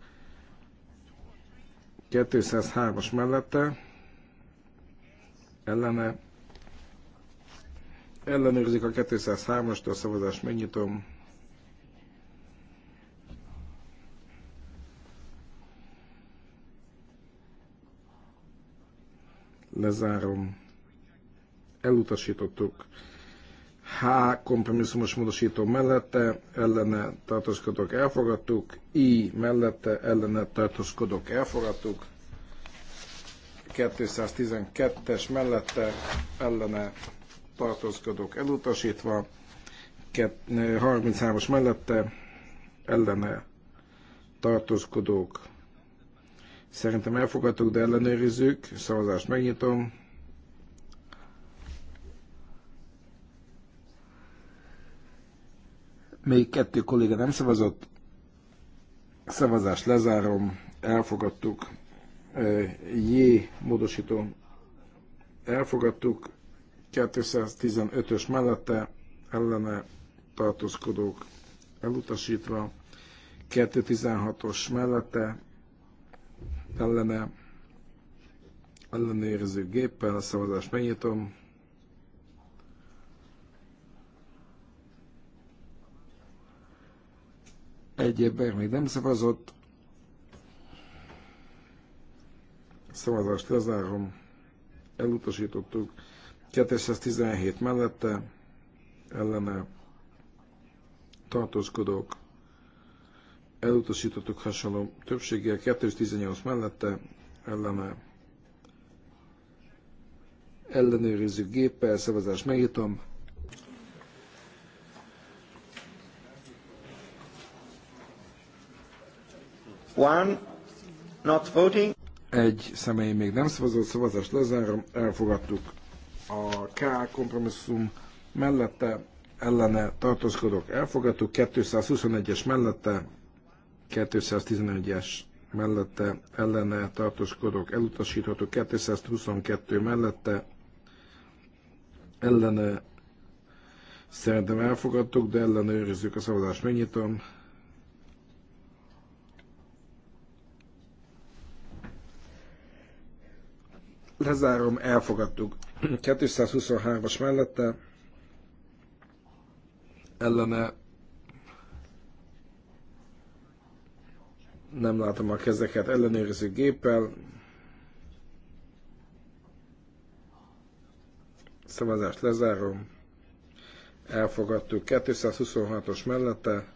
203-as mellette ellene ellenőrzik a 203-ast, a szavazást megnyitom. Lezárom. Elutasítottuk. H kompromisszumos módosító mellette ellene tartózkodok, elfogadtuk. I mellette ellene tartózkodok, elfogadtuk. 212-es mellette ellene tartózkodok elutasítva, 33-as mellette ellene tartózkodók. Szerintem elfogadtuk, de ellenőrizzük. Szavazást megnyitom. Még kettő kolléga nem szavazott. Szavazást lezárom, elfogadtuk. J módosító elfogadtuk. 215-ös mellette ellene tartózkodók elutasítva. 216-os mellette ellene ellenőrző géppel a szavazást megnyitom. Egy ember még nem szavazott. Szavazást lezárom. Elutasítottuk. 217 mellette ellene tartózkodók. Elutasítottuk hasonló többséggel. 218 mellette ellene ellenőrizzük géppel, szavazást megítom. One not voting. Egy személy még nem szavazott, szavazást lezárom, elfogadtuk a K kompromisszum mellette, ellene tartózkodok, elfogadtuk, 221-es mellette, 211-es mellette, ellene tartózkodok, elutasítható, 222 mellette, ellene Szerintem elfogadtuk, de ellenőrizzük a szavazást. Megnyitom. Lezárom, elfogadtuk. 223-as mellette ellene nem látom a kezeket, ellenőrző géppel. Szavazást lezárom. Elfogadtuk 226-os mellette.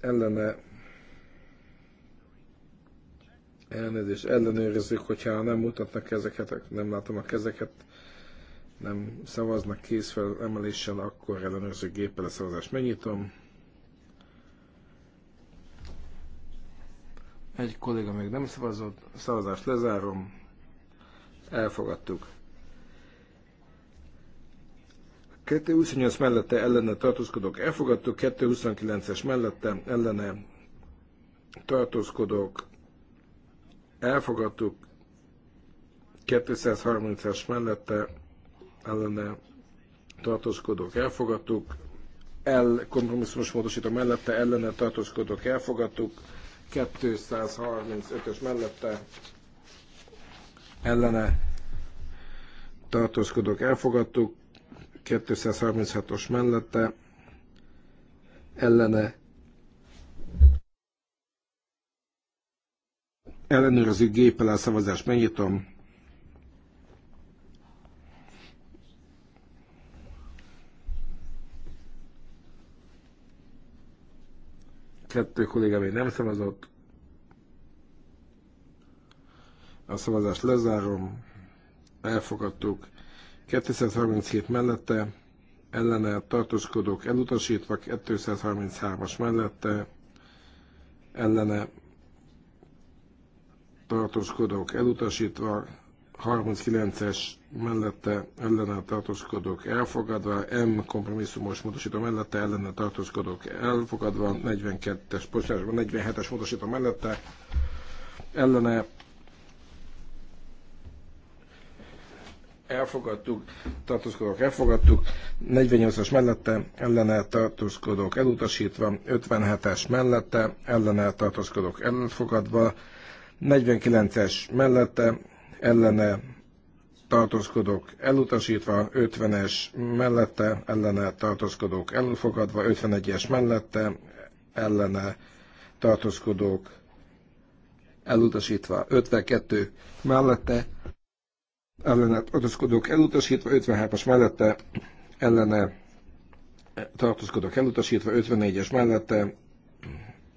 Ellene elnézést ellenőrizzük, hogyha nem mutatnak kezeket, nem látom a kezeket, nem szavaznak készfel emeléssel, akkor ellenőrző géppel a szavazást megnyitom. Egy kolléga még nem szavazott, szavazást lezárom, elfogadtuk. 228 mellette ellene tartózkodók elfogadtuk, 229-es mellette ellene tartózkodók Elfogadtuk 230-es mellette ellene tartózkodók elfogadtuk, el kompromisszumos módosító mellette ellene tartózkodók elfogadtuk, 235-ös mellette ellene tartózkodók elfogadtuk, 236-os mellette ellene ellenőrző géppel a szavazást megnyitom. Kettő kolléga még nem szavazott. A szavazást lezárom. Elfogadtuk. 237 mellette, ellene tartózkodók elutasítva, 233-as mellette, ellene tartózkodók elutasítva, 39-es mellette ellene tartózkodók elfogadva, M kompromisszumos módosító mellette ellene tartózkodók elfogadva, 42-es, bocsánat, 47-es módosító mellette ellene elfogadtuk, tartózkodók elfogadtuk, 48-as mellette ellene tartózkodók elutasítva, 57-es mellette ellene tartózkodók elfogadva, 49-es mellette ellene tartózkodók elutasítva, 50-es mellette ellene tartózkodók elfogadva, 51-es mellette ellene tartózkodók elutasítva, 52 mellette ellene tartózkodók elutasítva, 53-as mellette ellene tartózkodók elutasítva, 54-es mellette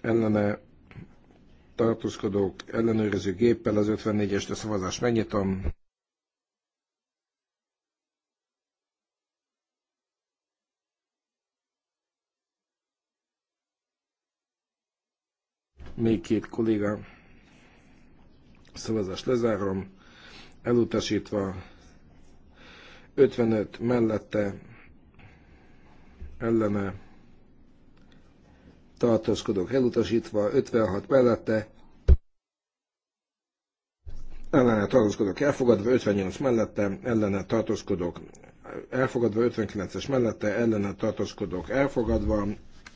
ellene tartózkodók ellenőrző géppel az 54-est a szavazást megnyitom. Még két kolléga szavazást lezárom, elutasítva 55 mellette ellene tartózkodók elutasítva, 56 mellette, ellene tartózkodók elfogadva, 58 mellette, ellene tartózkodók elfogadva, 59-es mellette, ellene tartózkodók elfogadva,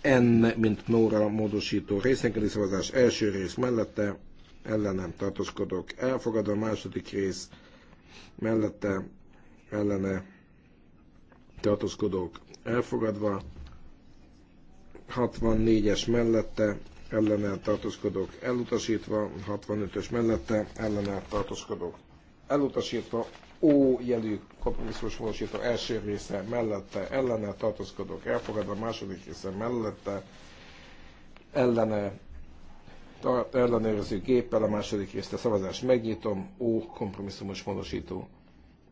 N, mint Nóra módosító részénkeli szavazás első rész mellette, ellenem tartózkodok, elfogadva második rész mellette, ellene tartózkodók elfogadva, 64-es mellette ellenállt tartózkodók elutasítva, 65-ös mellette ellenállt tartózkodók elutasítva, O jelű kompromisszumos módosító első része mellette ellene tartózkodók elfogadva, második része mellette ellene ellenőrző géppel a második részt a szavazást megnyitom, ó kompromisszumos módosító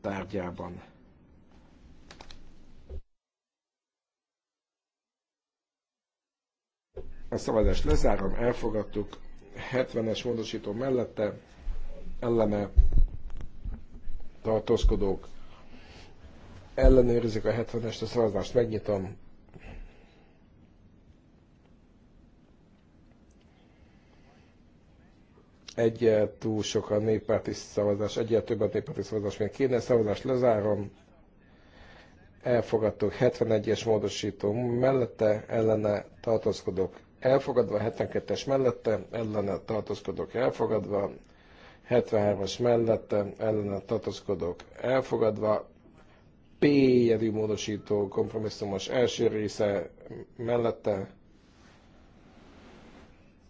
tárgyában. A szavazást lezárom, elfogadtuk. 70-es módosító mellette, ellene tartózkodók. Ellenőrizik a 70 es a szavazást megnyitom. Egyet túl sok a néppárti szavazás, egyel több a néppárti szavazás, mint kéne. Szavazást lezárom, elfogadtuk 71-es módosító mellette ellene tartózkodók elfogadva, 72-es mellette, ellene tartózkodok elfogadva, 73-as mellette, ellene tartózkodok elfogadva, P jelű módosító kompromisszumos első része mellette,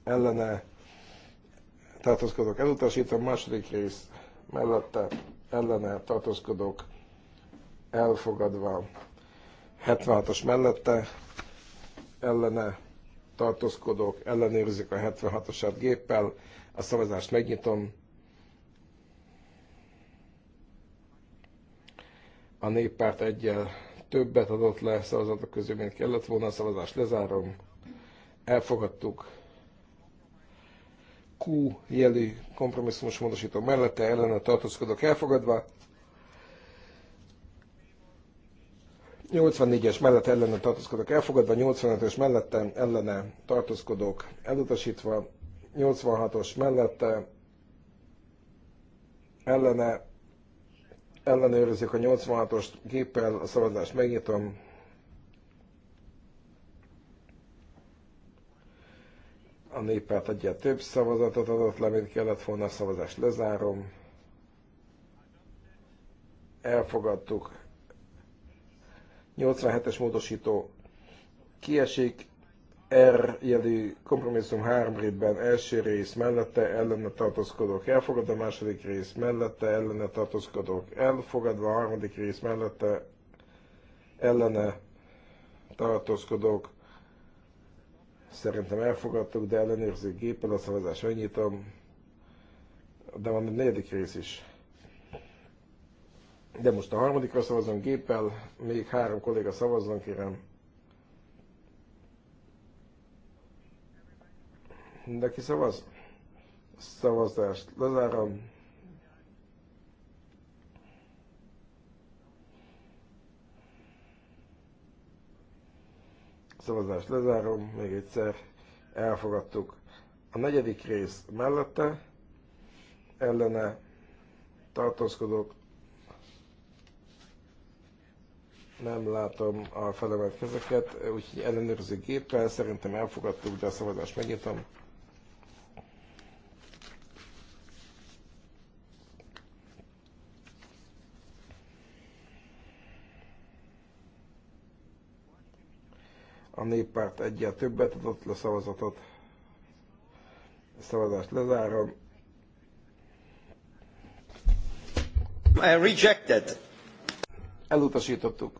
ellene tartózkodok elutasítva, második rész mellette, ellene tartózkodok elfogadva, 76-os mellette, ellene tartózkodók, ellenőrzik a 76 osat géppel, a szavazást megnyitom. A néppárt egyel többet adott le szavazatok közül, mint kellett volna, a szavazást lezárom. Elfogadtuk Q jelű kompromisszumos módosító mellette ellene tartózkodok elfogadva. 84-es mellett ellene tartózkodók elfogadva, 85-ös mellette ellene tartózkodók elutasítva, 86-os mellette ellene ellenőrizzük a 86 os géppel, a szavazást megnyitom. A néppárt adja több szavazatot adott le, mint kellett volna, a szavazást lezárom. Elfogadtuk 87-es módosító kiesik, R jelű kompromisszum három rétben első rész mellette ellene tartózkodók elfogadva, második rész mellette ellene tartózkodók elfogadva, harmadik rész mellette ellene tartózkodók szerintem elfogadtuk, de ellenőrzik géppel a szavazás megnyitom, de van a negyedik rész is. De most a harmadikra szavazom géppel, még három kolléga szavazzon, kérem. Mindenki szavaz? Szavazást lezárom. Szavazást lezárom, még egyszer elfogadtuk. A negyedik rész mellette ellene tartózkodok, nem látom a felemelt kezeket, úgyhogy ellenőrző géppel szerintem elfogadtuk, de a szavazást megnyitom. A néppárt egyet többet adott le szavazatot. A szavazást lezárom. Rejected. Elutasítottuk.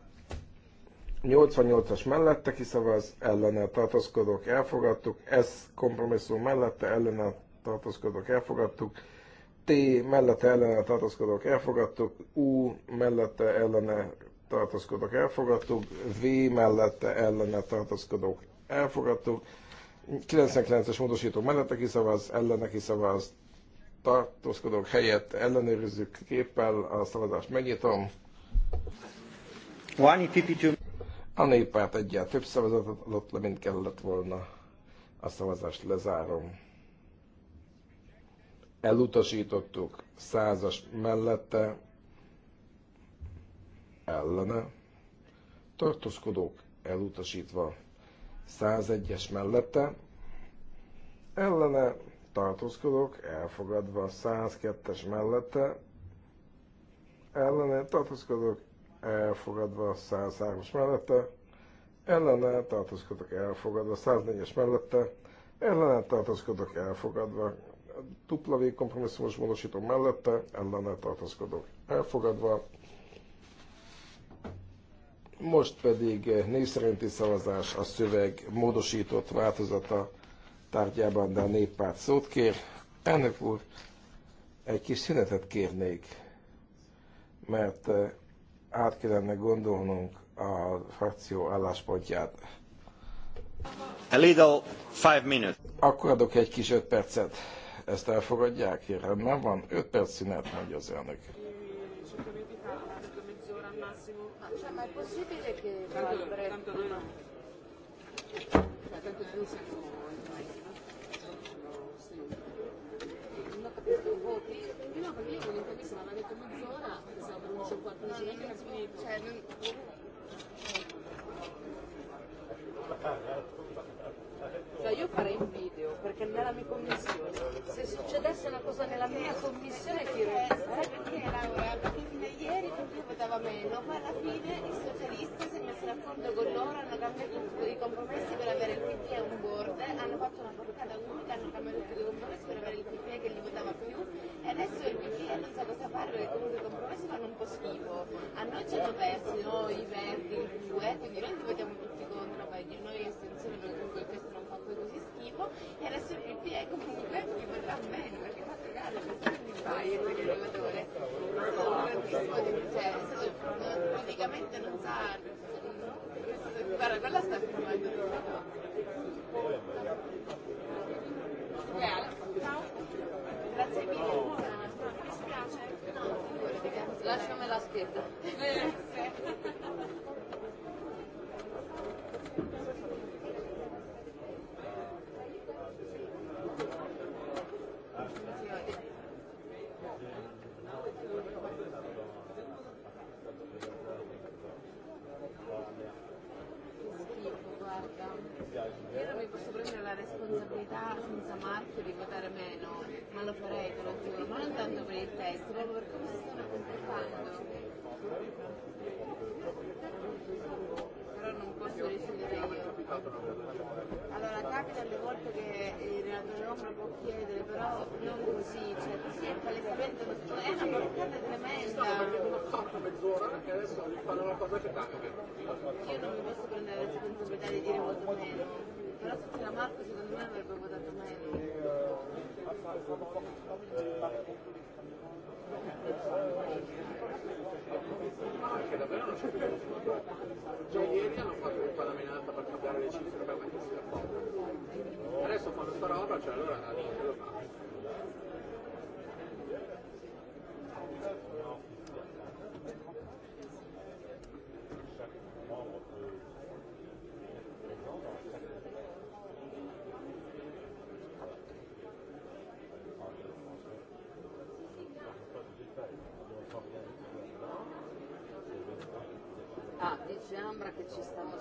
88-as mellette kiszavaz, ellene tartózkodók elfogadtuk, S kompromisszum mellette ellene tartózkodók elfogadtuk, T mellette ellene tartózkodók elfogadtuk, U mellette ellene tartózkodók elfogadtuk, V mellette ellene tartózkodók elfogadtuk, 99-es módosító mellette kiszavaz, ellene kiszavaz, tartózkodók helyett ellenőrizzük képpel, a szavazást megnyitom. One EPP a néppárt egyel több szavazatot adott le, mint kellett volna. A szavazást lezárom. Elutasítottuk százas mellette, ellene. Tartózkodók elutasítva 101-es mellette, ellene tartózkodók elfogadva 102-es mellette, ellene tartózkodók elfogadva 103-as mellette, ellene tartózkodok elfogadva 104-es mellette, ellene tartózkodok elfogadva dupla V kompromisszumos módosító mellette, ellene tartózkodok elfogadva. Most pedig négy szerinti szavazás a szöveg módosított változata tárgyában, de a néppárt szót kér. Elnök úr, egy kis szünetet kérnék, mert át kellene gondolnunk a frakció álláspontját. A little five minutes. Akkor adok egy kis öt percet. Ezt elfogadják? Nem van? Öt perc szünet, mondja az elnök. Thank you. qualcuno Cioè, io farei un video perché nella mia commissione, se succedesse una cosa nella mia commissione ti resta. eh, perché Laura? Perché fino a ieri tutti votava meno, ma alla fine i socialisti si è d'accordo con loro, e hanno cambiato tutti i compromessi per avere il PP a un board, hanno fatto una portata unica, hanno cambiato tutti i compromessi per avere il PP che li votava più e adesso il PP e non sa cosa fare perché comunque un po' schifo. A noi ci hanno persi no, i verdi, il eh, quindi noi ti votiamo tutti contro, poi di noi estensione per comunque questo non fa poi così schifo, e adesso il PP e comunque ti vorrà meno, perché fa cagare per tutti e i Bayern del relatore. Ma sono un grandissimo di cioè, non, praticamente non sa... Guarda, quella sta filmando. Yeah. Las no me Thank you guarda, io non mi posso prendere la responsabilità senza marchio di votare meno, ma lo farei, te lo giuro, ma non tanto per il testo, proprio per come si stanno comportando posto risultare. Allora capita alle volte che il relatore Roma può chiedere, però non così, cioè così è palesemente questo è una portata tremenda. Stavo perdendo una fatta mezz'ora perché adesso fanno una cosa che cambia. Io non mi posso prendere la responsabilità di dire voto meno, però se c'era Marco secondo me avrebbe votato meglio. Eh, perché davvero non c'è più nessuno. Già ieri hanno fatto tutta la menata per cambiare le cifre per mettersi d'accordo. Adesso fanno sta roba, cioè allora niente lo fa. system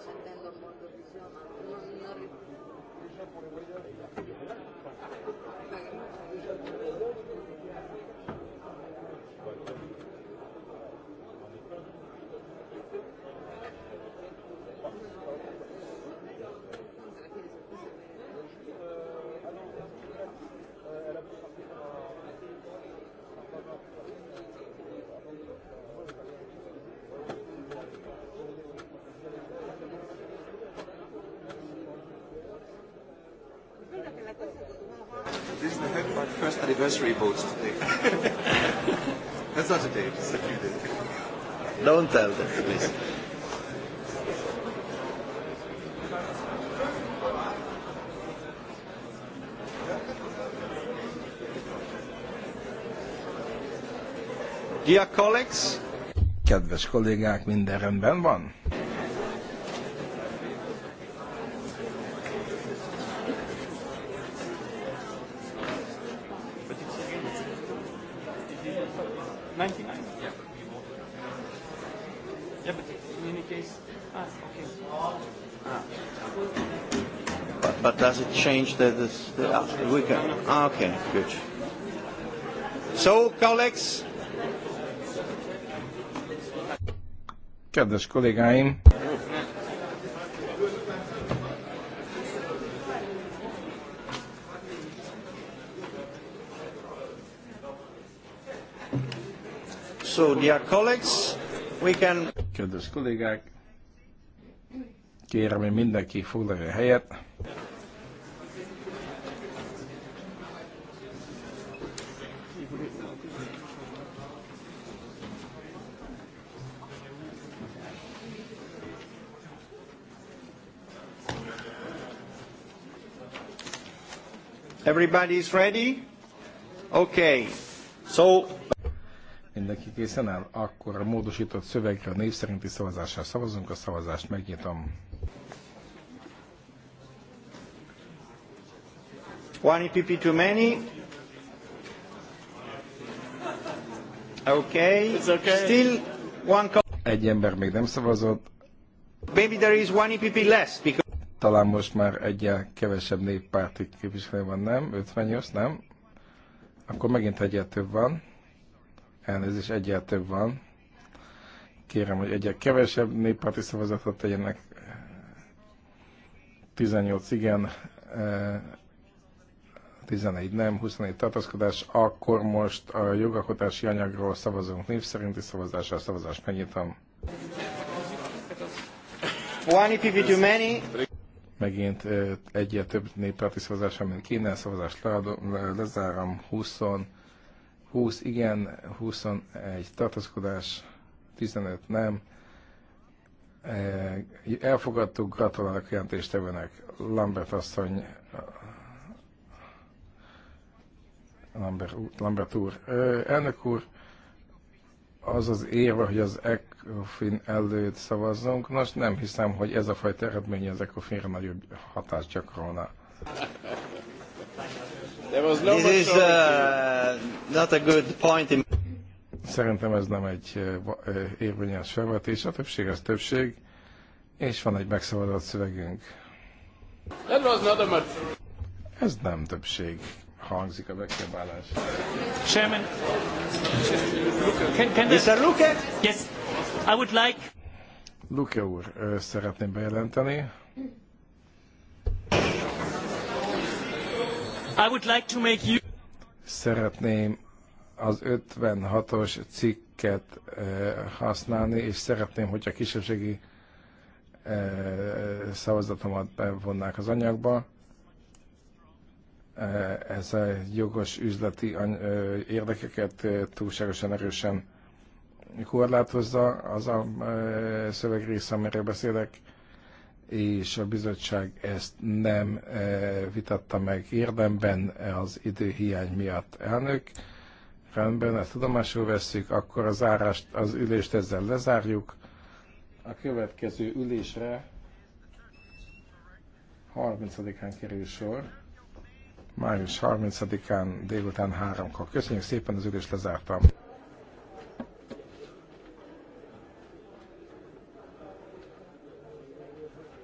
anniversary votes today. That's not today, it's a few days. Don't tell them, please. Dear colleagues, Kedves kollégák, minden rendben van? finish the, the, the uh, we can. Ah, okay, good. So, colleagues. Kedves kollégáim! So, dear colleagues, we can... Kedves kollégák! Kérem, hogy mindenki foglalja helyet. everybody's ready? Okay. So... Mindenki készen áll? Akkor a módosított szövegre a név szerinti szavazással szavazunk. A szavazást megnyitom. One EPP too many. Okay. It's okay. Still one... Egy ember még nem szavazott. Maybe there is one EPP less because talán most már egyen kevesebb néppárti képviselő van, nem? 58, nem? Akkor megint egyen több van. Elnézés, egyen több van. Kérem, hogy egyen kevesebb néppárti szavazatot tegyenek. 18 igen, 11 e, nem, 24 tartaszkodás. akkor most a jogalkotási anyagról szavazunk név szerinti szavazással szavazást megnyitom. One you do many megint egyet több néppárti szavazással, mint kéne, szavazást lezárom, 20, 20 igen, 21 tartozkodás, 15 nem. Elfogadtuk, gratulálok jelentéstevőnek. Lambert asszony, Lambert, Lambert úr, elnök úr, az az érve, hogy az e ECOFIN előtt szavazzunk. most nem hiszem, hogy ez a fajta eredmény az ECOFINre nagyobb hatást gyakorolna. This is uh, not a good point in... Szerintem ez nem egy uh, uh, érvényes felvetés, a többség az többség, és van egy megszabadott szövegünk. Ez nem többség hangzik a megkiabálás. Chairman, Mr. Luke? Yes. I would like... Luke úr, szeretném bejelenteni. I would like to make you... Szeretném az 56-os cikket használni, és szeretném, hogy a kisebbségi szavazatomat bevonnák az anyagba. Ez a jogos üzleti érdekeket túlságosan erősen korlátozza az a e, szövegrész, amiről beszélek, és a bizottság ezt nem e, vitatta meg érdemben az időhiány miatt. Elnök, rendben, ezt tudomásul veszük akkor az, árást, az ülést ezzel lezárjuk. A következő ülésre 30-án kerül sor, május 30-án délután 3-kor. Köszönjük szépen, az ülést lezártam.